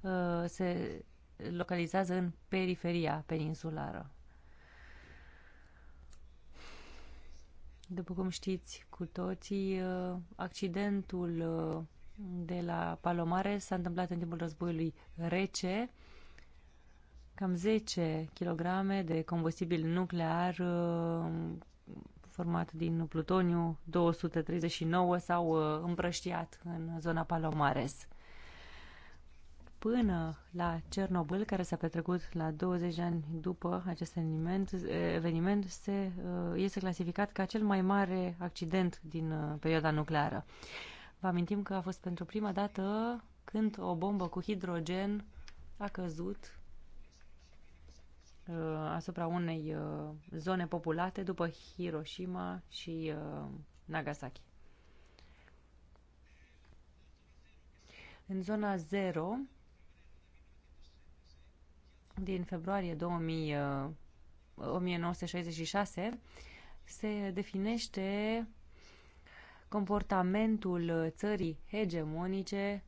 uh, se localizează în periferia peninsulară. După cum știți cu toții, uh, accidentul uh, de la Palomare s-a întâmplat în timpul războiului rece. Cam 10 kg de combustibil nuclear format din plutoniu 239 s-au uh, împrăștiat în zona Palomares. Până la Cernobâl, care s-a petrecut la 20 de ani după acest eveniment, eveniment se, uh, este clasificat ca cel mai mare accident din uh, perioada nucleară. Vă amintim că a fost pentru prima dată când o bombă cu hidrogen a căzut Uh, asupra unei uh, zone populate după Hiroshima și uh, Nagasaki. În zona 0 din februarie 1966 se definește comportamentul țării hegemonice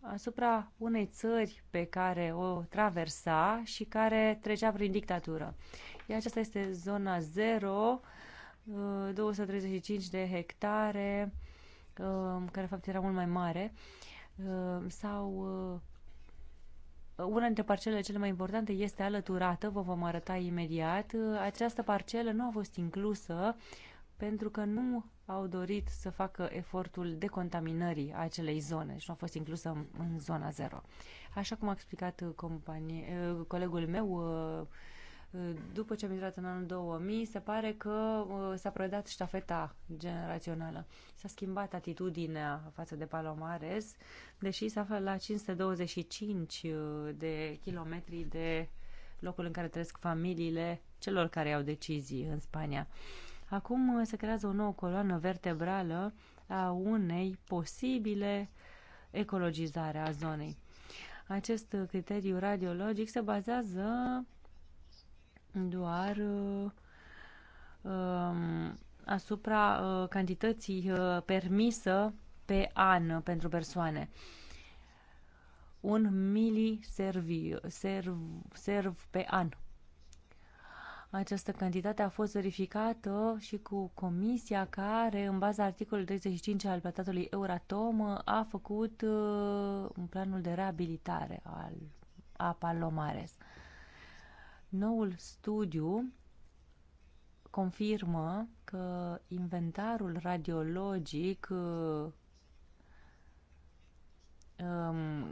asupra unei țări pe care o traversa și care trecea prin dictatură. Iar aceasta este zona 0, 235 uh, de hectare, um, care de fapt era mult mai mare, um, sau uh, una dintre parcelele cele mai importante este alăturată, vă vom arăta imediat. Uh, această parcelă nu a fost inclusă pentru că nu au dorit să facă efortul decontaminării acelei zone și nu a fost inclusă în, în zona zero. Așa cum a explicat uh, companie, uh, colegul meu, uh, după ce am intrat în anul 2000, se pare că s-a predat ștafeta generațională. S-a schimbat atitudinea față de Palomares, deși se află la 525 de kilometri de locul în care trăiesc familiile celor care au decizii în Spania. Uh, Acum uh, se creează o nouă coloană vertebrală a unei posibile ecologizare a zonei. Acest uh, criteriu radiologic se bazează doar uh, um, asupra uh, cantității uh, permisă pe an pentru persoane. Un miliserv serv, serv pe an această cantitate a fost verificată și cu comisia care, în baza articolului 35 al tratatului Euratom, a făcut uh, un planul de reabilitare al Apalomares. Lomares. Noul studiu confirmă că inventarul radiologic uh, um,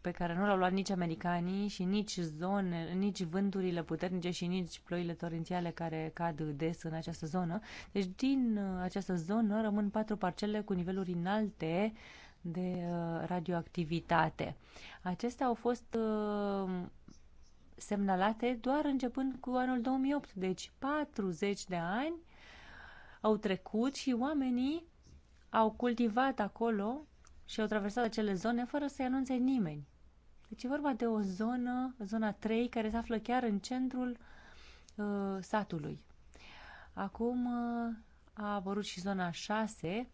pe care nu l-au luat nici americanii și nici zone, nici vânturile puternice și nici ploile torențiale care cad des în această zonă. Deci din uh, această zonă rămân patru parcele cu niveluri înalte de uh, radioactivitate. Acestea au fost uh, semnalate doar începând cu anul 2008, deci 40 de ani au trecut și oamenii au cultivat acolo și au traversat acele zone fără să-i anunțe nimeni. Deci e vorba de o zonă, zona 3, care se află chiar în centrul uh, satului. Acum uh, a apărut și zona 6,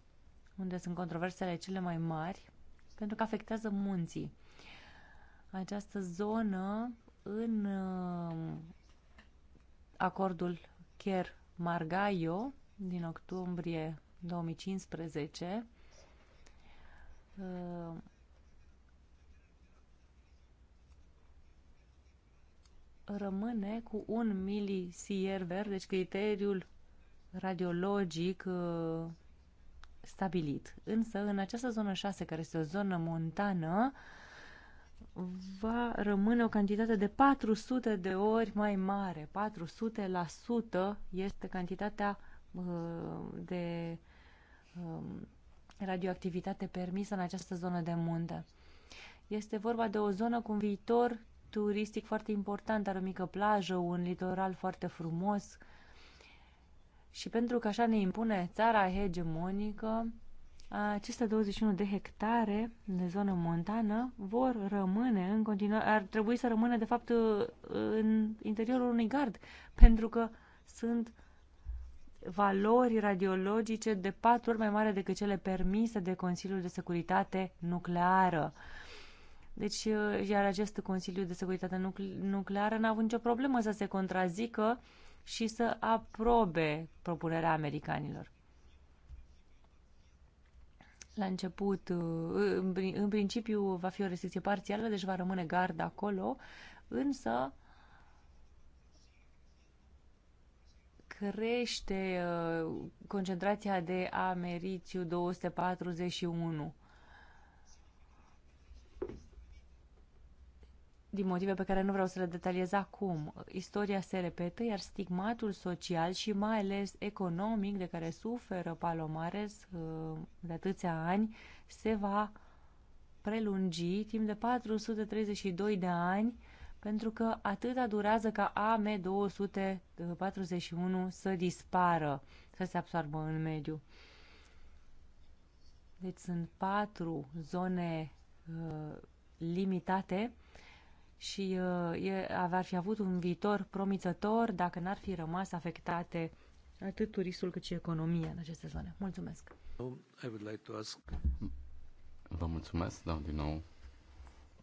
unde sunt controversele cele mai mari, pentru că afectează munții. Această zonă în uh, acordul Ker Margaio din octombrie 2015 Uh, rămâne cu un milisierver, deci criteriul radiologic uh, stabilit. Însă, în această zonă 6, care este o zonă montană, va rămâne o cantitate de 400 de ori mai mare. 400% este cantitatea uh, de um, radioactivitate permisă în această zonă de munte. Este vorba de o zonă cu un viitor turistic foarte important, are o mică plajă, un litoral foarte frumos și pentru că așa ne impune țara hegemonică, aceste 21 de hectare de zonă montană vor rămâne în continuare, ar trebui să rămână de fapt în interiorul unui gard, pentru că sunt valori radiologice de patru ori mai mare decât cele permise de Consiliul de Securitate Nucleară. Deci, uh, iar acest Consiliu de Securitate Nucleară n-a avut nicio problemă să se contrazică și să aprobe propunerea americanilor. La început, uh, în principiu, va fi o restricție parțială, deci va rămâne gard acolo, însă crește uh, concentrația de americiu 241 din motive pe care nu vreau să le detaliez acum. Istoria se repetă, iar stigmatul social și mai ales economic de care suferă Palomares uh, de atâția ani se va prelungi timp de 432 de ani pentru că atâta durează ca AM241 să dispară, să se absorbă în mediu. Deci sunt patru zone uh, limitate și uh, e, ar fi avut un viitor promițător dacă n-ar fi rămas afectate atât turistul cât și economia în aceste zone. Mulțumesc! Vă mulțumesc, dau din nou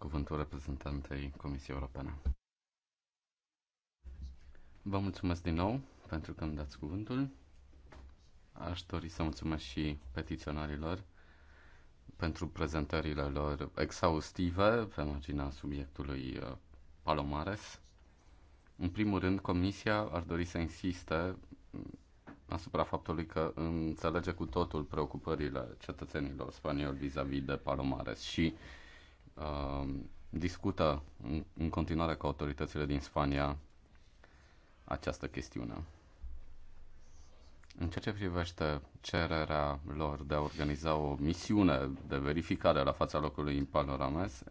cuvântul reprezentantei Comisiei Europene. Vă mulțumesc din nou pentru că îmi dați cuvântul. Aș dori să mulțumesc și petiționarilor pentru prezentările lor exhaustive pe marginea subiectului uh, Palomares. În primul rând, Comisia ar dori să insiste mm, asupra faptului că înțelege cu totul preocupările cetățenilor spanioli vis-a-vis de Palomares și uh, Um, discută în, în continuare cu autoritățile din Spania această chestiune. În ceea ce privește cererea lor de a organiza o misiune de verificare la fața locului în Panorames,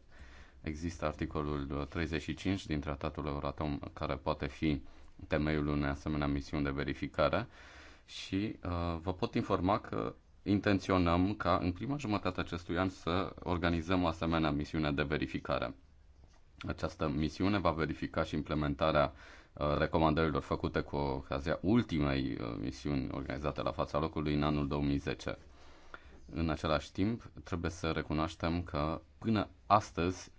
există articolul 35 din tratatul Euratom care poate fi temeiul unei asemenea misiuni de verificare și uh, vă pot informa că intenționăm ca în prima jumătate a acestui an să organizăm o asemenea misiune de verificare. Această misiune va verifica și implementarea uh, recomandărilor făcute cu ocazia ultimei uh, misiuni organizate la fața locului în anul 2010. În același timp, trebuie să recunoaștem că până astăzi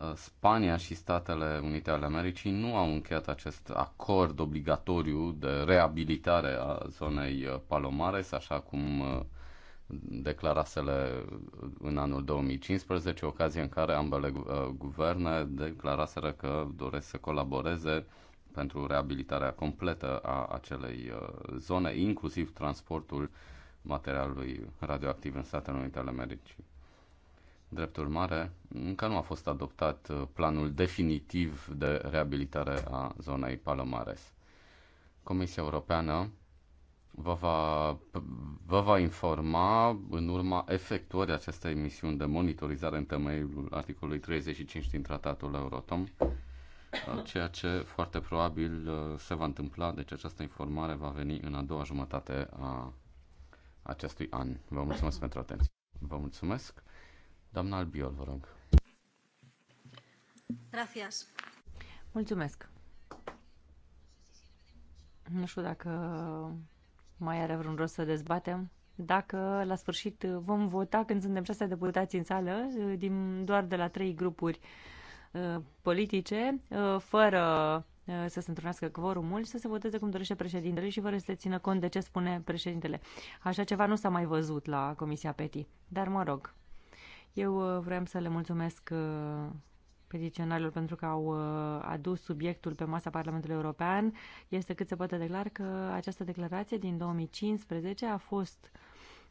Uh, Spania și Statele Unite ale Americii nu au încheiat acest acord obligatoriu de reabilitare a zonei uh, Palomares, așa cum uh, declarasele în anul 2015, ocazie în care ambele guverne declaraseră că doresc să colaboreze pentru reabilitarea completă a acelei zone, inclusiv transportul materialului radioactiv în Statele Unite ale Americii. Drept urmare, încă nu a fost adoptat uh, planul definitiv de reabilitare a zonei Palomares. Comisia Europeană vă va, vă va informa în urma efectuării acestei misiuni de monitorizare în temeiul articolului 35 din tratatul Eurotom, uh, ceea ce foarte probabil uh, se va întâmpla, deci această informare va veni în a doua jumătate a acestui an. Vă mulțumesc pentru atenție. Vă mulțumesc. Doamna Albiol, vă rog. Gracias. Mulțumesc. Nu știu dacă mai are vreun rost să dezbatem. Dacă la sfârșit vom vota când suntem șase deputați în sală, din, doar de la trei grupuri uh, politice, uh, fără uh, să se întrunească quorumul și să se voteze cum dorește președintele și fără să se țină cont de ce spune președintele. Așa ceva nu s-a mai văzut la Comisia PETI. Dar mă rog, eu uh, vreau să le mulțumesc uh, petiționarilor pentru că au uh, adus subiectul pe masa Parlamentului European. Este cât se poate declar că această declarație din 2015 a fost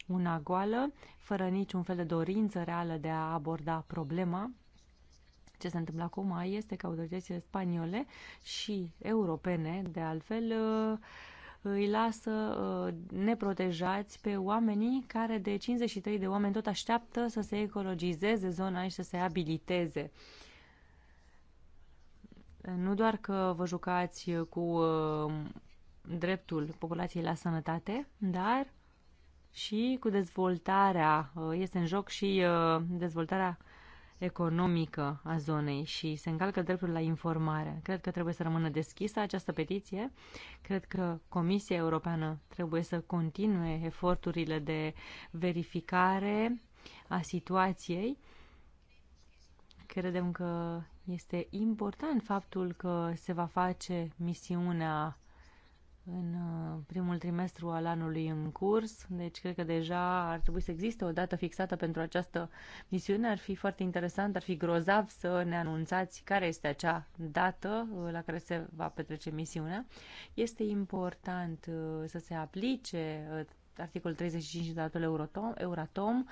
una goală, fără niciun fel de dorință reală de a aborda problema. Ce se întâmplă acum este că autoritățile spaniole și europene, de altfel, îi lasă uh, neprotejați pe oamenii care de 53 de oameni tot așteaptă să se ecologizeze zona și să se abiliteze. Nu doar că vă jucați cu uh, dreptul populației la sănătate, dar și cu dezvoltarea, uh, este în joc și dezvoltarea economică a zonei și se încalcă dreptul la informare. Cred că trebuie să rămână deschisă această petiție. Cred că Comisia Europeană trebuie să continue eforturile de verificare a situației. Credem că este important faptul că se va face misiunea în uh, primul trimestru al anului în curs, deci cred că deja ar trebui să existe o dată fixată pentru această misiune. Ar fi foarte interesant, ar fi grozav să ne anunțați care este acea dată uh, la care se va petrece misiunea. Este important uh, să se aplice articolul 35 din statul Euratom, Euratom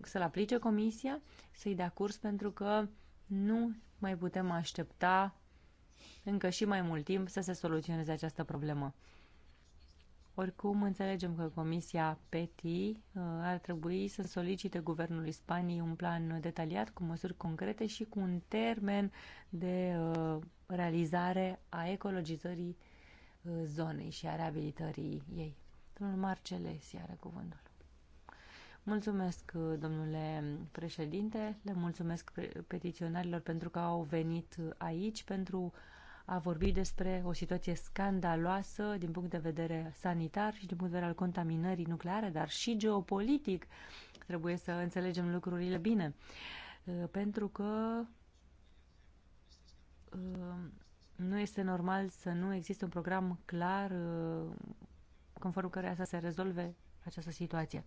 să-l aplice comisia, să-i dea curs pentru că nu mai putem aștepta încă și mai mult timp să se soluționeze această problemă. Oricum, înțelegem că Comisia PETI uh, ar trebui să solicite Guvernului Spaniei un plan detaliat cu măsuri concrete și cu un termen de uh, realizare a ecologizării uh, zonei și a reabilitării ei. Domnul Marcelesi are cuvântul. Mulțumesc, domnule președinte, le mulțumesc petiționarilor pentru că au venit aici, pentru a vorbit despre o situație scandaloasă din punct de vedere sanitar și din punct de vedere al contaminării nucleare, dar și geopolitic. Trebuie să înțelegem lucrurile bine, uh, pentru că uh, nu este normal să nu existe un program clar uh, conform căreia să se rezolve această situație.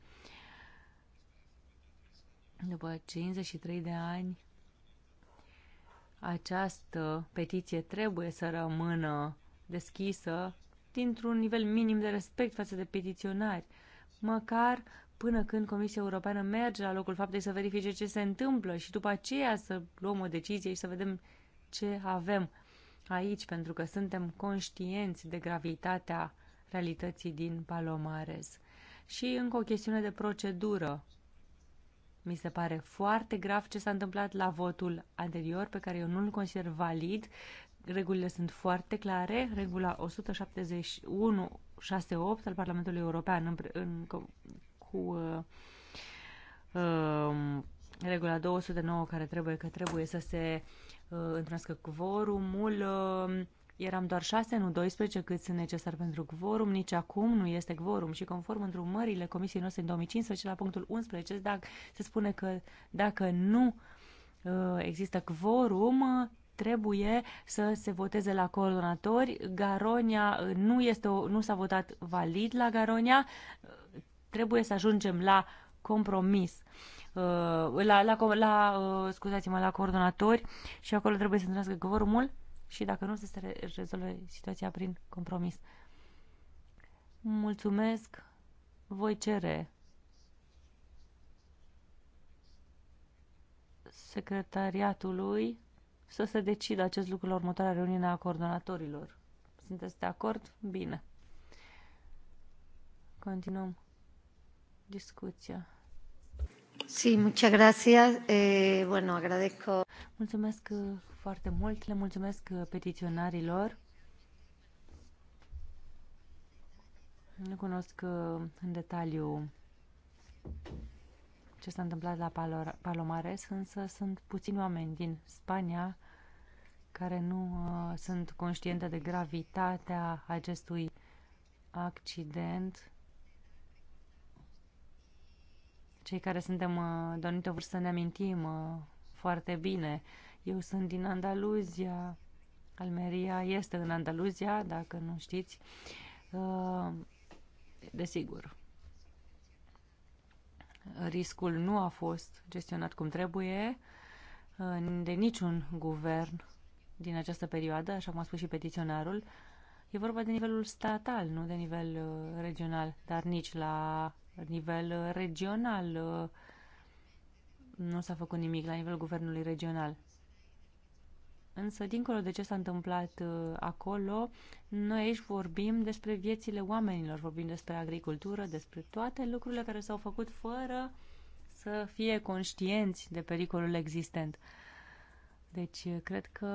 După 53 de ani această petiție trebuie să rămână deschisă dintr-un nivel minim de respect față de petiționari, măcar până când Comisia Europeană merge la locul faptei să verifice ce se întâmplă și după aceea să luăm o decizie și să vedem ce avem aici, pentru că suntem conștienți de gravitatea realității din Palomares. Și încă o chestiune de procedură mi se pare foarte grav ce s-a întâmplat la votul anterior, pe care eu nu-l consider valid. Regulile sunt foarte clare. Regula 17168 al Parlamentului European în, în, cu uh, uh, regula 209 care trebuie că trebuie să se uh, cu vorumul. uh, um, eram doar 6, nu 12, cât sunt necesar pentru quorum. Nici acum nu este quorum și conform îndrumările Comisiei noastre în 2015 la punctul 11, dacă, se spune că dacă nu uh, există quorum, trebuie să se voteze la coordonatori. Garonia uh, nu, este o, nu s-a votat valid la Garonia, uh, trebuie să ajungem la compromis la, la, la scuzați-mă, la coordonatori și acolo trebuie să întâlnească quorumul și dacă nu, se rezolve situația prin compromis. Mulțumesc! Voi cere secretariatului să se decidă acest lucru la următoarea reuniune a coordonatorilor. Sunteți de acord? Bine. Continuăm discuția. Sí, muchas gracias. Eh, bueno, agradezco. Mulțumesc foarte mult. Le mulțumesc uh, petiționarilor. Nu cunosc uh, în detaliu ce s-a întâmplat la Palomares, însă sunt puțini oameni din Spania care nu uh, sunt conștiente de gravitatea acestui accident. Cei care suntem uh, de o vârstă ne amintim uh, foarte bine eu sunt din Andaluzia. Almeria este în Andaluzia, dacă nu știți. Uh, desigur, riscul nu a fost gestionat cum trebuie uh, de niciun guvern din această perioadă, așa cum a spus și petiționarul. E vorba de nivelul statal, nu de nivel uh, regional, dar nici la nivel regional nu s-a făcut nimic la nivelul guvernului regional. Însă, dincolo de ce s-a întâmplat uh, acolo, noi aici vorbim despre viețile oamenilor, vorbim despre agricultură, despre toate lucrurile care s-au făcut fără să fie conștienți de pericolul existent. Deci, uh, cred că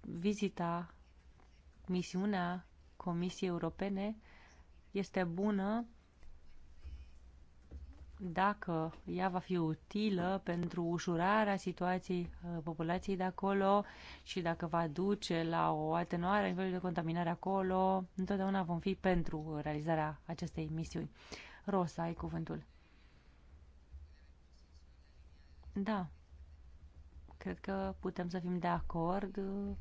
vizita, misiunea Comisiei Europene este bună dacă ea va fi utilă pentru ușurarea situației uh, populației de acolo și dacă va duce la o atenuare a nivelului de contaminare acolo, întotdeauna vom fi pentru realizarea acestei misiuni. Rosa, ai cuvântul. Da. Cred că putem să fim de acord uh,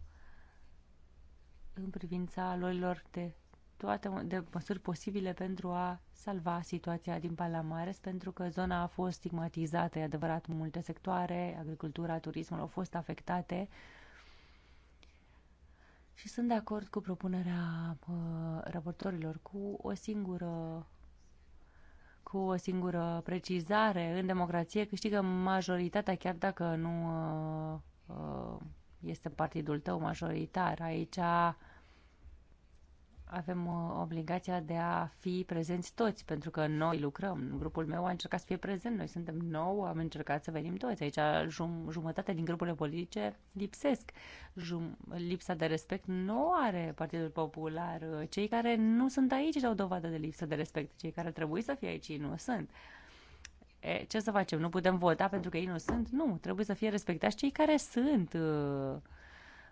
în privința lorilor de toate de măsuri posibile pentru a salva situația din Palamares, pentru că zona a fost stigmatizată, e adevărat, multe sectoare, agricultura, turismul au fost afectate. Și sunt de acord cu propunerea uh, raportorilor cu o singură cu o singură precizare. În democrație câștigă majoritatea, chiar dacă nu uh, uh, este partidul tău majoritar. Aici avem uh, obligația de a fi prezenți toți, pentru că noi lucrăm. Grupul meu a încercat să fie prezent, noi suntem nou, am încercat să venim toți. Aici jum, jumătate din grupurile politice lipsesc. Jum, lipsa de respect nu are Partidul Popular. Cei care nu sunt aici dau dovadă de lipsă de respect. Cei care trebuie să fie aici nu sunt. E, ce să facem? Nu putem vota pentru că ei nu sunt? Nu, trebuie să fie respectați cei care sunt. Uh,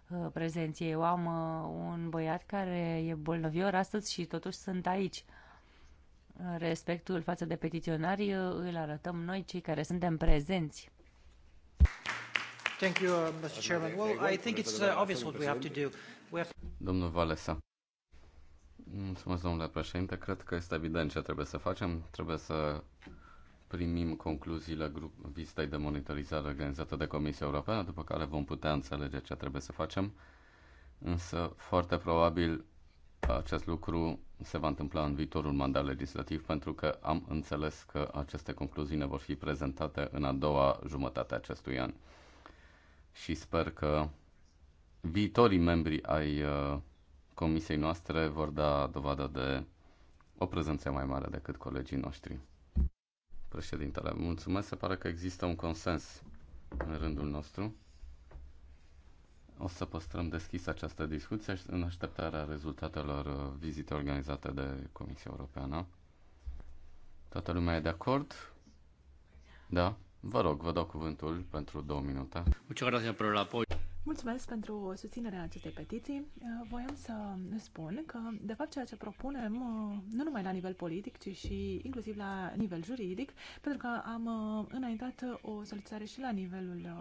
Uh, prezenție. Eu am uh, un băiat care e bolnăvior astăzi și totuși sunt aici. Respectul față de petiționari uh, îl arătăm noi, cei care suntem prezenți. Thank you, Mr. Chairman. Well, I think it's obvious what we have to do. We have... Domnul Valesa. Mulțumesc, domnule președinte. Cred că este evident ce trebuie să facem. Trebuie să primim concluziile grup, vizitei de monitorizare organizată de Comisia Europeană, după care vom putea înțelege ce trebuie să facem. Însă, foarte probabil, acest lucru se va întâmpla în viitorul mandat legislativ, pentru că am înțeles că aceste concluzii ne vor fi prezentate în a doua jumătate a acestui an. Și sper că viitorii membri ai uh, comisiei noastre vor da dovadă de o prezență mai mare decât colegii noștri. Președintele, mulțumesc. Se pare că există un consens în rândul nostru. O să păstrăm deschis această discuție în așteptarea rezultatelor uh, vizite organizate de Comisia Europeană. Toată lumea e de acord? Da? Vă rog, vă dau cuvântul pentru două minute. Mulțumesc pentru apoi. Mulțumesc pentru susținerea acestei petiții. Uh, voiam să spun că, de fapt, ceea ce propunem, uh, nu numai la nivel politic, ci și inclusiv la nivel juridic, pentru că am uh, înaintat o solicitare și la nivelul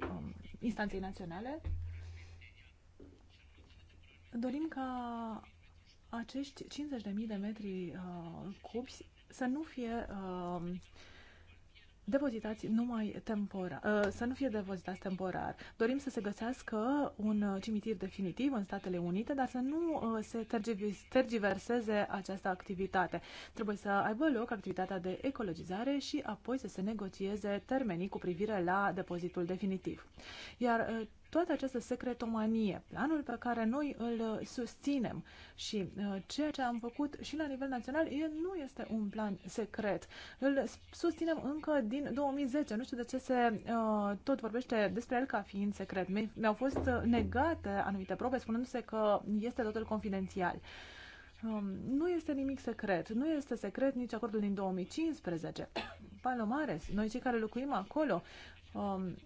um, instanței naționale, dorim ca acești 50.000 de metri cubi să nu fie uh, depozitați numai temporar, ă, să nu fie depozitați temporar. Dorim să se găsească un uh, cimitir definitiv în Statele Unite, dar să nu uh, se tergiverseze această activitate. Trebuie să aibă loc activitatea de ecologizare și apoi să se negocieze termenii cu privire la depozitul definitiv. Iar uh, toată această secretomanie, planul pe care noi îl uh, susținem și uh, ceea ce am făcut și la nivel național, el nu este un plan secret. Îl susținem încă din 2010. Nu știu de ce se uh, tot vorbește despre el ca fiind secret. Mi-au fost negate anumite probe spunându-se că este totul confidențial. Um, nu este nimic secret. Nu este secret nici acordul din 2015. Palomares, noi cei care locuim acolo, um,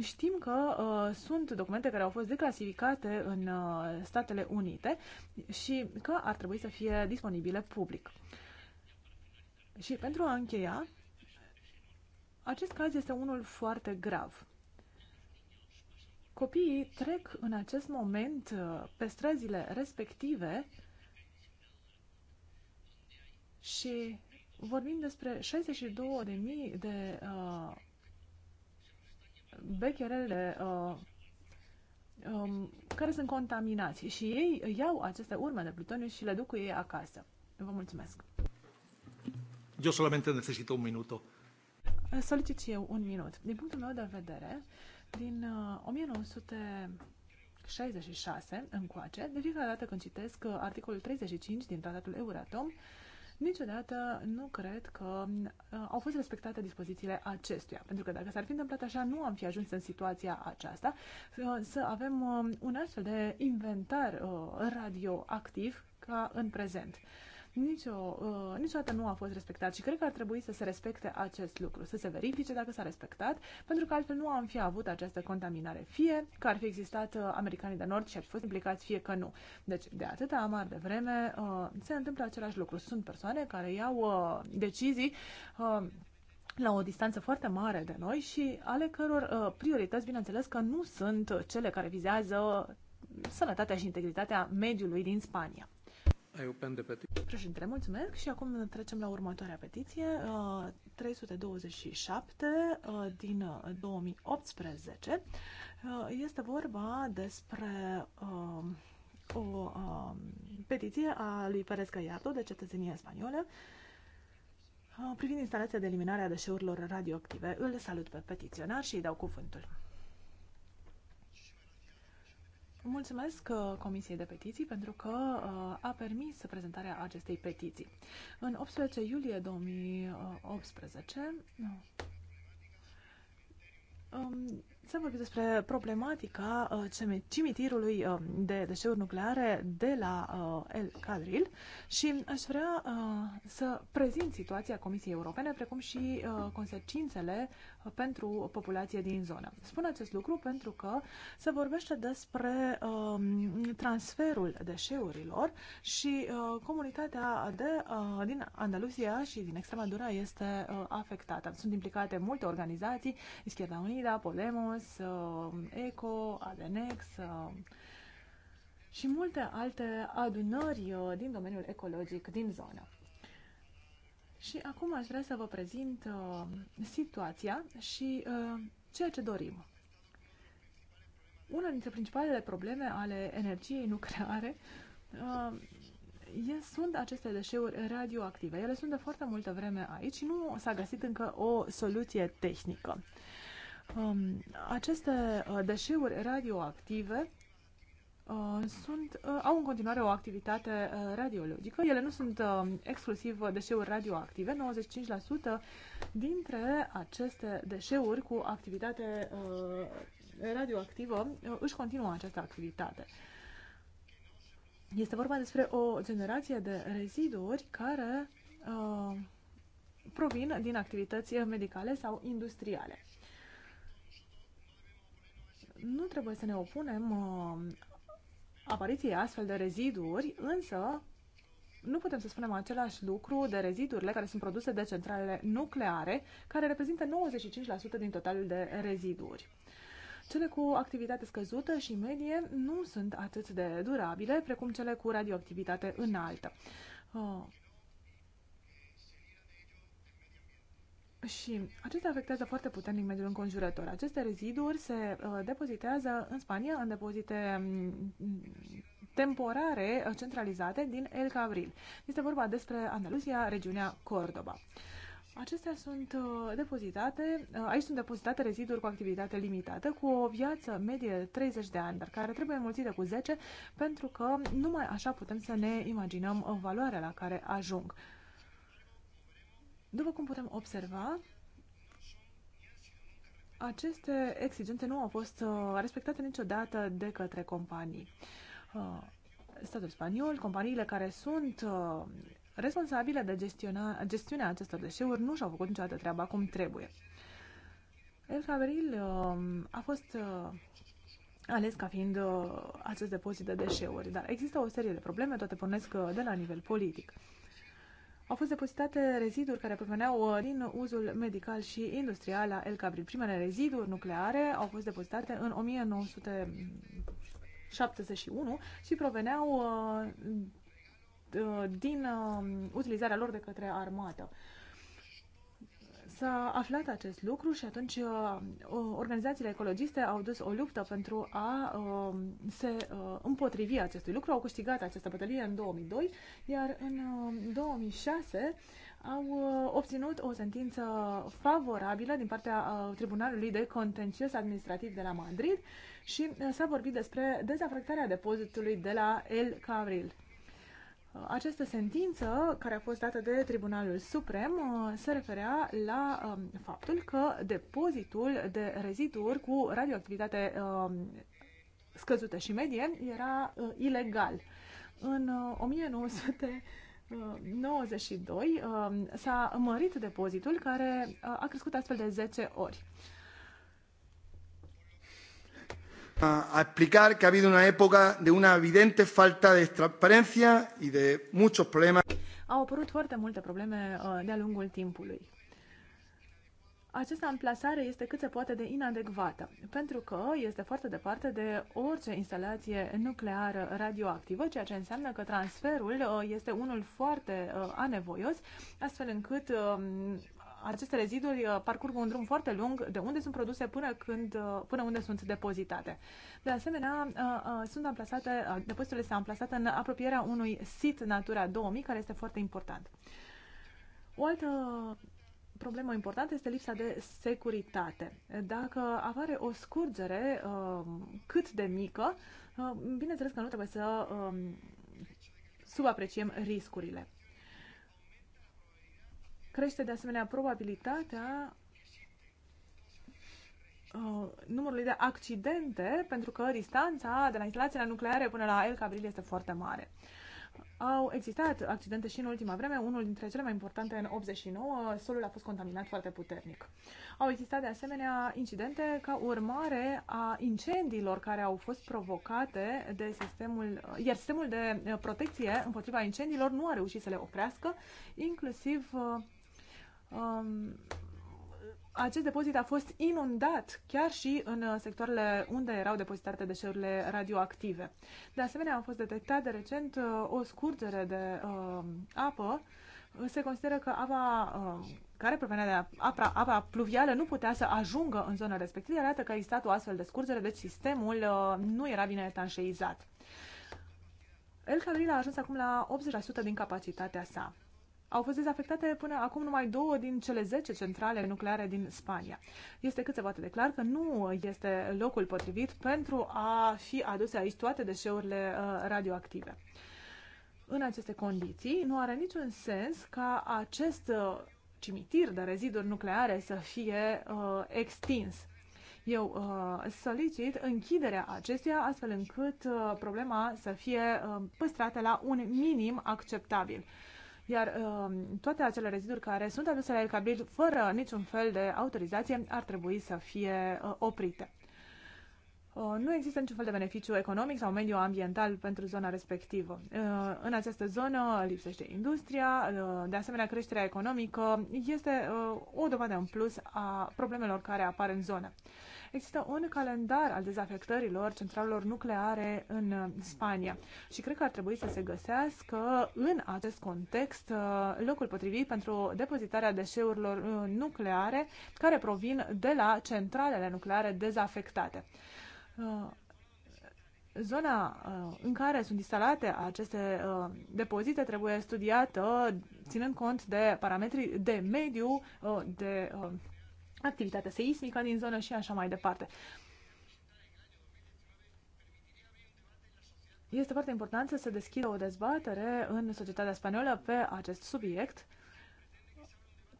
Știm că uh, sunt documente care au fost declasificate în uh, Statele Unite și că ar trebui să fie disponibile public. Și pentru a încheia, acest caz este unul foarte grav. Copiii trec în acest moment uh, pe străzile respective și vorbim despre 62.000 de uh, becherele uh, um, care sunt contaminați și ei iau aceste urme de plutoniu și le duc cu ei acasă. Vă mulțumesc. Eu solamente necesită un minut. Solicit și eu un minut. Din punctul meu de vedere, din 1966, uh, încoace, de fiecare dată când citesc uh, articolul 35 din tratatul Euratom, niciodată nu cred că uh, au fost respectate dispozițiile acestuia. Pentru că dacă s-ar fi întâmplat așa, nu am fi ajuns în situația aceasta uh, să avem uh, un astfel de inventar radioactiv ca în prezent nicio, uh, niciodată nu a fost respectat și cred că ar trebui să se respecte acest lucru, să se verifice dacă s-a respectat, pentru că altfel nu am fi avut această contaminare, fie că ar fi existat uh, americanii de nord și ar fi fost implicați, fie că nu. Deci, de atâta amar de vreme, uh, se întâmplă același lucru. Sunt persoane care iau uh, decizii uh, la o distanță foarte mare de noi și ale căror uh, priorități, bineînțeles, că nu sunt cele care vizează sănătatea și integritatea mediului din Spania. I open the petition. Președintele, mulțumesc și acum trecem la următoarea petiție, 327 uh, uh, din 2018. Uh, este vorba despre o um, petiție a lui Perez Gallardo de cetățenie spaniolă privind instalația de eliminare a deșeurilor radioactive. Îl salut pe petiționar și îi dau cuvântul. Mulțumesc uh, Comisiei de Petiții pentru că uh, a permis prezentarea acestei petiții. În 18 iulie 2018 se a vorbit despre problematica uh, cimitirului de deșeuri nucleare de la El Cadril și aș vrea să prezint situația Comisiei Europene, precum și consecințele pentru o populație din zonă. Spun acest lucru pentru că se vorbește despre um, transferul deșeurilor și uh, comunitatea de, uh, din Andalusia și din Extremadura este uh, afectată. Sunt implicate multe organizații, Izquierda Unida, Podemos, uh, ECO, ADNEX, uh, și multe alte adunări uh, din domeniul ecologic din zonă. Și acum aș vrea să vă prezint uh, situația și uh, ceea ce dorim. Una dintre principalele probleme ale energiei nucleare uh, sunt aceste deșeuri radioactive. Ele sunt de foarte multă vreme aici și nu s-a găsit încă o soluție tehnică. Um, aceste uh, deșeuri radioactive Uh, sunt, uh, au în continuare o activitate uh, radiologică. Ele nu sunt exclusiv deșeuri radioactive. 95% dintre aceste deșeuri cu activitate radioactivă își continuă această activitate. Este vorba despre o generație de reziduri care uh, provin din activități medicale sau industriale. Nu trebuie să ne opunem uh, apariției astfel de reziduri, însă nu putem să spunem același lucru de rezidurile care sunt produse de centralele nucleare, care reprezintă 95% din totalul de reziduri. Cele cu activitate scăzută și medie nu sunt atât de durabile precum cele cu radioactivitate înaltă. Uh, Și acestea afectează foarte puternic mediul înconjurător. Aceste reziduri se uh, depozitează în Spania în depozite mm, temporare uh, centralizate din El Cabril. Este vorba despre Andalusia, regiunea Cordoba. Acestea sunt uh, depozitate, aici sunt depozitate reziduri cu activitate limitată, cu o viață medie de 30 de ani, dar care trebuie înmulțită cu 10, pentru că numai așa putem să ne imaginăm valoarea la care ajung. După cum putem observa, aceste exigențe nu au fost uh, respectate niciodată de către companii. Uh, statul spaniol, companiile care sunt uh, responsabile de gestiona, gestiunea acestor deșeuri nu și-au făcut niciodată treaba cum trebuie. El Faberil a fost ales ca fiind acest depozit de deșeuri, dar există o serie de probleme, toate pornesc de la nivel politic au fost depozitate reziduri care proveneau uh, din uzul medical și industrial la El Cabri. Primele reziduri nucleare au fost depozitate în 1971 și proveneau uh, uh, din utilizarea lor de către armată s-a aflat acest lucru și atunci uh, organizațiile ecologiste au dus o luptă pentru a um, se uh, împotrivi acestui lucru. Au câștigat această bătălie în 2002, iar în 2006 um, au uh, obținut o sentință favorabilă din partea Tribunalului de Contencios Administrativ de la Madrid și s-a vorbit despre dezafectarea depozitului de la El Cabril. Această sentință care a fost dată de Tribunalul Suprem uh, se referea la um, faptul că depozitul de reziduri cu radioactivitate um, scăzută și medie era uh, ilegal. În 1900 uh, 92 um, s-a mărit depozitul care a crescut astfel de 10 ori. A explicar que ha habido una época de una evidente falta de transparencia y de muchos problemas. Au apărut foarte multe probleme uh, de-a lungul timpului această amplasare este cât se poate de inadecvată, pentru că este foarte departe de orice instalație nucleară radioactivă, ceea ce înseamnă că transferul uh, este unul foarte uh, anevoios, astfel încât um, aceste reziduri uh, parcurg un drum foarte lung de unde sunt produse până, când, uh, până unde sunt depozitate. De asemenea, uh, sunt amplasate, depozitele sunt amplasate în apropierea unui sit Natura 2000, care este foarte important. O altă problemă importantă este lipsa de securitate. Dacă apare o scurgere cât de mică, bineînțeles că nu trebuie să um, subapreciem riscurile. Crește de asemenea probabilitatea uh, numărului de accidente, pentru că distanța de la instalația nucleare până la El Cabril este foarte mare. Au existat accidente și în ultima vreme, unul dintre cele mai importante în 89, solul a fost contaminat foarte puternic. Au existat de asemenea incidente ca urmare a incendiilor care au fost provocate de sistemul, iar sistemul de protecție împotriva incendiilor nu a reușit să le oprească, inclusiv uh, um, acest depozit a fost inundat chiar și în uh, sectoarele unde erau depozitate deșeurile radioactive. De asemenea, a fost detectat de recent uh, o scurgere de uh, apă. Se consideră că apa uh, care provenea de apra, apa pluvială nu putea să ajungă în zona respectivă, arată că a existat o astfel de scurgere, deci sistemul uh, nu era bine etanșeizat. El Cabril a ajuns acum la 80% din capacitatea sa au fost dezafectate până acum numai două din cele 10 centrale nucleare din Spania. Este cât se poate de clar că nu este locul potrivit pentru a fi aduse aici toate deșeurile uh, radioactive. În aceste condiții, nu are niciun sens ca acest uh, cimitir de reziduri nucleare să fie uh, extins. Eu uh, solicit închiderea acestuia astfel încât uh, problema să fie uh, păstrată la un minim acceptabil. Uh, iar uh, toate acele reziduri care sunt aduse la el Elcabil fără niciun fel de autorizație ar trebui să fie uh, oprite. Uh, nu există niciun fel de beneficiu economic sau mediu-ambiental pentru zona respectivă. În această zonă lipsește industria, de asemenea creșterea economică este o dovadă în plus a problemelor care apar în zonă există un calendar al dezafectărilor centralelor nucleare în uh, Spania și cred că ar trebui să se găsească în acest context uh, locul potrivit pentru depozitarea deșeurilor uh, nucleare care provin de la centralele nucleare dezafectate zona în care sunt instalate aceste depozite trebuie studiată ținând cont de parametrii de mediu, de activitatea seismică din zonă și așa mai departe. Este foarte important să se deschidă o dezbatere în societatea spaniolă pe acest subiect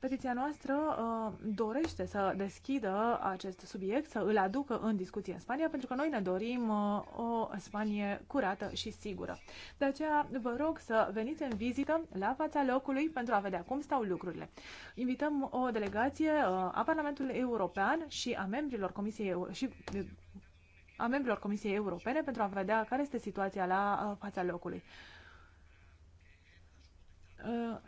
Petiția noastră uh, dorește să deschidă acest subiect, să îl aducă în discuție în Spania, pentru că noi ne dorim uh, o Spanie curată și sigură. De aceea vă rog să veniți în vizită la fața locului pentru a vedea cum stau lucrurile. Invităm o delegație uh, a Parlamentului European și a membrilor Comisiei Euro și uh, a membrilor Comisiei Europene pentru a vedea care este situația la uh, fața locului uh,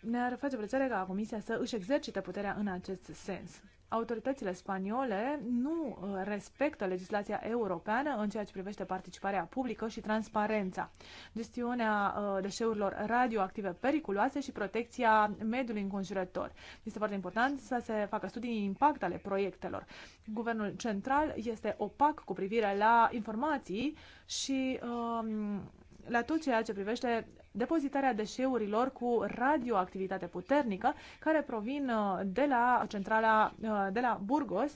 ne-ar face plăcere ca Comisia să își exercite puterea în acest sens. Autoritățile spaniole nu uh, respectă legislația europeană în ceea ce privește participarea publică și transparența, gestiunea uh, deșeurilor radioactive periculoase și protecția mediului înconjurător. Este foarte important să se facă studii de impact ale proiectelor. Guvernul central este opac cu privire la informații și um, la tot ceea ce privește depozitarea deșeurilor cu radioactivitate puternică care provin uh, de la centrala uh, de la Burgos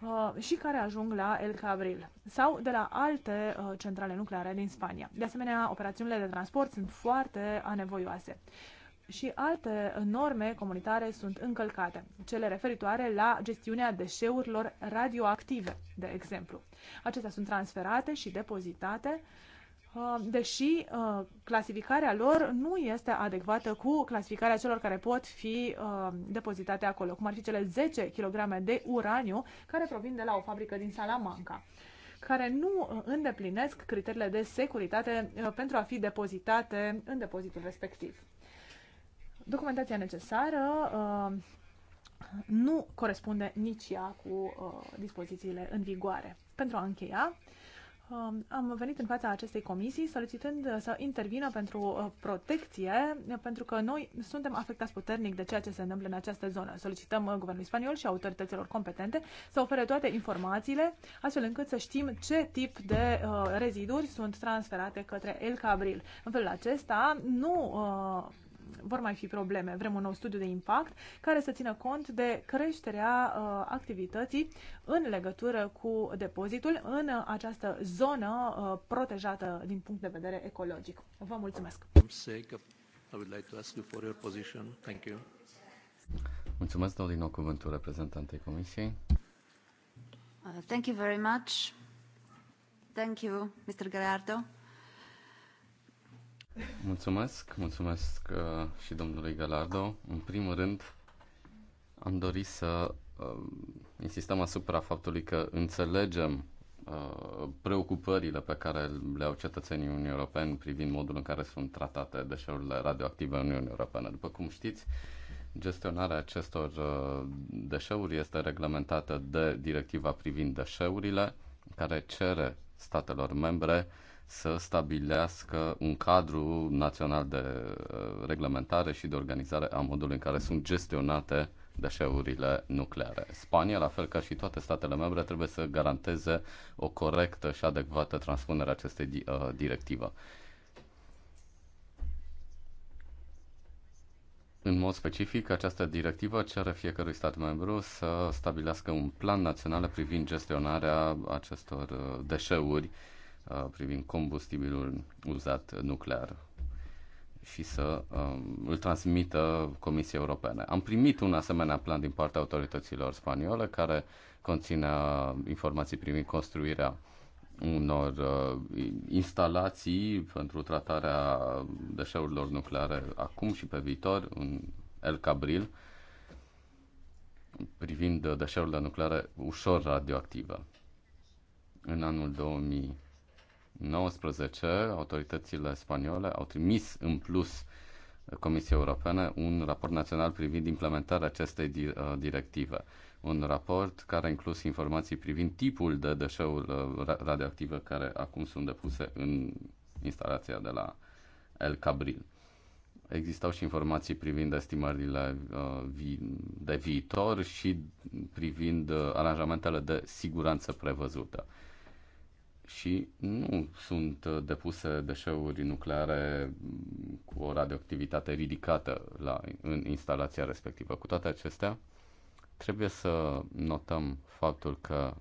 uh, și care ajung la El Cabril sau de la alte centrale nucleare din Spania. De asemenea, operațiunile de transport sunt foarte anevoioase și alte norme comunitare sunt încălcate, cele referitoare la gestiunea deșeurilor radioactive, de exemplu. Acestea sunt transferate și depozitate Uh, deși uh, clasificarea lor nu este adecvată cu clasificarea celor care pot fi uh, depozitate acolo, cum ar fi cele 10 kg de uraniu care provin de la o fabrică din Salamanca care nu îndeplinesc criteriile de securitate pentru a fi depozitate în depozitul respectiv. Documentația necesară nu corespunde nici ea cu dispozițiile în vigoare. Pentru a încheia, Um, am venit în fața acestei comisii solicitând uh, să intervină pentru uh, protecție, pentru că noi suntem afectați puternic de ceea ce se întâmplă în această zonă. Solicităm uh, guvernului spaniol și autorităților competente să ofere toate informațiile, astfel încât să știm ce tip de reziduri sunt transferate către El Cabril. În felul acesta, nu vor mai fi probleme. Vrem un nou studiu de impact care să țină cont de creșterea uh, activității în legătură cu depozitul în uh, această zonă uh, protejată din punct de vedere ecologic. Vă mulțumesc! Mulțumesc, dau din nou cuvântul reprezentantei Comisiei. Uh, thank you very much. Thank you, Mr. Gallardo. Mulțumesc, mulțumesc uh, și domnului Galardo. În primul rând, am dorit să uh, insistăm asupra faptului că înțelegem uh, preocupările pe care le au cetățenii Uniunii Europene privind modul în care sunt tratate deșeurile radioactive în Uniunea Europeană. După cum știți, gestionarea acestor uh, deșeuri este reglementată de directiva privind deșeurile, care cere statelor membre uh, să stabilească un cadru național de uh, reglementare și de organizare a modului în care sunt gestionate deșeurile nucleare. Spania, la fel ca și toate statele membre, trebuie să garanteze o corectă și adecvată transpunere a acestei uh, directive. În mod specific, această directivă cere fiecărui stat membru să stabilească un plan național privind gestionarea acestor uh, deșeuri Uh, privind combustibilul uzat nuclear și să uh, îl transmită Comisiei Europene. Am primit un asemenea plan din partea autorităților spaniole care conține uh, informații privind construirea unor uh, instalații pentru tratarea deșeurilor nucleare acum și pe viitor în El Cabril privind deșeurile nucleare ușor radioactive. În anul 2000 2019, autoritățile spaniole au trimis în plus Comisiei Europene un raport național privind implementarea acestei uh, directive. Un raport care a inclus informații privind tipul de deșeuri uh, radioactive care acum sunt depuse în instalația de la El Cabril. Existau și informații privind estimările uh, de viitor și privind aranjamentele de siguranță prevăzute și nu sunt uh, depuse deșeuri nucleare mm, cu o radioactivitate ridicată la, în instalația respectivă. Cu toate acestea, trebuie să notăm faptul că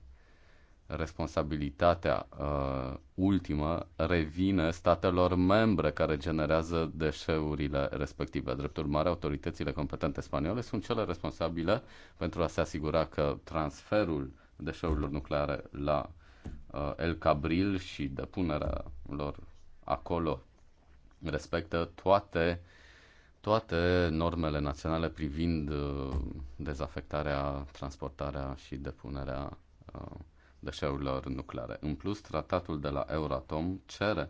responsabilitatea uh, ultimă revine statelor membre care generează deșeurile respective. Drept urmare, autoritățile competente spaniole sunt cele responsabile pentru a se asigura că transferul deșeurilor nucleare la uh, Uh, El Cabril și depunerea lor acolo respectă toate, toate normele naționale privind uh, dezafectarea, transportarea și depunerea uh, deșeurilor nucleare. În plus, tratatul de la Euratom cere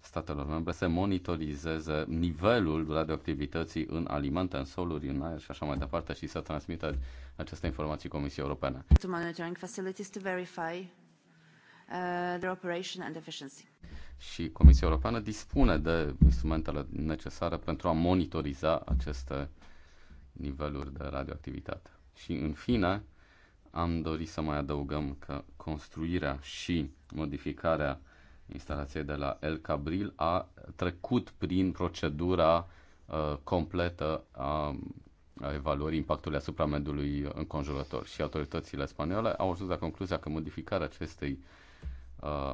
statelor membre să monitorizeze nivelul radioactivității în alimente, în soluri, în aer și așa mai departe și să transmită aceste informații Comisiei Europene. To monitoring facilities to verify Uh, their operation and efficiency. Și Comisia Europeană dispune de instrumentele necesare pentru a monitoriza aceste niveluri de radioactivitate. Și în fine, am dorit să mai adăugăm că construirea și modificarea instalației de la El Cabril a trecut prin procedura uh, completă a, a evaluării impactului asupra mediului înconjurător și autoritățile spaniole au ajuns la concluzia că modificarea acestei uh,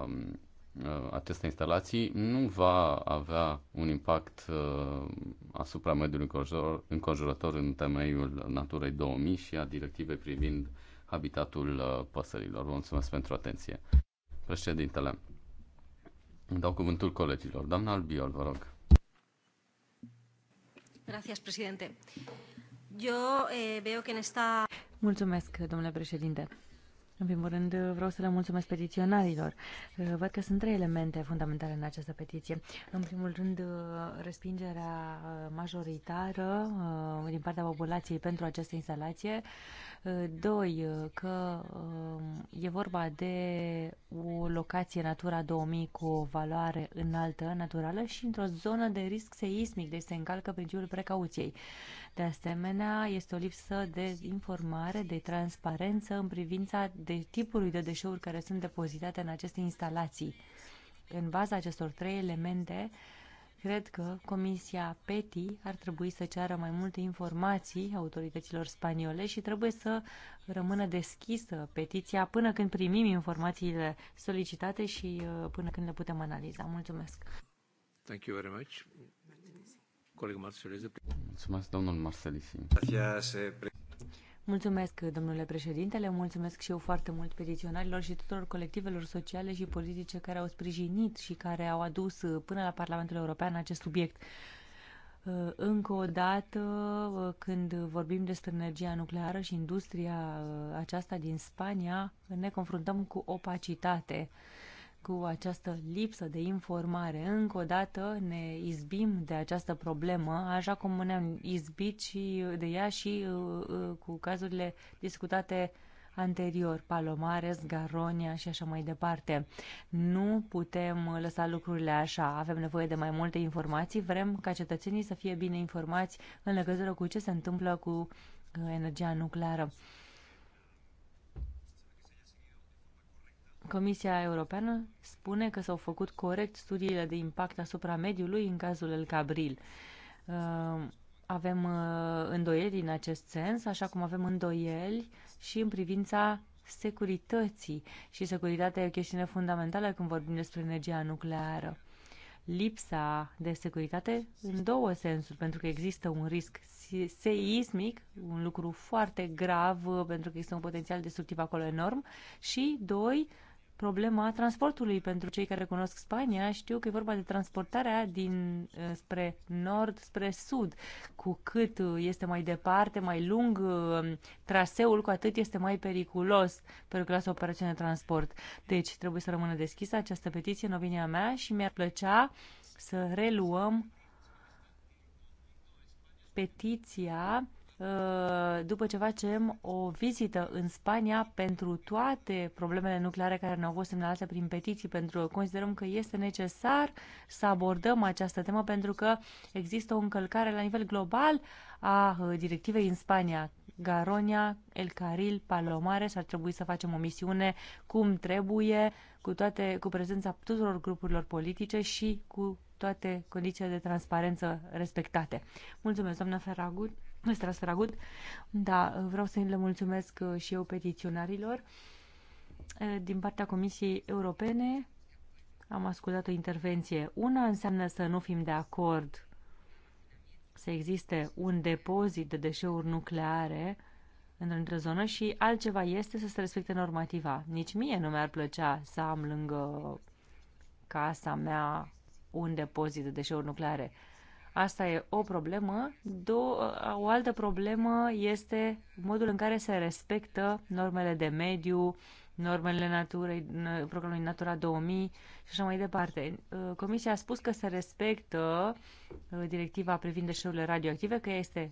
Um, uh, aceste instalații nu va avea un impact uh, asupra mediului înconjurător în temeiul Naturei 2000 și a directivei privind habitatul uh, păsărilor. Vă mulțumesc pentru atenție. Președintele, dau cuvântul colegilor. Doamna Albiol, vă rog. Gracias, presidente. Yo eh, veo que en esta... Mulțumesc, domnule președinte. În primul rând, vreau să le mulțumesc petiționarilor. Văd că sunt trei elemente fundamentale în această petiție. În primul rând, respingerea majoritară uh, din partea populației pentru această instalație. Uh, doi, că uh, e vorba de o locație Natura 2000 cu o valoare înaltă naturală și într-o zonă de risc seismic, deci se încalcă principiul precauției. De asemenea, este o lipsă de informare, de transparență în privința de tipului de deșeuri care sunt depozitate în aceste instalații. În baza acestor trei elemente, Cred că Comisia PETI ar trebui să ceară mai multe informații autorităților spaniole și trebuie să rămână deschisă petiția până când primim informațiile solicitate și uh, până când le putem analiza. Mulțumesc! Thank you very much. Coleg Marcelez. Mulțumesc, domnul Marcelisi. Mulțumesc, domnule președinte, le mulțumesc și eu foarte mult petiționarilor și tuturor colectivelor sociale și politice care au sprijinit și care au adus până la Parlamentul European acest subiect. Uh, încă o dată, uh, când vorbim despre energia nucleară și industria uh, aceasta din Spania, ne confruntăm cu opacitate cu această lipsă de informare. Încă o dată ne izbim de această problemă, așa cum ne-am izbit și de ea și uh, uh, cu cazurile discutate anterior, Palomares, Garonia și așa mai departe. Nu putem lăsa lucrurile așa. Avem nevoie de mai multe informații. Vrem ca cetățenii să fie bine informați în legătură cu ce se întâmplă cu uh, energia nucleară. Comisia Europeană spune că s-au făcut corect studiile de impact asupra mediului în cazul El Cabril. Uh, avem uh, îndoieli în acest sens, așa cum avem îndoieli și în privința securității. Și securitatea e o chestiune fundamentală când vorbim despre energia nucleară. Lipsa de securitate în două sensuri, pentru că există un risc seismic, un lucru foarte grav, uh, pentru că există un potențial destructiv acolo enorm, și, doi, uh, problema transportului. Pentru cei care cunosc Spania, știu că e vorba de transportarea din uh, spre nord, spre sud. Cu cât uh, este mai departe, mai lung uh, traseul, cu atât este mai periculos pentru că lasă operațiune de transport. Deci trebuie să rămână deschisă această petiție în opinia mea și mi-ar plăcea să reluăm petiția Uh, după ce facem o vizită în Spania pentru toate problemele nucleare care ne-au fost semnalate prin petiții, pentru că considerăm că este necesar să abordăm această temă pentru că există o încălcare la nivel global a uh, directivei în Spania. Garonia, El Caril, Palomares ar trebui să facem o misiune cum trebuie, cu, toate, cu prezența tuturor grupurilor politice și cu toate condițiile de transparență respectate. Mulțumesc, doamna Ferragut stragut, Da, vreau să le mulțumesc uh, și eu petiționarilor. Uh, din partea Comisiei Europene am ascultat o intervenție. Una înseamnă să nu fim de acord să existe un depozit de deșeuri nucleare într-o zonă și altceva este să se respecte normativa. Nici mie nu mi-ar plăcea să am lângă casa mea un depozit de deșeuri nucleare. Asta e o problemă. Do- o altă problemă este modul în care se respectă normele de mediu, normele naturei, programului Natura 2000 și așa mai departe. Comisia a spus că se respectă uh, directiva privind deșeurile radioactive, că este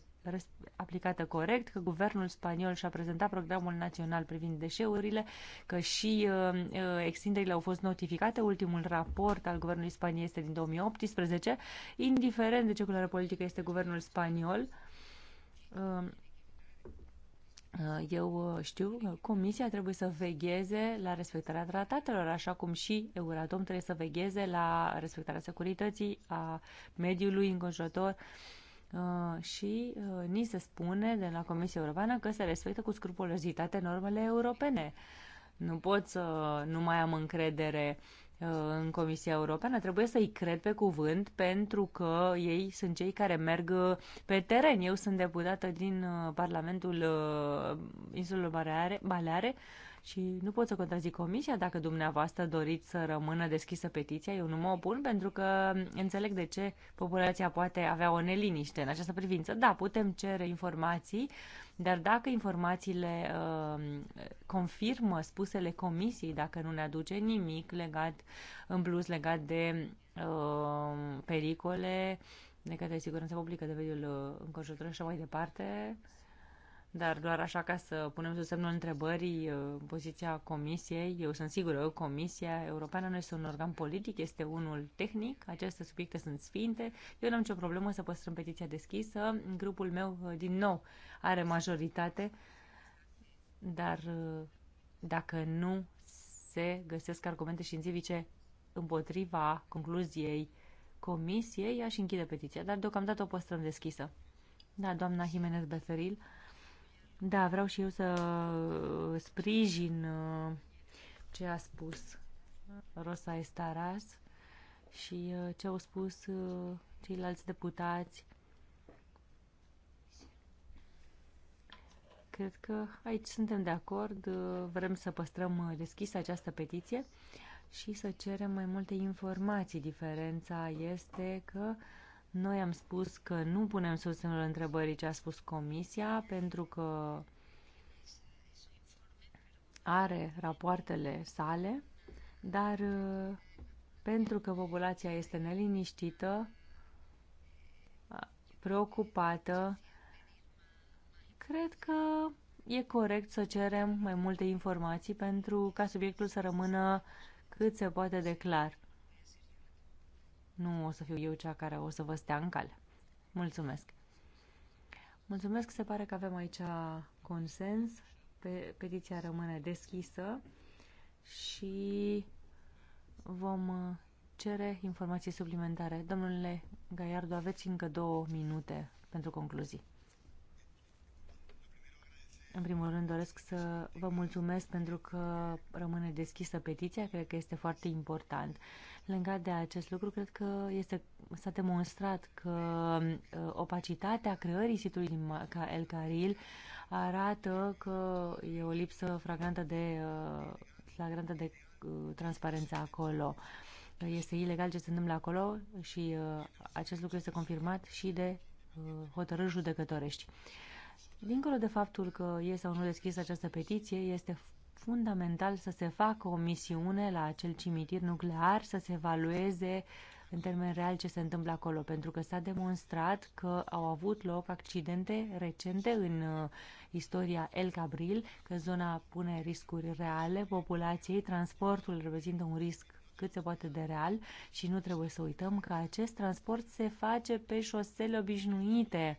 aplicată corect, că guvernul spaniol și-a prezentat programul național privind deșeurile, că și uh, uh extinderile au fost notificate. Ultimul raport al guvernului Spaniei este din 2018. Indiferent de ce culoare politică este guvernul spaniol, uh, uh eu uh, știu că Comisia trebuie să vegheze la respectarea tratatelor, așa cum și Euratom trebuie să vegheze la respectarea securității, a mediului înconjurător, uh, Uh, și uh, ni se spune de la Comisia Europeană că se respectă cu scrupulozitate normele europene. Nu pot să nu mai am încredere uh, în Comisia Europeană, trebuie să-i cred pe cuvânt pentru că ei sunt cei care merg pe teren. Eu sunt deputată din Parlamentul Insulelor Baleare, Baleare și nu pot să contrazic comisia dacă dumneavoastră doriți să rămână deschisă petiția. Eu nu mă opun pentru că înțeleg de ce populația poate avea o neliniște în această privință. Da, putem cere informații, dar dacă informațiile uh, confirmă spusele comisiei, dacă nu ne aduce nimic legat în plus legat de uh, pericole de către siguranța publică, de mediul uh, înconjurător și așa mai departe, uh, dar doar așa ca să punem sub semnul întrebării uh, poziția Comisiei. Eu sunt sigură că Comisia Europeană nu este un organ politic, este unul tehnic. Aceste subiecte sunt sfinte. Eu nu am nicio problemă să păstrăm petiția deschisă. Grupul meu, uh, din nou, are majoritate, dar uh, dacă nu se găsesc argumente științifice împotriva concluziei Comisiei, aș închide petiția, dar deocamdată o păstrăm deschisă. Da, doamna Jimenez Beferil. Da, vreau și eu să uh, sprijin uh, ce a spus Rosa Estaras și uh, ce au spus ceilalți deputați. Cred că aici suntem de acord, vrem să păstrăm deschisă această petiție și să cerem mai multe informații. Diferența este că uh, noi am spus că nu punem sub semnul întrebării ce a spus Comisia, pentru că are rapoartele sale, dar uh, pentru că populația este neliniștită, uh, preocupată, cred că e corect să cerem mai multe informații pentru ca subiectul să rămână cât se poate de clar. Nu o să fiu eu cea care o să vă stea în cal. Mulțumesc. Mulțumesc, se pare că avem aici consens. Pe, petiția rămâne deschisă și vom uh, cere informații suplimentare. Domnule Gaiardo, aveți încă două minute pentru concluzii. În primul rând doresc să vă mulțumesc pentru că rămâne deschisă petiția, cred că este foarte important. Legat de acest lucru, cred că este, s-a demonstrat că uh, opacitatea creării sitului ca El Caril arată că e o lipsă uh, flagrantă de, flagrantă uh, de transparență acolo. Este ilegal ce se întâmplă acolo și acest lucru este confirmat și de hotărâri judecătorești. Dincolo de faptul că e sau nu deschis această petiție, este fundamental să se facă o misiune la acel cimitir nuclear, să se evalueze în termen real ce se întâmplă acolo, pentru că s-a demonstrat că au avut loc accidente recente în uh, istoria El Cabril, că zona pune riscuri reale populației, transportul reprezintă un risc cât se poate de real și nu trebuie să uităm că acest transport se face pe șosele obișnuite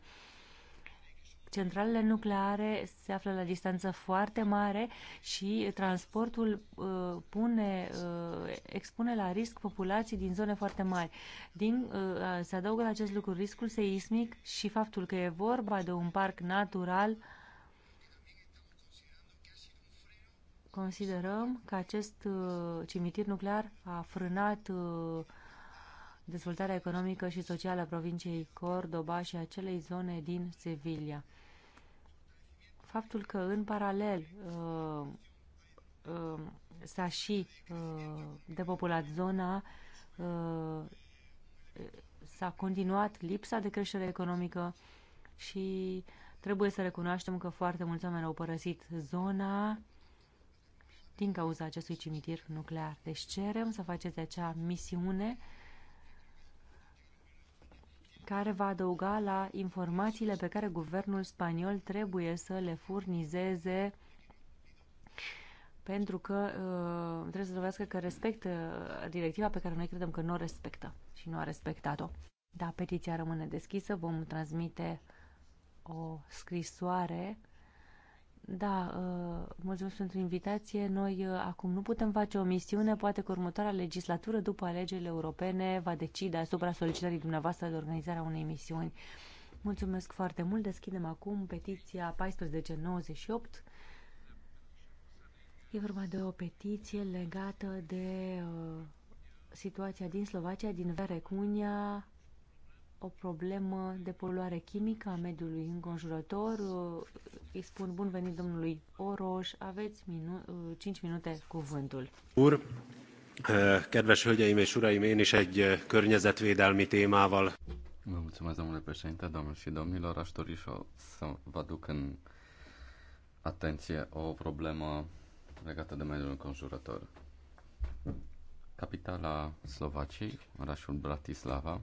Centralele nucleare se află la distanță foarte mare și transportul uh, pune, uh, expune la risc populații din zone foarte mari. Din, uh, se adaugă la acest lucru riscul seismic și faptul că e vorba de un parc natural. Considerăm că acest uh, cimitir nuclear a frânat uh, dezvoltarea economică și socială a provinciei Cordoba și a acelei zone din Sevilla faptul că în paralel uh, uh, s-a și uh, depopulat zona, uh, s-a continuat lipsa de creștere economică și trebuie să recunoaștem că foarte mulți oameni au părăsit zona din cauza acestui cimitir nuclear. Deci cerem să faceți acea misiune uh, care va adăuga la informațiile pe care guvernul spaniol trebuie să le furnizeze pentru că uh, trebuie să dovedească că respectă directiva pe care noi credem că nu o respectă și nu a respectat-o. Da, petiția rămâne deschisă, vom transmite o scrisoare da, uh, mulțumesc pentru invitație. Noi uh, acum nu putem face o misiune, poate că următoarea legislatură după alegerile europene va decide asupra solicitării dumneavoastră de organizarea unei misiuni. Mulțumesc foarte mult. Deschidem acum petiția 1498. E vorba de o petiție legată de uh, situația din Slovacia, din Verecunia, o problemă de poluare chimică a mediului înconjurător. Îi spun bun venit domnului Oroș. Aveți minu 5 minute cuvântul. Ur, kedves hölgyeim és uraim, én is egy eh, környezetvédelmi témával. Vă mulțumesc, domnule președinte, domnul și domnilor. Aș dori și să vă duc în atenție o problemă legată de mediul înconjurător. Capitala Slovaciei, orașul Bratislava,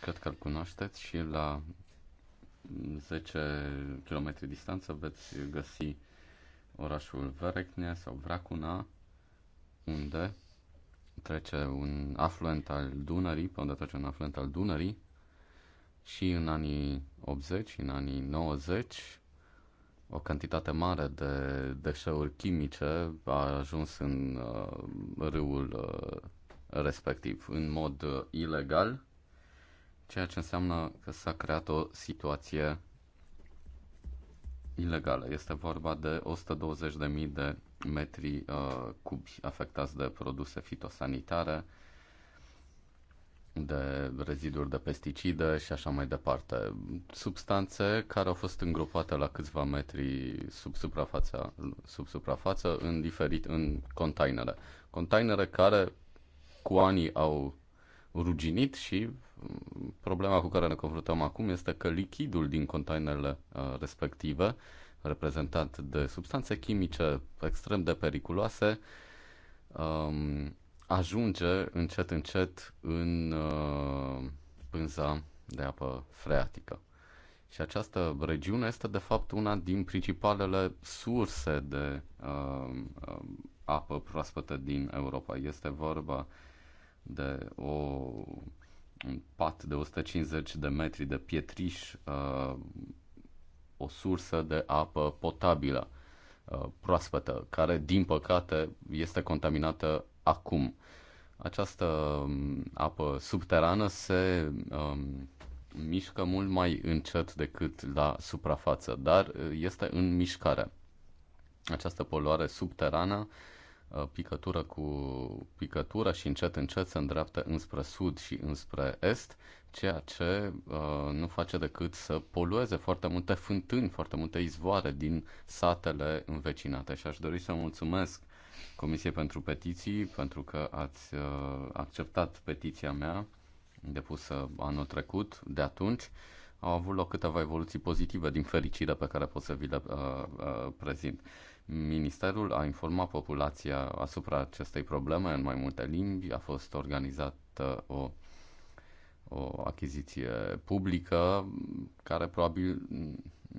cred că îl cunoașteți și la 10 km distanță veți găsi orașul Verecne sau Vracuna, unde trece un afluent al Dunării, pe unde trece un afluent al Dunării și în anii 80, în anii 90, o cantitate mare de deșeuri chimice a ajuns în uh, râul uh, respectiv în mod uh, ilegal ceea ce înseamnă că s-a creat o situație ilegală. Este vorba de 120.000 de metri uh, cubi afectați de produse fitosanitare, de reziduri de pesticide și așa mai departe. Substanțe care au fost îngropate la câțiva metri sub suprafața, sub suprafață în, diferit, în containere. Containere care cu anii au ruginit și problema cu care ne confruntăm acum este că lichidul din containerele uh, respective, reprezentat de substanțe chimice extrem de periculoase, um, ajunge încet încet în uh, pânza de apă freatică. Și această regiune este de fapt una din principalele surse de uh, apă proaspătă din Europa. Este vorba de o un pat de 150 de metri de pietriș, uh, o sursă de apă potabilă uh, proaspătă, care, din păcate, este contaminată acum. Această um, apă subterană se uh, mișcă mult mai încet decât la suprafață, dar uh, este în mișcare. Această poluare subterană uh, Uh, picătură cu picătură și încet încet se îndreaptă înspre sud și înspre est, ceea ce uh, nu face decât să polueze foarte multe fântâni, foarte multe izvoare din satele învecinate. Și aș dori să mulțumesc Comisiei pentru Petiții pentru că ați uh, acceptat petiția mea depusă anul trecut. De atunci au avut loc câteva evoluții pozitive, din fericire, pe care pot să vi le uh, uh, prezint. Ministerul a informat populația asupra acestei probleme în mai multe limbi, a fost organizată o, o achiziție publică care probabil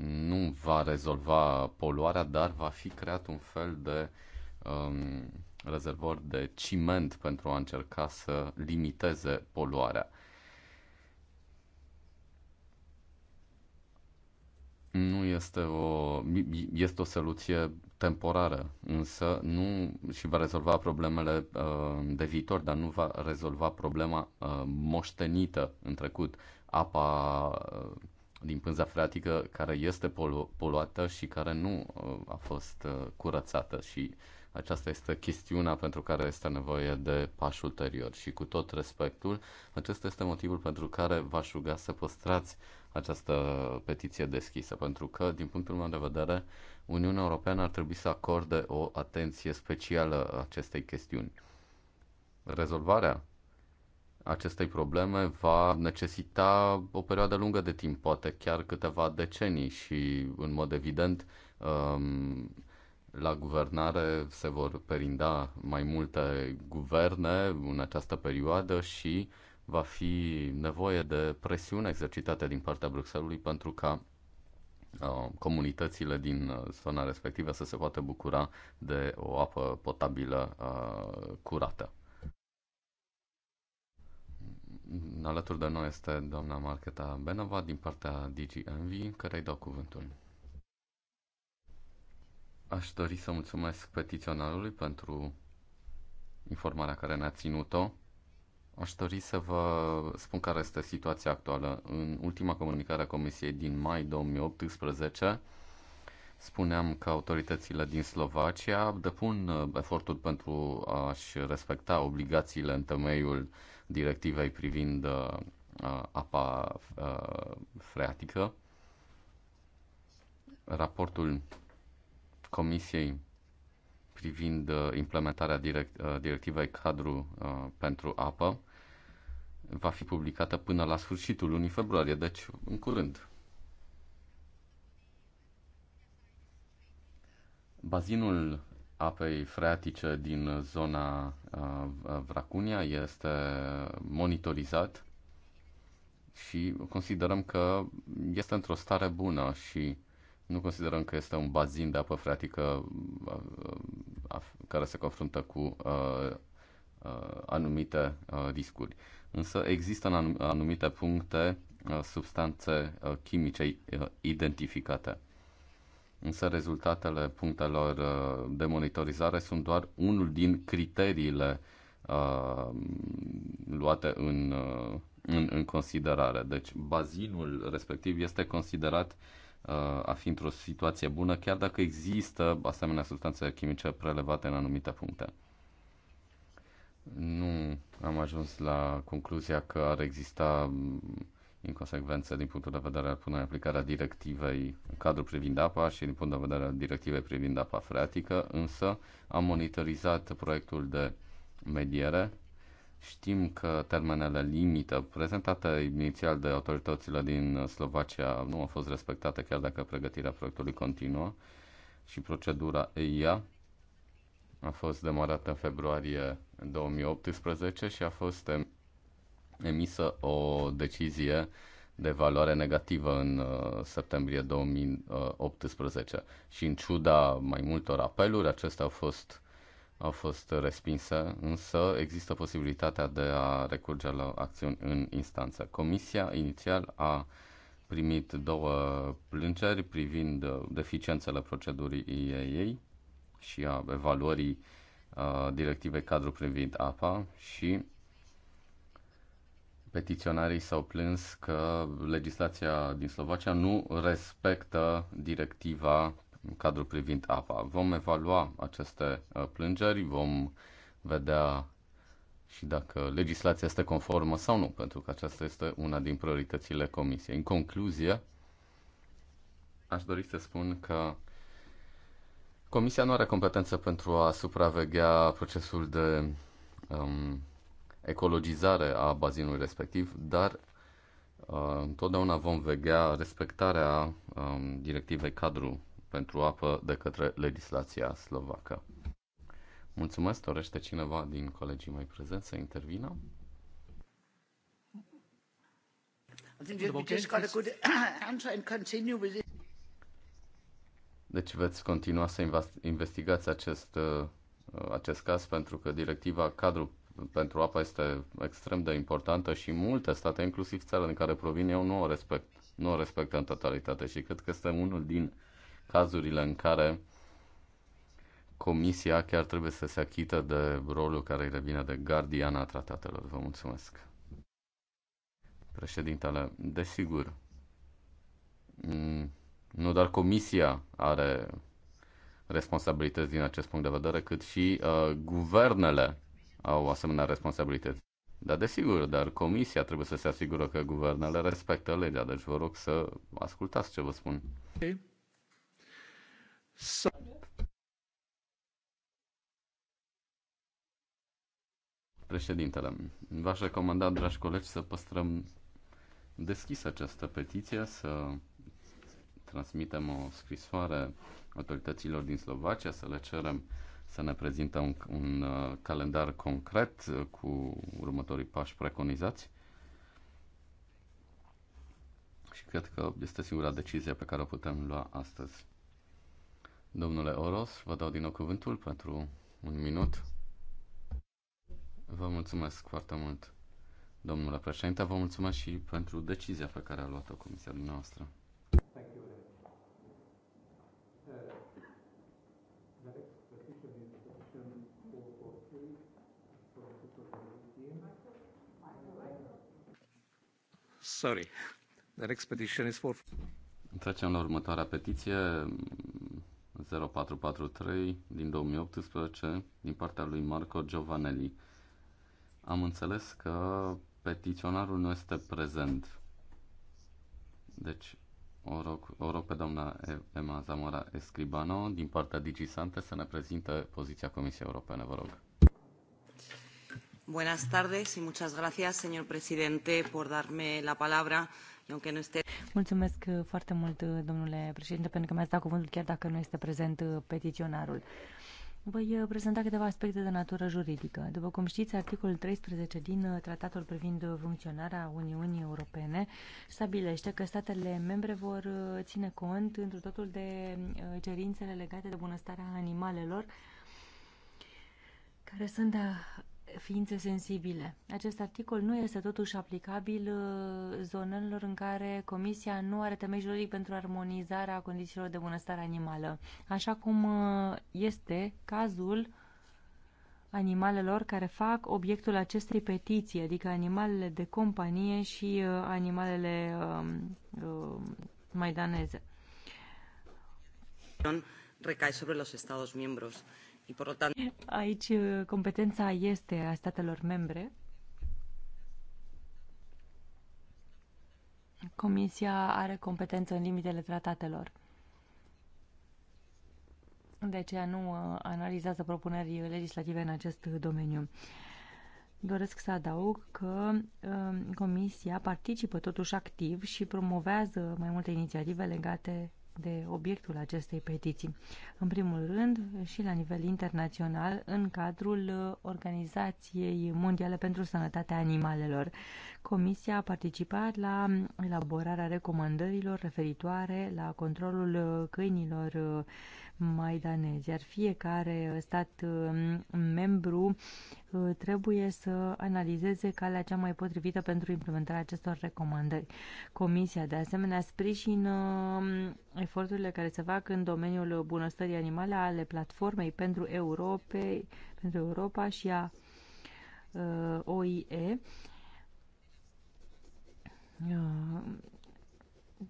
nu va rezolva poluarea, dar va fi creat un fel de um, rezervor de ciment pentru a încerca să limiteze poluarea. Nu este o, este o soluție temporară, însă nu și va rezolva problemele uh, de viitor, dar nu va rezolva problema uh, moștenită în trecut, apa uh, din pânza freatică care este polu- poluată și care nu a fost curățată și aceasta este chestiunea pentru care este nevoie de pași ulterior și cu tot respectul, acesta este motivul pentru care v-aș ruga să păstrați această petiție deschisă, pentru că, din punctul meu de vedere, uh, Uniunea Europeană ar trebui să acorde o atenție specială acestei chestiuni. Rezolvarea acestei probleme va necesita o perioadă lungă de timp, poate chiar câteva decenii și, în mod evident, um, la guvernare se vor perinda mai multe guverne în această perioadă și va fi nevoie de presiune exercitată din partea Bruxellesului pentru ca Uh, comunitățile din uh, zona respectivă să se poată bucura de o apă potabilă uh, curată. Mm, alături de noi este doamna Marketa Benova din partea DGMV, care îi dau cuvântul. Aș dori să mulțumesc petiționarului pentru informarea care ne-a ținut-o Aș dori să vă spun care este situația actuală. În ultima comunicare a Comisiei din mai 2018, spuneam că autoritățile din Slovacia depun uh, efortul pentru a-și respecta obligațiile în temeiul directivei privind uh, uh, apa freatică. Raportul Comisiei privind uh, implementarea direct, uh, directivei cadru uh, pentru apă va fi publicată până la sfârșitul lunii februarie, deci în curând. Bazinul apei freatice din zona Vracunia este monitorizat și considerăm că este într-o stare bună și nu considerăm că este un bazin de apă freatică uh, uh, care se confruntă cu uh, anumite riscuri. Însă există în anumite puncte substanțe chimice identificate. Însă rezultatele punctelor de monitorizare sunt doar unul din criteriile luate în, în, în considerare. Deci bazinul respectiv este considerat Uh, a fi într-o situație bună, chiar dacă există asemenea substanțe chimice prelevate în anumite puncte. Nu am ajuns la concluzia că ar exista mm, inconsecvență din punctul de vedere al punerii aplicarea directivei cadru privind apa și din punct de vedere al directivei privind apa freatică, însă am monitorizat proiectul de mediere Știm că termenele limită prezentate inițial de autoritățile din Slovacia nu au fost respectate, chiar dacă pregătirea proiectului continuă și procedura EIA a fost demarată în februarie 2018 și a fost emisă o decizie de valoare negativă în uh, septembrie 2018. Uh, și în ciuda mai multor apeluri, acestea au fost a fost respinsă, însă există posibilitatea de a recurge la acțiuni în instanță. Comisia inițial a primit două plângeri privind deficiențele procedurii IEA și a evaluării uh, directivei cadru privind apa și petiționarii s-au plâns că legislația din Slovacia nu respectă directiva în cadrul privind apa. Vom evalua aceste uh, plângeri, vom vedea și dacă legislația este conformă sau nu, pentru că aceasta este una din prioritățile Comisiei. În concluzie, aș dori să spun că Comisia nu are competență pentru a supraveghea procesul de um, ecologizare a bazinului respectiv, dar uh, întotdeauna vom vegea respectarea um, directivei cadru pentru apă de către legislația slovacă. Mulțumesc, dorește cineva din colegii mai prezenți să intervină? (coughs) Deci veți continua să investigați acest, uh, uh, acest caz pentru că directiva cadru pentru apa este extrem de importantă și multe state, inclusiv țara din care provin eu, nu o respect, nu o respectă în totalitate și cred că este unul din cazurile în care Comisia chiar trebuie să se achită de rolul care îi revine de gardiana tratatelor. Vă mulțumesc. Președintele, desigur, mm, nu doar Comisia are responsabilități din acest punct de vedere, cât și uh, guvernele au asemenea responsabilități. Da, desigur, dar comisia trebuie să se asigură că guvernele respectă legea, deci vă rog să ascultați ce vă spun. Okay să Președintele, v-aș recomanda, dragi colegi, să păstrăm deschis această petiție, să transmitem o scrisoare autorităților din Slovacia, să le cerem să ne prezintă un, un uh, calendar concret uh, cu următorii pași preconizați. Și cred că este singura decizie pe care o putem lua astăzi. Domnule Oros, vă dau din nou cuvântul pentru un minut. Vă mulțumesc foarte mult, domnule președinte. Vă mulțumesc și pentru decizia pe care a luat-o comisia dumneavoastră. Sorry. The next petition is for... Trecem la următoarea petiție 0443 din 2018 din partea lui Marco Giovanelli. Am înțeles că petiționarul nu este prezent. Deci o rog, o rog pe doamna Emma Zamora Escribano din partea DigiSante să ne prezinte poziția Comisiei Europene, vă rog. Buenas tardes y muchas gracias, señor presidente, por darme la palabra. Mulțumesc uh, foarte mult, uh, domnule președinte, pentru că mi-ați dat cuvântul chiar dacă nu este prezent uh, petiționarul. Voi prezenta câteva aspecte de natură juridică. După cum știți, articolul 13 din Tratatul privind funcționarea Uniunii Europene stabilește că statele membre vor ține cont într totul de cerințele legate de bunăstarea animalelor care sunt ființe sensibile. Acest articol nu este totuși aplicabil uh, zonelor în care Comisia nu are temei juridic pentru armonizarea condițiilor de bunăstare animală, așa cum uh, este cazul animalelor care fac obiectul acestei petiții, adică animalele de companie și uh, animalele um, um, maidaneze. Recai sobre los Estados miembros important. Aici uh, competența este a statelor membre. Comisia are competență în limitele tratatelor. De aceea nu uh, analizează propuneri legislative în acest domeniu. Doresc să adaug că uh, Comisia participă totuși activ și promovează mai multe inițiative legate de obiectul acestei petiții. În primul rând, și la nivel internațional, în cadrul uh, Organizației Mondiale pentru Sănătatea Animalelor. Comisia a participat la um, elaborarea recomandărilor referitoare la controlul uh, câinilor uh, maidanezi, iar fiecare stat um, membru uh, trebuie să analizeze calea cea mai potrivită pentru implementarea acestor recomandări. Comisia, de asemenea, sprijină um, eforturile care se fac în domeniul bunăstării animale ale platformei pentru, Europe, pentru Europa și a uh, OIE uh,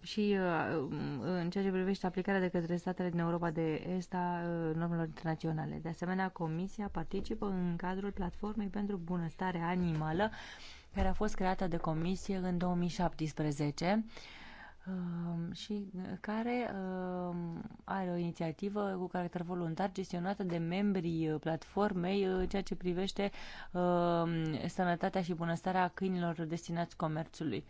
și uh, um, în ceea ce privește aplicarea de către statele din Europa de Est a uh, normelor internaționale. De asemenea, Comisia participă în cadrul Platformei pentru Bunăstare Animală, care a fost creată de Comisie în 2017 um, și uh, care um, are o inițiativă cu caracter voluntar gestionată de membrii platformei ceea ce privește sănătatea și bunăstarea câinilor destinați comerțului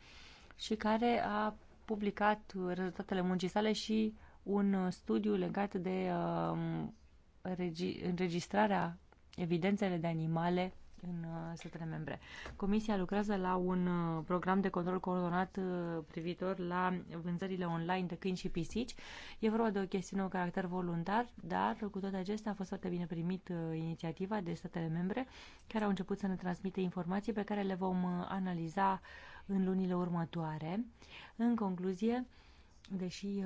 și care a publicat rezultatele muncii sale și un studiu legat de um, înregistrarea evidențele de animale în uh, statele membre. Comisia lucrează la un uh, program de control coordonat uh, privitor la vânzările online de câini și pisici. E vorba de o chestiune cu caracter voluntar, dar cu toate acestea a fost foarte bine primit inițiativa de statele membre care au început să ne transmită informații pe care le vom analiza uh, în lunile următoare. În concluzie, deși uh,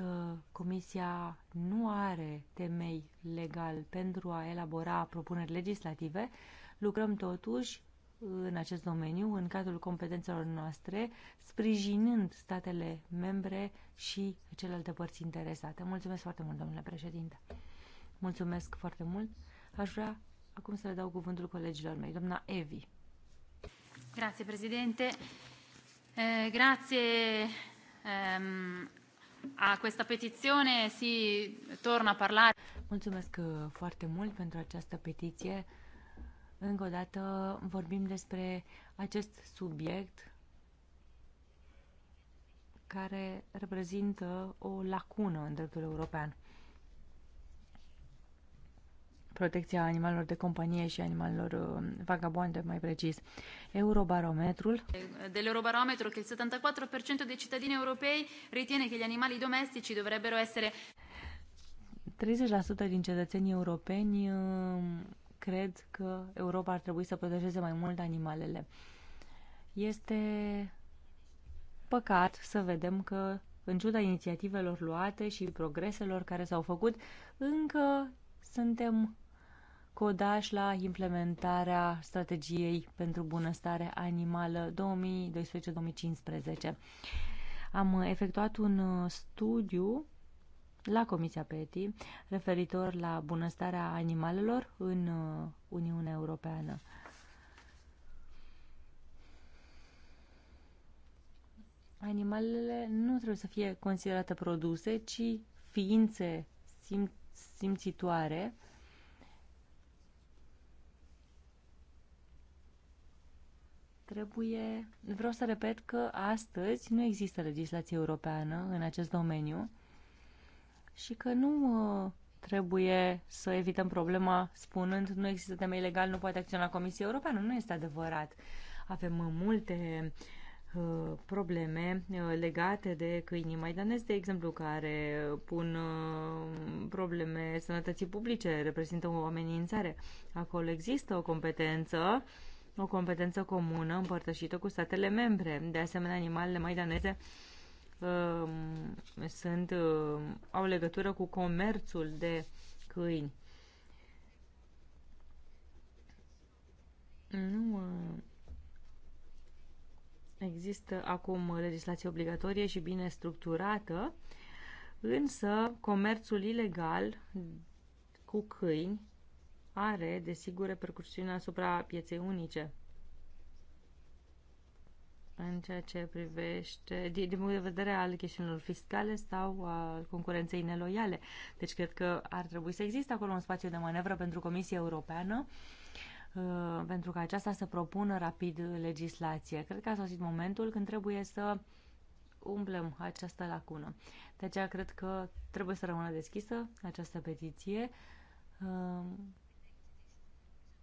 Comisia nu are temei legal pentru a elabora propuneri legislative, lucrăm totuși în acest domeniu, în cadrul competențelor noastre, sprijinând statele membre și celelalte părți interesate. Mulțumesc foarte mult, domnule președinte. Mulțumesc foarte mult. Aș vrea acum să le dau cuvântul colegilor mei, doamna Evi. Grazie, președinte. Eh, grazie um, a questa petizione si torna a parlare. Mulțumesc eh, foarte mult pentru această petiție. Încă o dată vorbim despre acest subiect care reprezintă o lacună în dreptul european protecția animalelor de companie și animalelor uh, vagabonde, mai precis. Eurobarometrul. Del Eurobarometru, că 74% de cittadini europei ritiene că gli animali domestici dovrebbero essere 30% din cetățenii europeni uh, cred că Europa ar trebui să protejeze mai mult animalele. Este păcat să vedem că, în ciuda inițiativelor luate și progreselor care s-au făcut, încă suntem Codaș la implementarea strategiei pentru bunăstare animală 2012-2015. Am efectuat un uh, studiu la Comisia PETI referitor la bunăstarea animalelor în uh, Uniunea Europeană. Animalele nu trebuie să fie considerate produse, ci ființe sim simțitoare Trebuie, vreau să repet că astăzi nu există legislație europeană în acest domeniu și că nu uh, trebuie să evităm problema spunând nu există teme ilegal, nu poate acționa Comisia Europeană. Nu este adevărat. Avem uh, multe uh, probleme uh, legate de câinii maidanezi, de exemplu, care pun uh, probleme sănătății publice, reprezintă o amenințare. Acolo există o competență uh, o competență comună împărtășită cu statele membre. De asemenea, animalele maidaneze uh, um, sunt, uh, au legătură cu comerțul de câini. Nu uh, există acum legislație obligatorie și bine structurată, însă comerțul ilegal cu câini are, desigur, repercursiuni asupra pieței unice. În ceea ce privește, din, din punct de vedere al chestiunilor fiscale sau al concurenței neloiale. Deci, cred că ar trebui să existe acolo un spațiu de manevră pentru Comisia Europeană uh, pentru ca aceasta să propună rapid legislație. Cred că a sosit momentul când trebuie să umplem această lacună. De aceea cred că trebuie să rămână deschisă această petiție uh,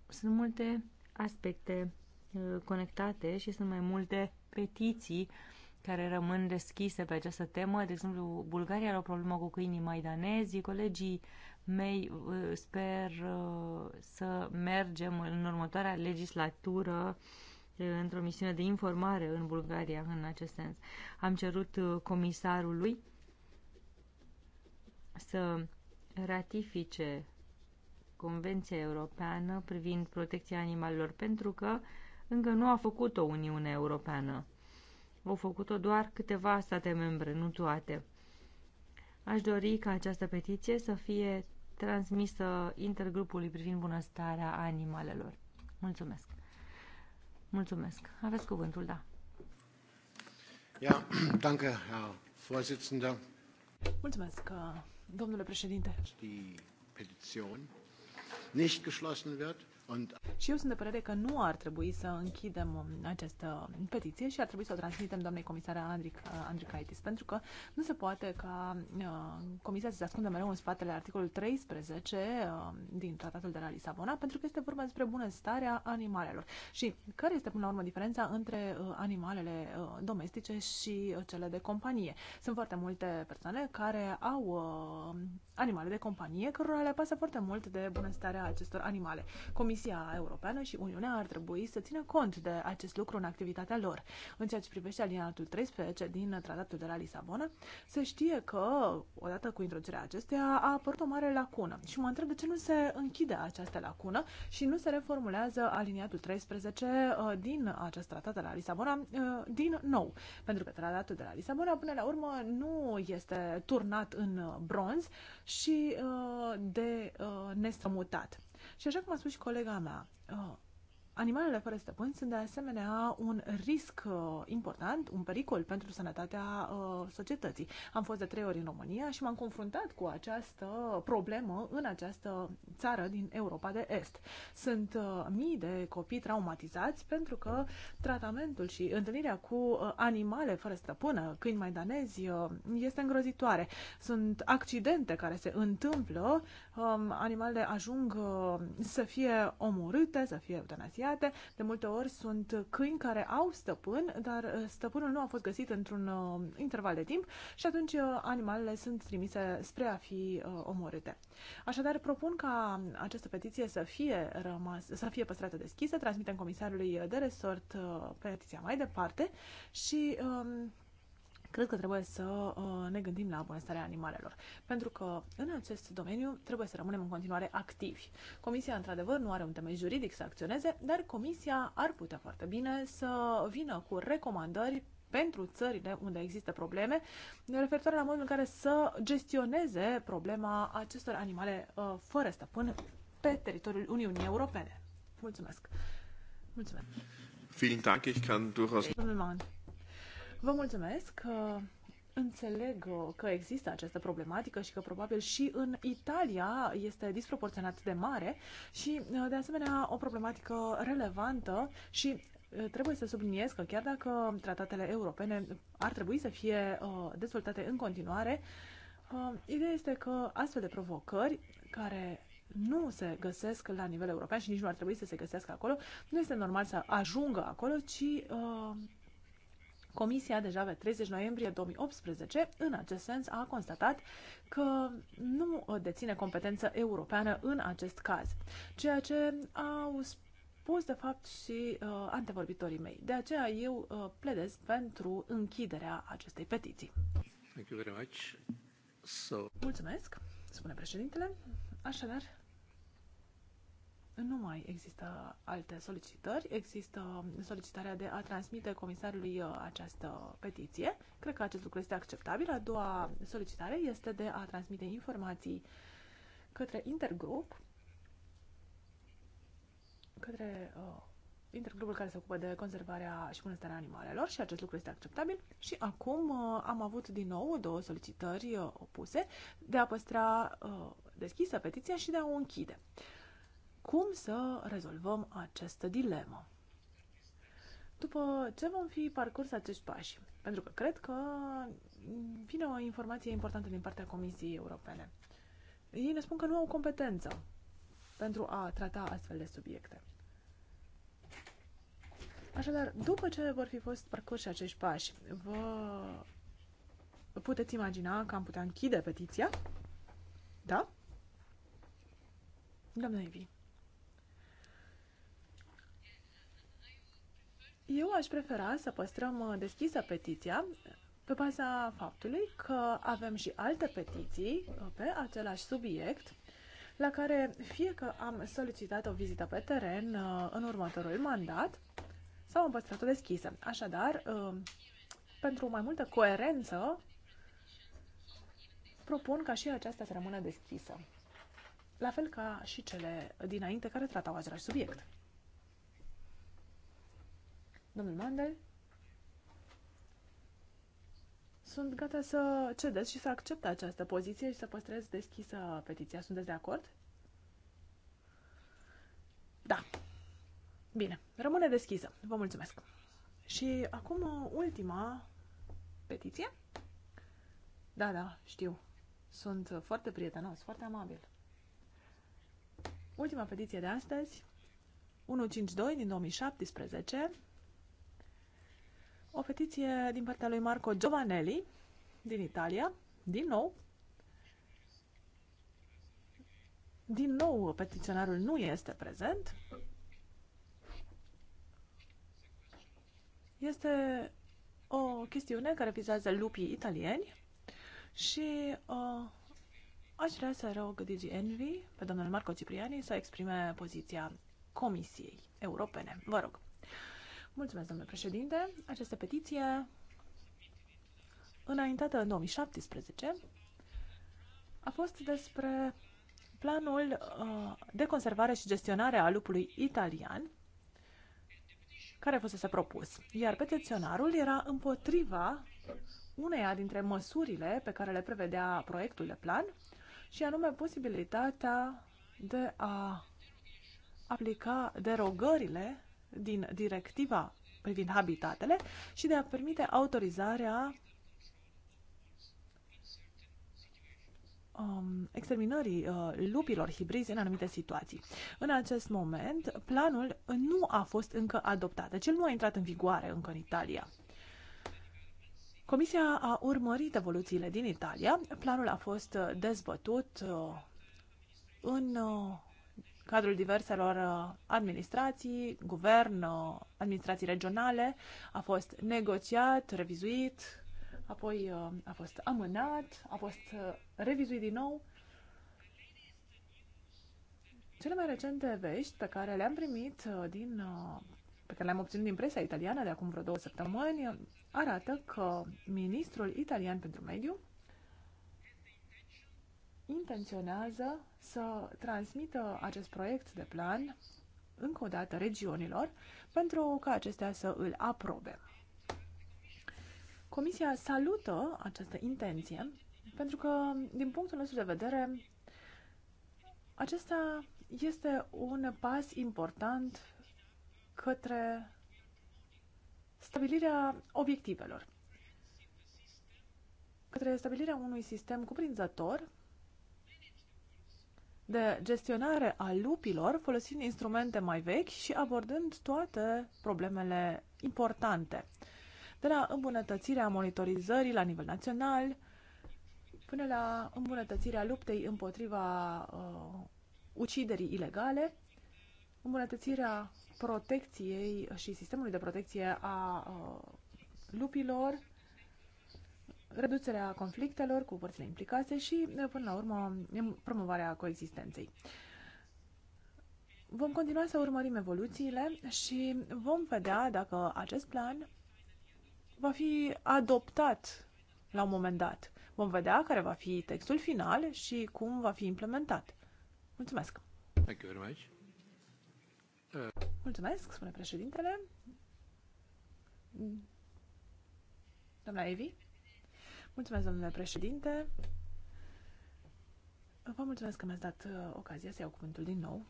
sunt multe aspecte uh, conectate și sunt mai multe petiții care rămân deschise pe această temă. De exemplu, Bulgaria are o problemă cu câinii maidanezi. Colegii mei uh, sper uh, să mergem în următoarea legislatură într-o misiune de informare în Bulgaria în acest sens. Am cerut comisarului să ratifice Convenția Europeană privind protecția animalelor, pentru că încă nu a făcut-o Uniunea Europeană. Au făcut-o doar câteva state membre, nu toate. Aș dori ca această petiție să fie transmisă intergrupului privind bunăstarea animalelor. Mulțumesc! Mulțumesc! Aveți cuvântul, da. Ja, (clears throat) danke, Herr Vorsitzender. Mulțumesc, domnule președinte. Die nicht geschlossen wird. Și eu sunt de părere că nu ar trebui să închidem um, această petiție și ar trebui să o transmitem doamnei comisare Andric, uh, Andricaitis, pentru că nu se poate ca uh, comisia să se ascundă mereu în spatele articolul 13 um, din tratatul de la Lisabona, pentru că este vorba despre bunăstarea animalelor. Și care este până la urmă diferența între uh, animalele domestice și cele de companie? Sunt foarte multe persoane care au animale de companie, cărora le pasă foarte mult de bunăstarea acestor animale. Comisia Comisia Europeană și Uniunea ar trebui să țină cont de acest lucru în activitatea lor. În ceea ce privește alineatul 13 din Tratatul de la Lisabona, se știe că, odată cu introducerea acesteia, a apărut o mare lacună. Și mă întreb de ce nu se închide această lacună și nu se reformulează aliniatul 13 uh, din acest tratat de la Lisabona uh, din nou. Pentru că tratatul de la Lisabona, până la urmă, nu este turnat în bronz și uh, de nestrămutat. Și așa cum a spus și colega mea, uh, Animalele fără stăpân sunt de asemenea un risc uh, important, un pericol pentru sănătatea uh, societății. Am fost de trei ori în România și m-am confruntat cu această problemă în această țară din Europa de Est. Sunt uh, mii de copii traumatizați pentru că tratamentul și întâlnirea cu animale fără stăpână, câini maidanezi, uh, este îngrozitoare. Sunt accidente care se întâmplă, um, animalele ajung să fie omorâte, să fie eutanasiate, apropiate. De multe ori sunt câini care au stăpân, dar uh, stăpânul nu a fost găsit într-un uh, interval de timp și atunci uh, animalele sunt trimise spre a fi omorâte. Așadar, propun ca această petiție să fie, rămas, să fie păstrată deschisă, transmitem comisarului de resort petiția mai departe și uh, cred că trebuie să uh, ne gândim la bunăstarea animalelor. Pentru că în acest domeniu trebuie să rămânem în continuare activi. Comisia, într-adevăr, nu are un temei juridic să acționeze, dar Comisia ar putea foarte bine să vină cu recomandări pentru țările unde există probleme, referitoare la modul în care să gestioneze problema acestor animale uh, fără stăpân pe teritoriul Uniunii Europene. Mulțumesc! Mulțumesc! Vielen Dank, ich kann durchaus... Vă mulțumesc că înțeleg că există această problematică și că probabil și în Italia este disproporționat de mare și, de asemenea, o problematică relevantă și trebuie să subliniez că chiar dacă tratatele europene ar trebui să fie dezvoltate în continuare, ideea este că astfel de provocări care nu se găsesc la nivel european și nici nu ar trebui să se găsească acolo, nu este normal să ajungă acolo, ci uh, Comisia deja pe 30 noiembrie 2018 în acest sens a constatat că nu deține competență europeană în acest caz, ceea ce au spus de fapt și uh, antevorbitorii mei. De aceea eu uh, pledez pentru închiderea acestei petiții. Thank you very much. So... Mulțumesc, spune președintele. Așadar, nu mai există alte solicitări. Există solicitarea de a transmite comisarului uh, această petiție. Cred că acest lucru este acceptabil. A doua solicitare este de a transmite informații către intergrup, către uh, intergrupul care se ocupă de conservarea și bunăstarea animalelor și acest lucru este acceptabil. Și acum uh, am avut din nou două solicitări uh, opuse de a păstra uh, deschisă petiția și de a o închide. Uh, cum să rezolvăm această dilemă. După ce vom fi parcurs acești pași, pentru că cred că vine o informație importantă din partea Comisiei Europene. Ei ne spun că nu au competență pentru a trata astfel de subiecte. Așadar, după ce vor fi fost parcurși acești pași, vă puteți imagina că am putea închide petiția? Da? Doamne, vii. Eu aș prefera să păstrăm uh, deschisă petiția pe baza faptului că avem și alte petiții uh, pe același subiect, la care fie că am solicitat o vizită pe teren uh, în următorul mandat, sau am păstrat-o deschisă. Așadar, pentru mai multă coerență, propun ca și aceasta să rămână deschisă. La fel ca și cele dinainte care tratau același subiect. Domnul Mandel? Sunt gata să cedez și să accept această poziție și să păstrez deschisă petiția. Sunteți de acord? Da. Bine, rămâne deschisă. Vă mulțumesc. Și acum ultima petiție. Da, da, știu. Sunt foarte prietenos, foarte amabil. Ultima petiție de astăzi, 152 din 2017, o petiție din partea lui Marco Giovanelli din Italia, din nou. Din nou, petiționarul nu este prezent. Este o chestiune care vizează lupii italieni și uh, aș vrea să rog Digi Envy pe domnul Marco Cipriani să exprime poziția Comisiei Europene. Vă rog. Mulțumesc, domnule președinte. Această petiție, înaintată în 2017, a fost despre planul uh, de conservare și gestionare a lupului italian, care fusese propus. Iar petiționarul era împotriva uneia dintre măsurile pe care le prevedea proiectul de plan, și anume posibilitatea de a aplica derogările din directiva privind habitatele și de a permite autorizarea um, exterminării uh, lupilor hibrizi în anumite situații. În acest moment, planul nu a fost încă adoptat, deci el nu a intrat în vigoare încă în Italia. Comisia a urmărit evoluțiile din Italia. Planul a fost uh, dezbătut uh, în uh, cadrul diverselor uh, administrații, guvern, uh, administrații regionale, a fost negociat, revizuit, apoi uh, a fost amânat, a fost revizuit din nou. Cele mai recente vești pe care le-am primit din pe care le-am obținut din presa italiană de acum vreo două săptămâni, arată că ministrul italian pentru mediu intenționează să transmită acest proiect de plan încă o dată regiunilor pentru ca acestea să îl aprobe. Comisia salută această intenție pentru că, din punctul nostru de vedere, acesta este un pas important către stabilirea obiectivelor, către stabilirea unui sistem cuprinzător de gestionare a lupilor, folosind instrumente mai vechi și abordând toate problemele importante. De la îmbunătățirea monitorizării la nivel național, până la îmbunătățirea luptei împotriva uh, uciderii ilegale, îmbunătățirea protecției și sistemului de protecție a uh, lupilor, reducerea conflictelor cu părțile implicate și, până la urmă, promovarea coexistenței. Vom continua să urmărim evoluțiile și vom vedea dacă acest plan va fi adoptat la un moment dat. Vom vedea care va fi textul final și cum va fi implementat. Mulțumesc! Thank you very much. Mulțumesc, spune președintele. Doamna Evi? Mulțumesc, domnule președinte. Vă mulțumesc că mi-ați dat uh, ocazia să iau cuvântul din nou.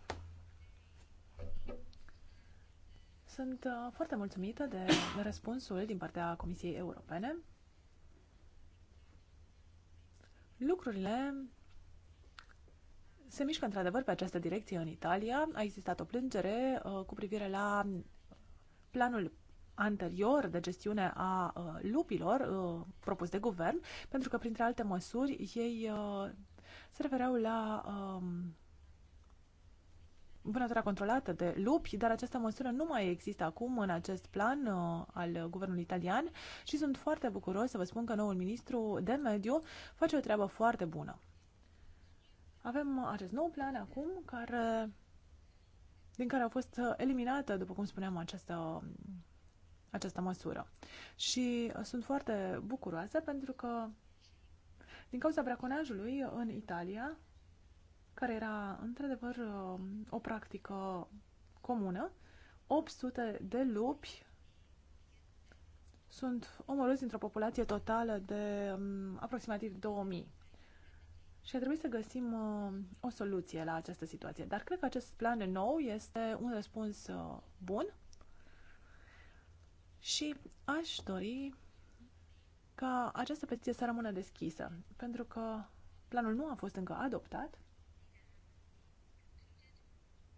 Sunt uh, foarte mulțumită de răspunsul din partea Comisiei Europene. Lucrurile se mișcă într-adevăr pe această direcție în Italia. A existat o plângere uh, cu privire la planul anterior de gestiune a uh, lupilor uh, propus de guvern, pentru că, printre alte măsuri, ei uh, se refereau la um, vânătura controlată de lupi, dar această măsură nu mai există acum în acest plan uh, al guvernului italian și sunt foarte bucuros să vă spun că noul ministru de mediu face o treabă foarte bună. Avem acest nou plan acum care, din care a fost eliminată, după cum spuneam, această această măsură. Și uh, sunt foarte bucuroasă pentru că din cauza braconajului în Italia, care era într-adevăr uh, o practică comună, 800 de lupi sunt omorâți într-o populație totală de um, aproximativ 2000. Și a trebuit să găsim uh, o soluție la această situație. Dar cred că acest plan nou este un răspuns uh, bun și aș dori ca această petiție să rămână deschisă, pentru că planul nu a fost încă adoptat,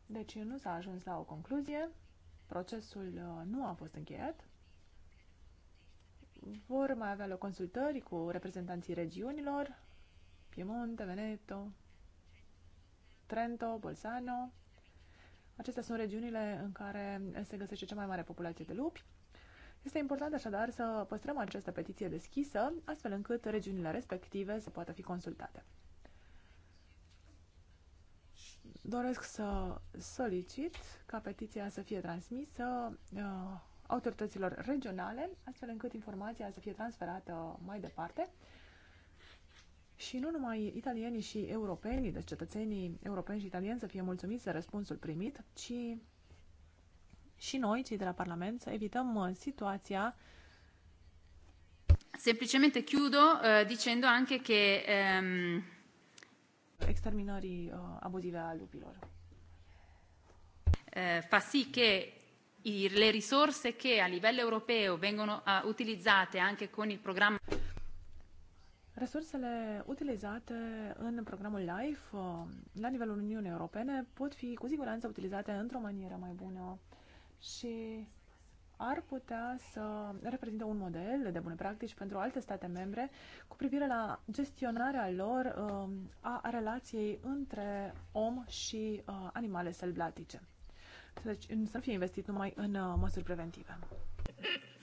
deci nu s-a ajuns la o concluzie, procesul uh, nu a fost încheiat, vor mai avea loc consultări cu reprezentanții regiunilor, Piemonte, Veneto, Trento, Bolzano. Acestea sunt regiunile în care se găsește cea mai mare populație de lupi. Este important așadar să păstrăm această petiție deschisă, astfel încât regiunile respective să poată fi consultate. Doresc să solicit ca petiția să fie transmisă uh, autorităților regionale, astfel încât informația să fie transferată mai departe. Și nu numai italienii și europenii, deci cetățenii europeni și italieni să fie mulțumiți de răspunsul primit, ci și noi, cei de la Parlament, să evităm uh, situația Semplicemente chiudo uh, dicendo anche che um... exterminării uh, abuzive a lupilor. Uh, fa sì che i, le risorse che a livello europeo vengono uh, utilizzate anche con il programma Resursele utilizate în programul LIFE uh, la nivelul Uniunii Europene pot fi cu siguranță utilizate într-o manieră mai bună și ar putea să reprezinte un model de bune practici pentru alte state membre cu privire la gestionarea lor um, a relației între om și uh, animale sălbatice. Deci să fie investit numai în uh, măsuri preventive.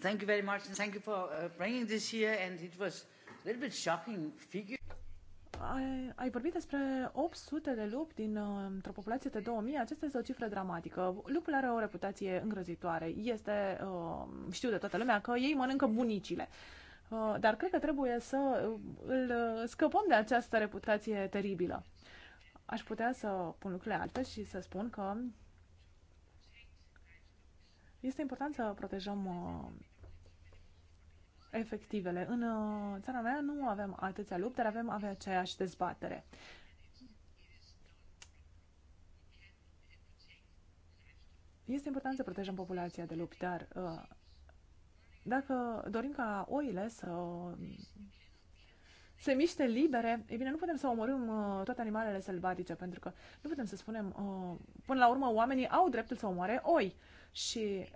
Thank you very much and thank you for uh, bringing this here and it was a little bit shocking figure. Ai, ai vorbit despre 800 de lupi din uh, o populație de 2000. Aceasta este o cifră dramatică. Lupul are o reputație îngrozitoare. Este, uh, știu de toată lumea că ei mănâncă bunicile. Uh, dar cred că trebuie să îl scăpăm de această reputație teribilă. Aș putea să pun lucrurile altfel și să spun că este important să protejăm efectivele. În uh, țara mea nu avem atâția lupte, dar avem avea aceeași dezbatere. Este important să protejăm populația de lupi, dar uh, dacă dorim ca oile să se miște libere, e bine, nu putem să omorâm uh, toate animalele sălbatice, pentru că nu putem să spunem, până la urmă, oamenii au dreptul să omoare oi. Și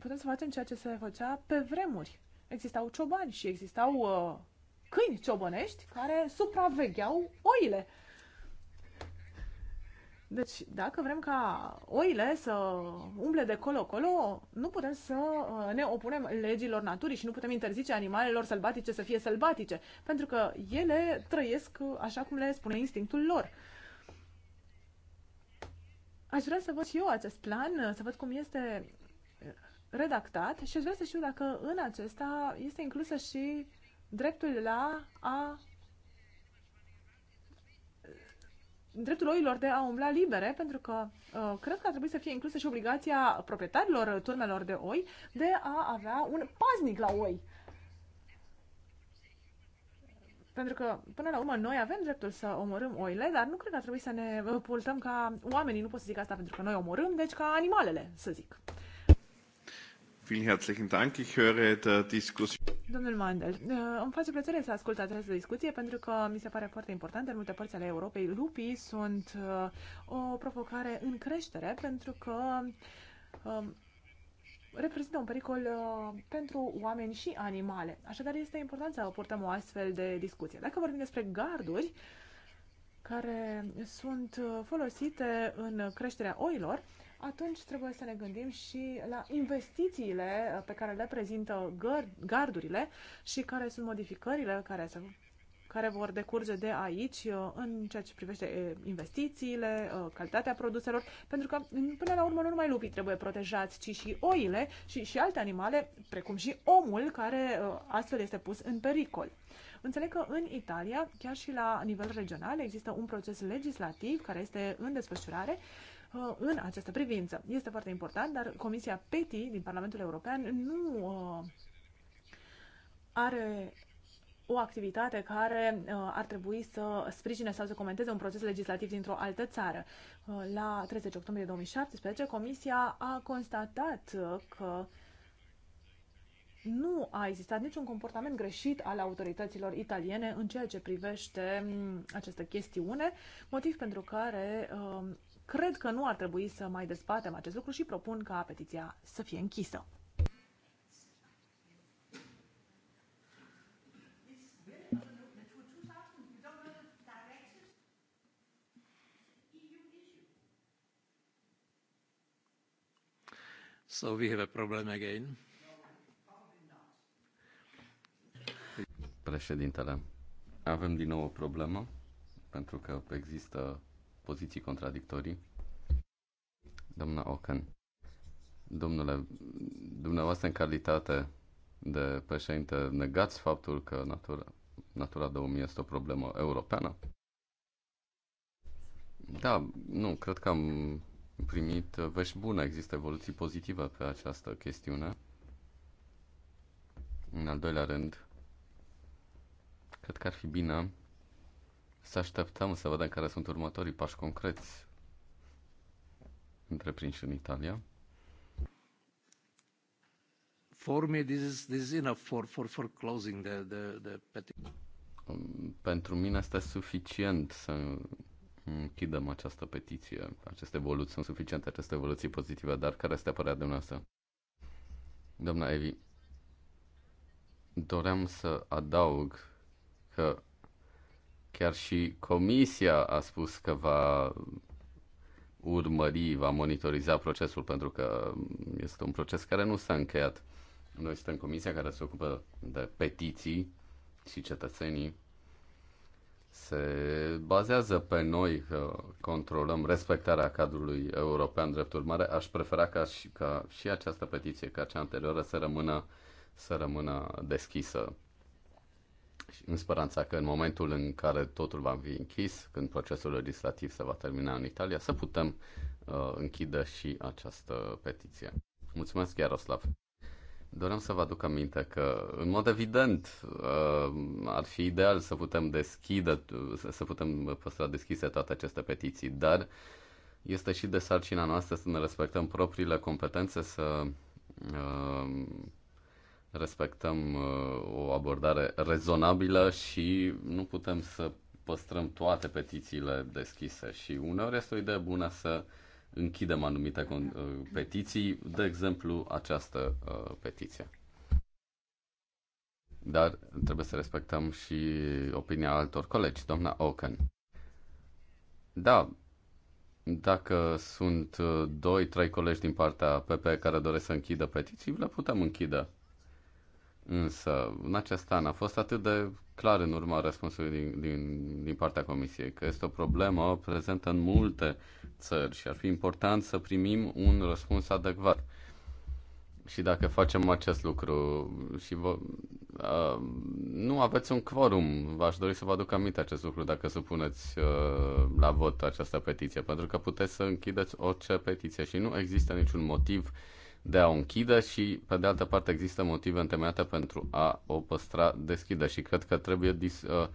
putem să facem ceea ce se făcea pe vremuri. Existau ciobani și existau uh, câini ciobănești care supravegheau oile. Deci, dacă vrem ca oile să umble de colo-colo, nu putem să uh, ne opunem legilor naturii și nu putem interzice animalelor sălbatice să fie sălbatice, pentru că ele trăiesc uh, așa cum le spune instinctul lor. Aș vrea să văd și eu acest plan, să văd cum este redactat și aș vrea să știu dacă în acesta este inclusă și dreptul la a dreptul oilor de a umbla libere, pentru că uh, cred că ar trebui să fie inclusă și obligația proprietarilor turmelor de oi de a avea un paznic la oi. Pentru că, până la urmă, noi avem dreptul să omorâm oile, dar nu cred că ar trebui să ne pultăm ca oamenii, nu pot să zic asta pentru că noi omorâm, deci ca animalele, să zic. Vielen herzlichen Dank. Ich höre der Diskussion. Domnul Mandel, eh, îmi face plăcere să ascult această discuție pentru că mi se pare foarte importantă. În multe părți ale Europei, lupii sunt eh, o provocare în creștere pentru că eh, reprezintă un pericol pentru oameni și animale. Așadar, este important să purtăm o astfel de discuție. Dacă vorbim despre garduri care sunt folosite în creșterea oilor, atunci trebuie să ne gândim și la investițiile pe care le prezintă gardurile și care sunt modificările care, se, care vor decurge de aici uh, în ceea ce privește investițiile, uh, calitatea produselor, pentru că până la urmă nu numai lupii trebuie protejați, ci și oile și, și alte animale, precum și omul care uh, astfel este pus în pericol. Înțeleg că în Italia, chiar și la nivel regional, există un proces legislativ care este în desfășurare Uh, în această privință. Este foarte important, dar Comisia PETI din Parlamentul European nu uh, are o activitate care uh, ar trebui să sprijine sau să comenteze un proces legislativ dintr-o altă țară. La 30 octombrie 2017, Comisia a constatat că nu a existat niciun comportament greșit al autorităților italiene în ceea ce privește mm, această chestiune, motiv pentru care Cred că nu ar trebui să mai dezbatem acest lucru și propun ca petiția să fie închisă. So we have a problem again. Președintele, avem din nou o problemă pentru că există poziții contradictorii. Doamna Ocan, domnule, dumneavoastră în calitate de președinte, negați faptul că natura, Natura 2000 este o problemă europeană? Da, nu, cred că am primit vești bune, există evoluții pozitive pe această chestiune. În al doilea rând, cred că ar fi bine să așteptăm să vedem care sunt următorii pași concreți întreprinși în Italia. For me, this is, this is enough for, for, for closing the, the, the petition. Um, pentru mine asta e suficient să închidem această petiție. Aceste evoluții sunt suficiente, aceste evoluții pozitive, dar care este părerea dumneavoastră? Doamna Evi, doream să adaug că Chiar și Comisia a spus că va urmări, va monitoriza procesul, pentru că este un proces care nu s-a încheiat. Noi suntem comisia care se ocupă de petiții și cetățenii se bazează pe noi că controlăm respectarea cadrului european drept urmare. Aș prefera ca și, ca și această petiție, ca cea anterioară, să rămână, să rămână deschisă în speranța că în momentul în care totul va fi închis, când procesul legislativ se va termina în Italia, să putem uh, închide și această petiție. Mulțumesc, Iaroslav! Doream să vă aduc aminte că, în mod evident, uh, ar fi ideal să putem deschide, să putem păstra deschise toate aceste petiții, dar este și de sarcina noastră să ne respectăm propriile competențe, să uh, respectăm uh, o abordare rezonabilă și nu putem să păstrăm toate petițiile deschise și uneori este o idee bună să închidem anumite uh, petiții, de exemplu această uh, petiție. Dar trebuie să respectăm și opinia altor colegi, doamna Oken. Da, dacă sunt uh, doi, trei colegi din partea PP care doresc să închidă petiții, le putem închide. Însă, în acest an a fost atât de clar în urma răspunsului din, din, din partea Comisiei că este o problemă prezentă în multe țări și ar fi important să primim un răspuns adecvat. Și dacă facem acest lucru și vă, uh, nu aveți un quorum, v-aș dori să vă aduc aminte acest lucru dacă supuneți uh, la vot această petiție, pentru că puteți să închideți orice petiție și nu există niciun motiv uh, de a o închide și, pe de altă parte, există motive întemeiate pentru a o păstra deschidă și cred că trebuie dis, uh, uh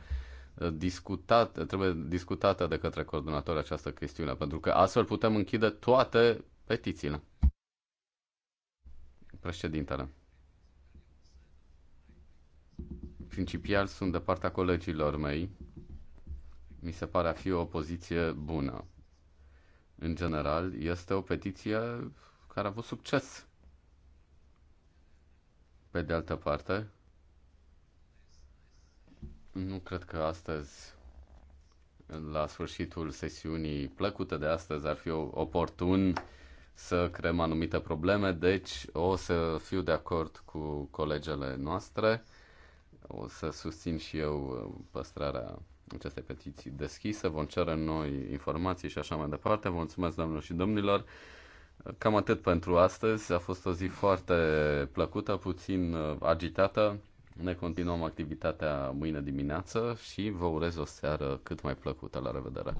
discutat, trebuie discutată de către coordonator această chestiune, pentru că astfel putem închide toate petițiile. Președintele. Principial sunt de partea colegilor mei. Mi se pare a fi o poziție bună. În general, este o petiție care a avut succes. Pe de altă parte, nu cred că astăzi, la sfârșitul sesiunii plăcute de astăzi, ar fi oportun să creăm anumite probleme, deci o să fiu de acord cu colegele noastre, o să susțin și eu uh, păstrarea aceste petiții deschise, vom cere noi informații și așa mai departe. Vă mulțumesc, doamnelor și domnilor! Cam atât pentru astăzi. A fost o zi foarte plăcută, puțin uh, agitată. Ne continuăm activitatea mâine dimineață și vă urez o seară cât mai plăcută. La revedere!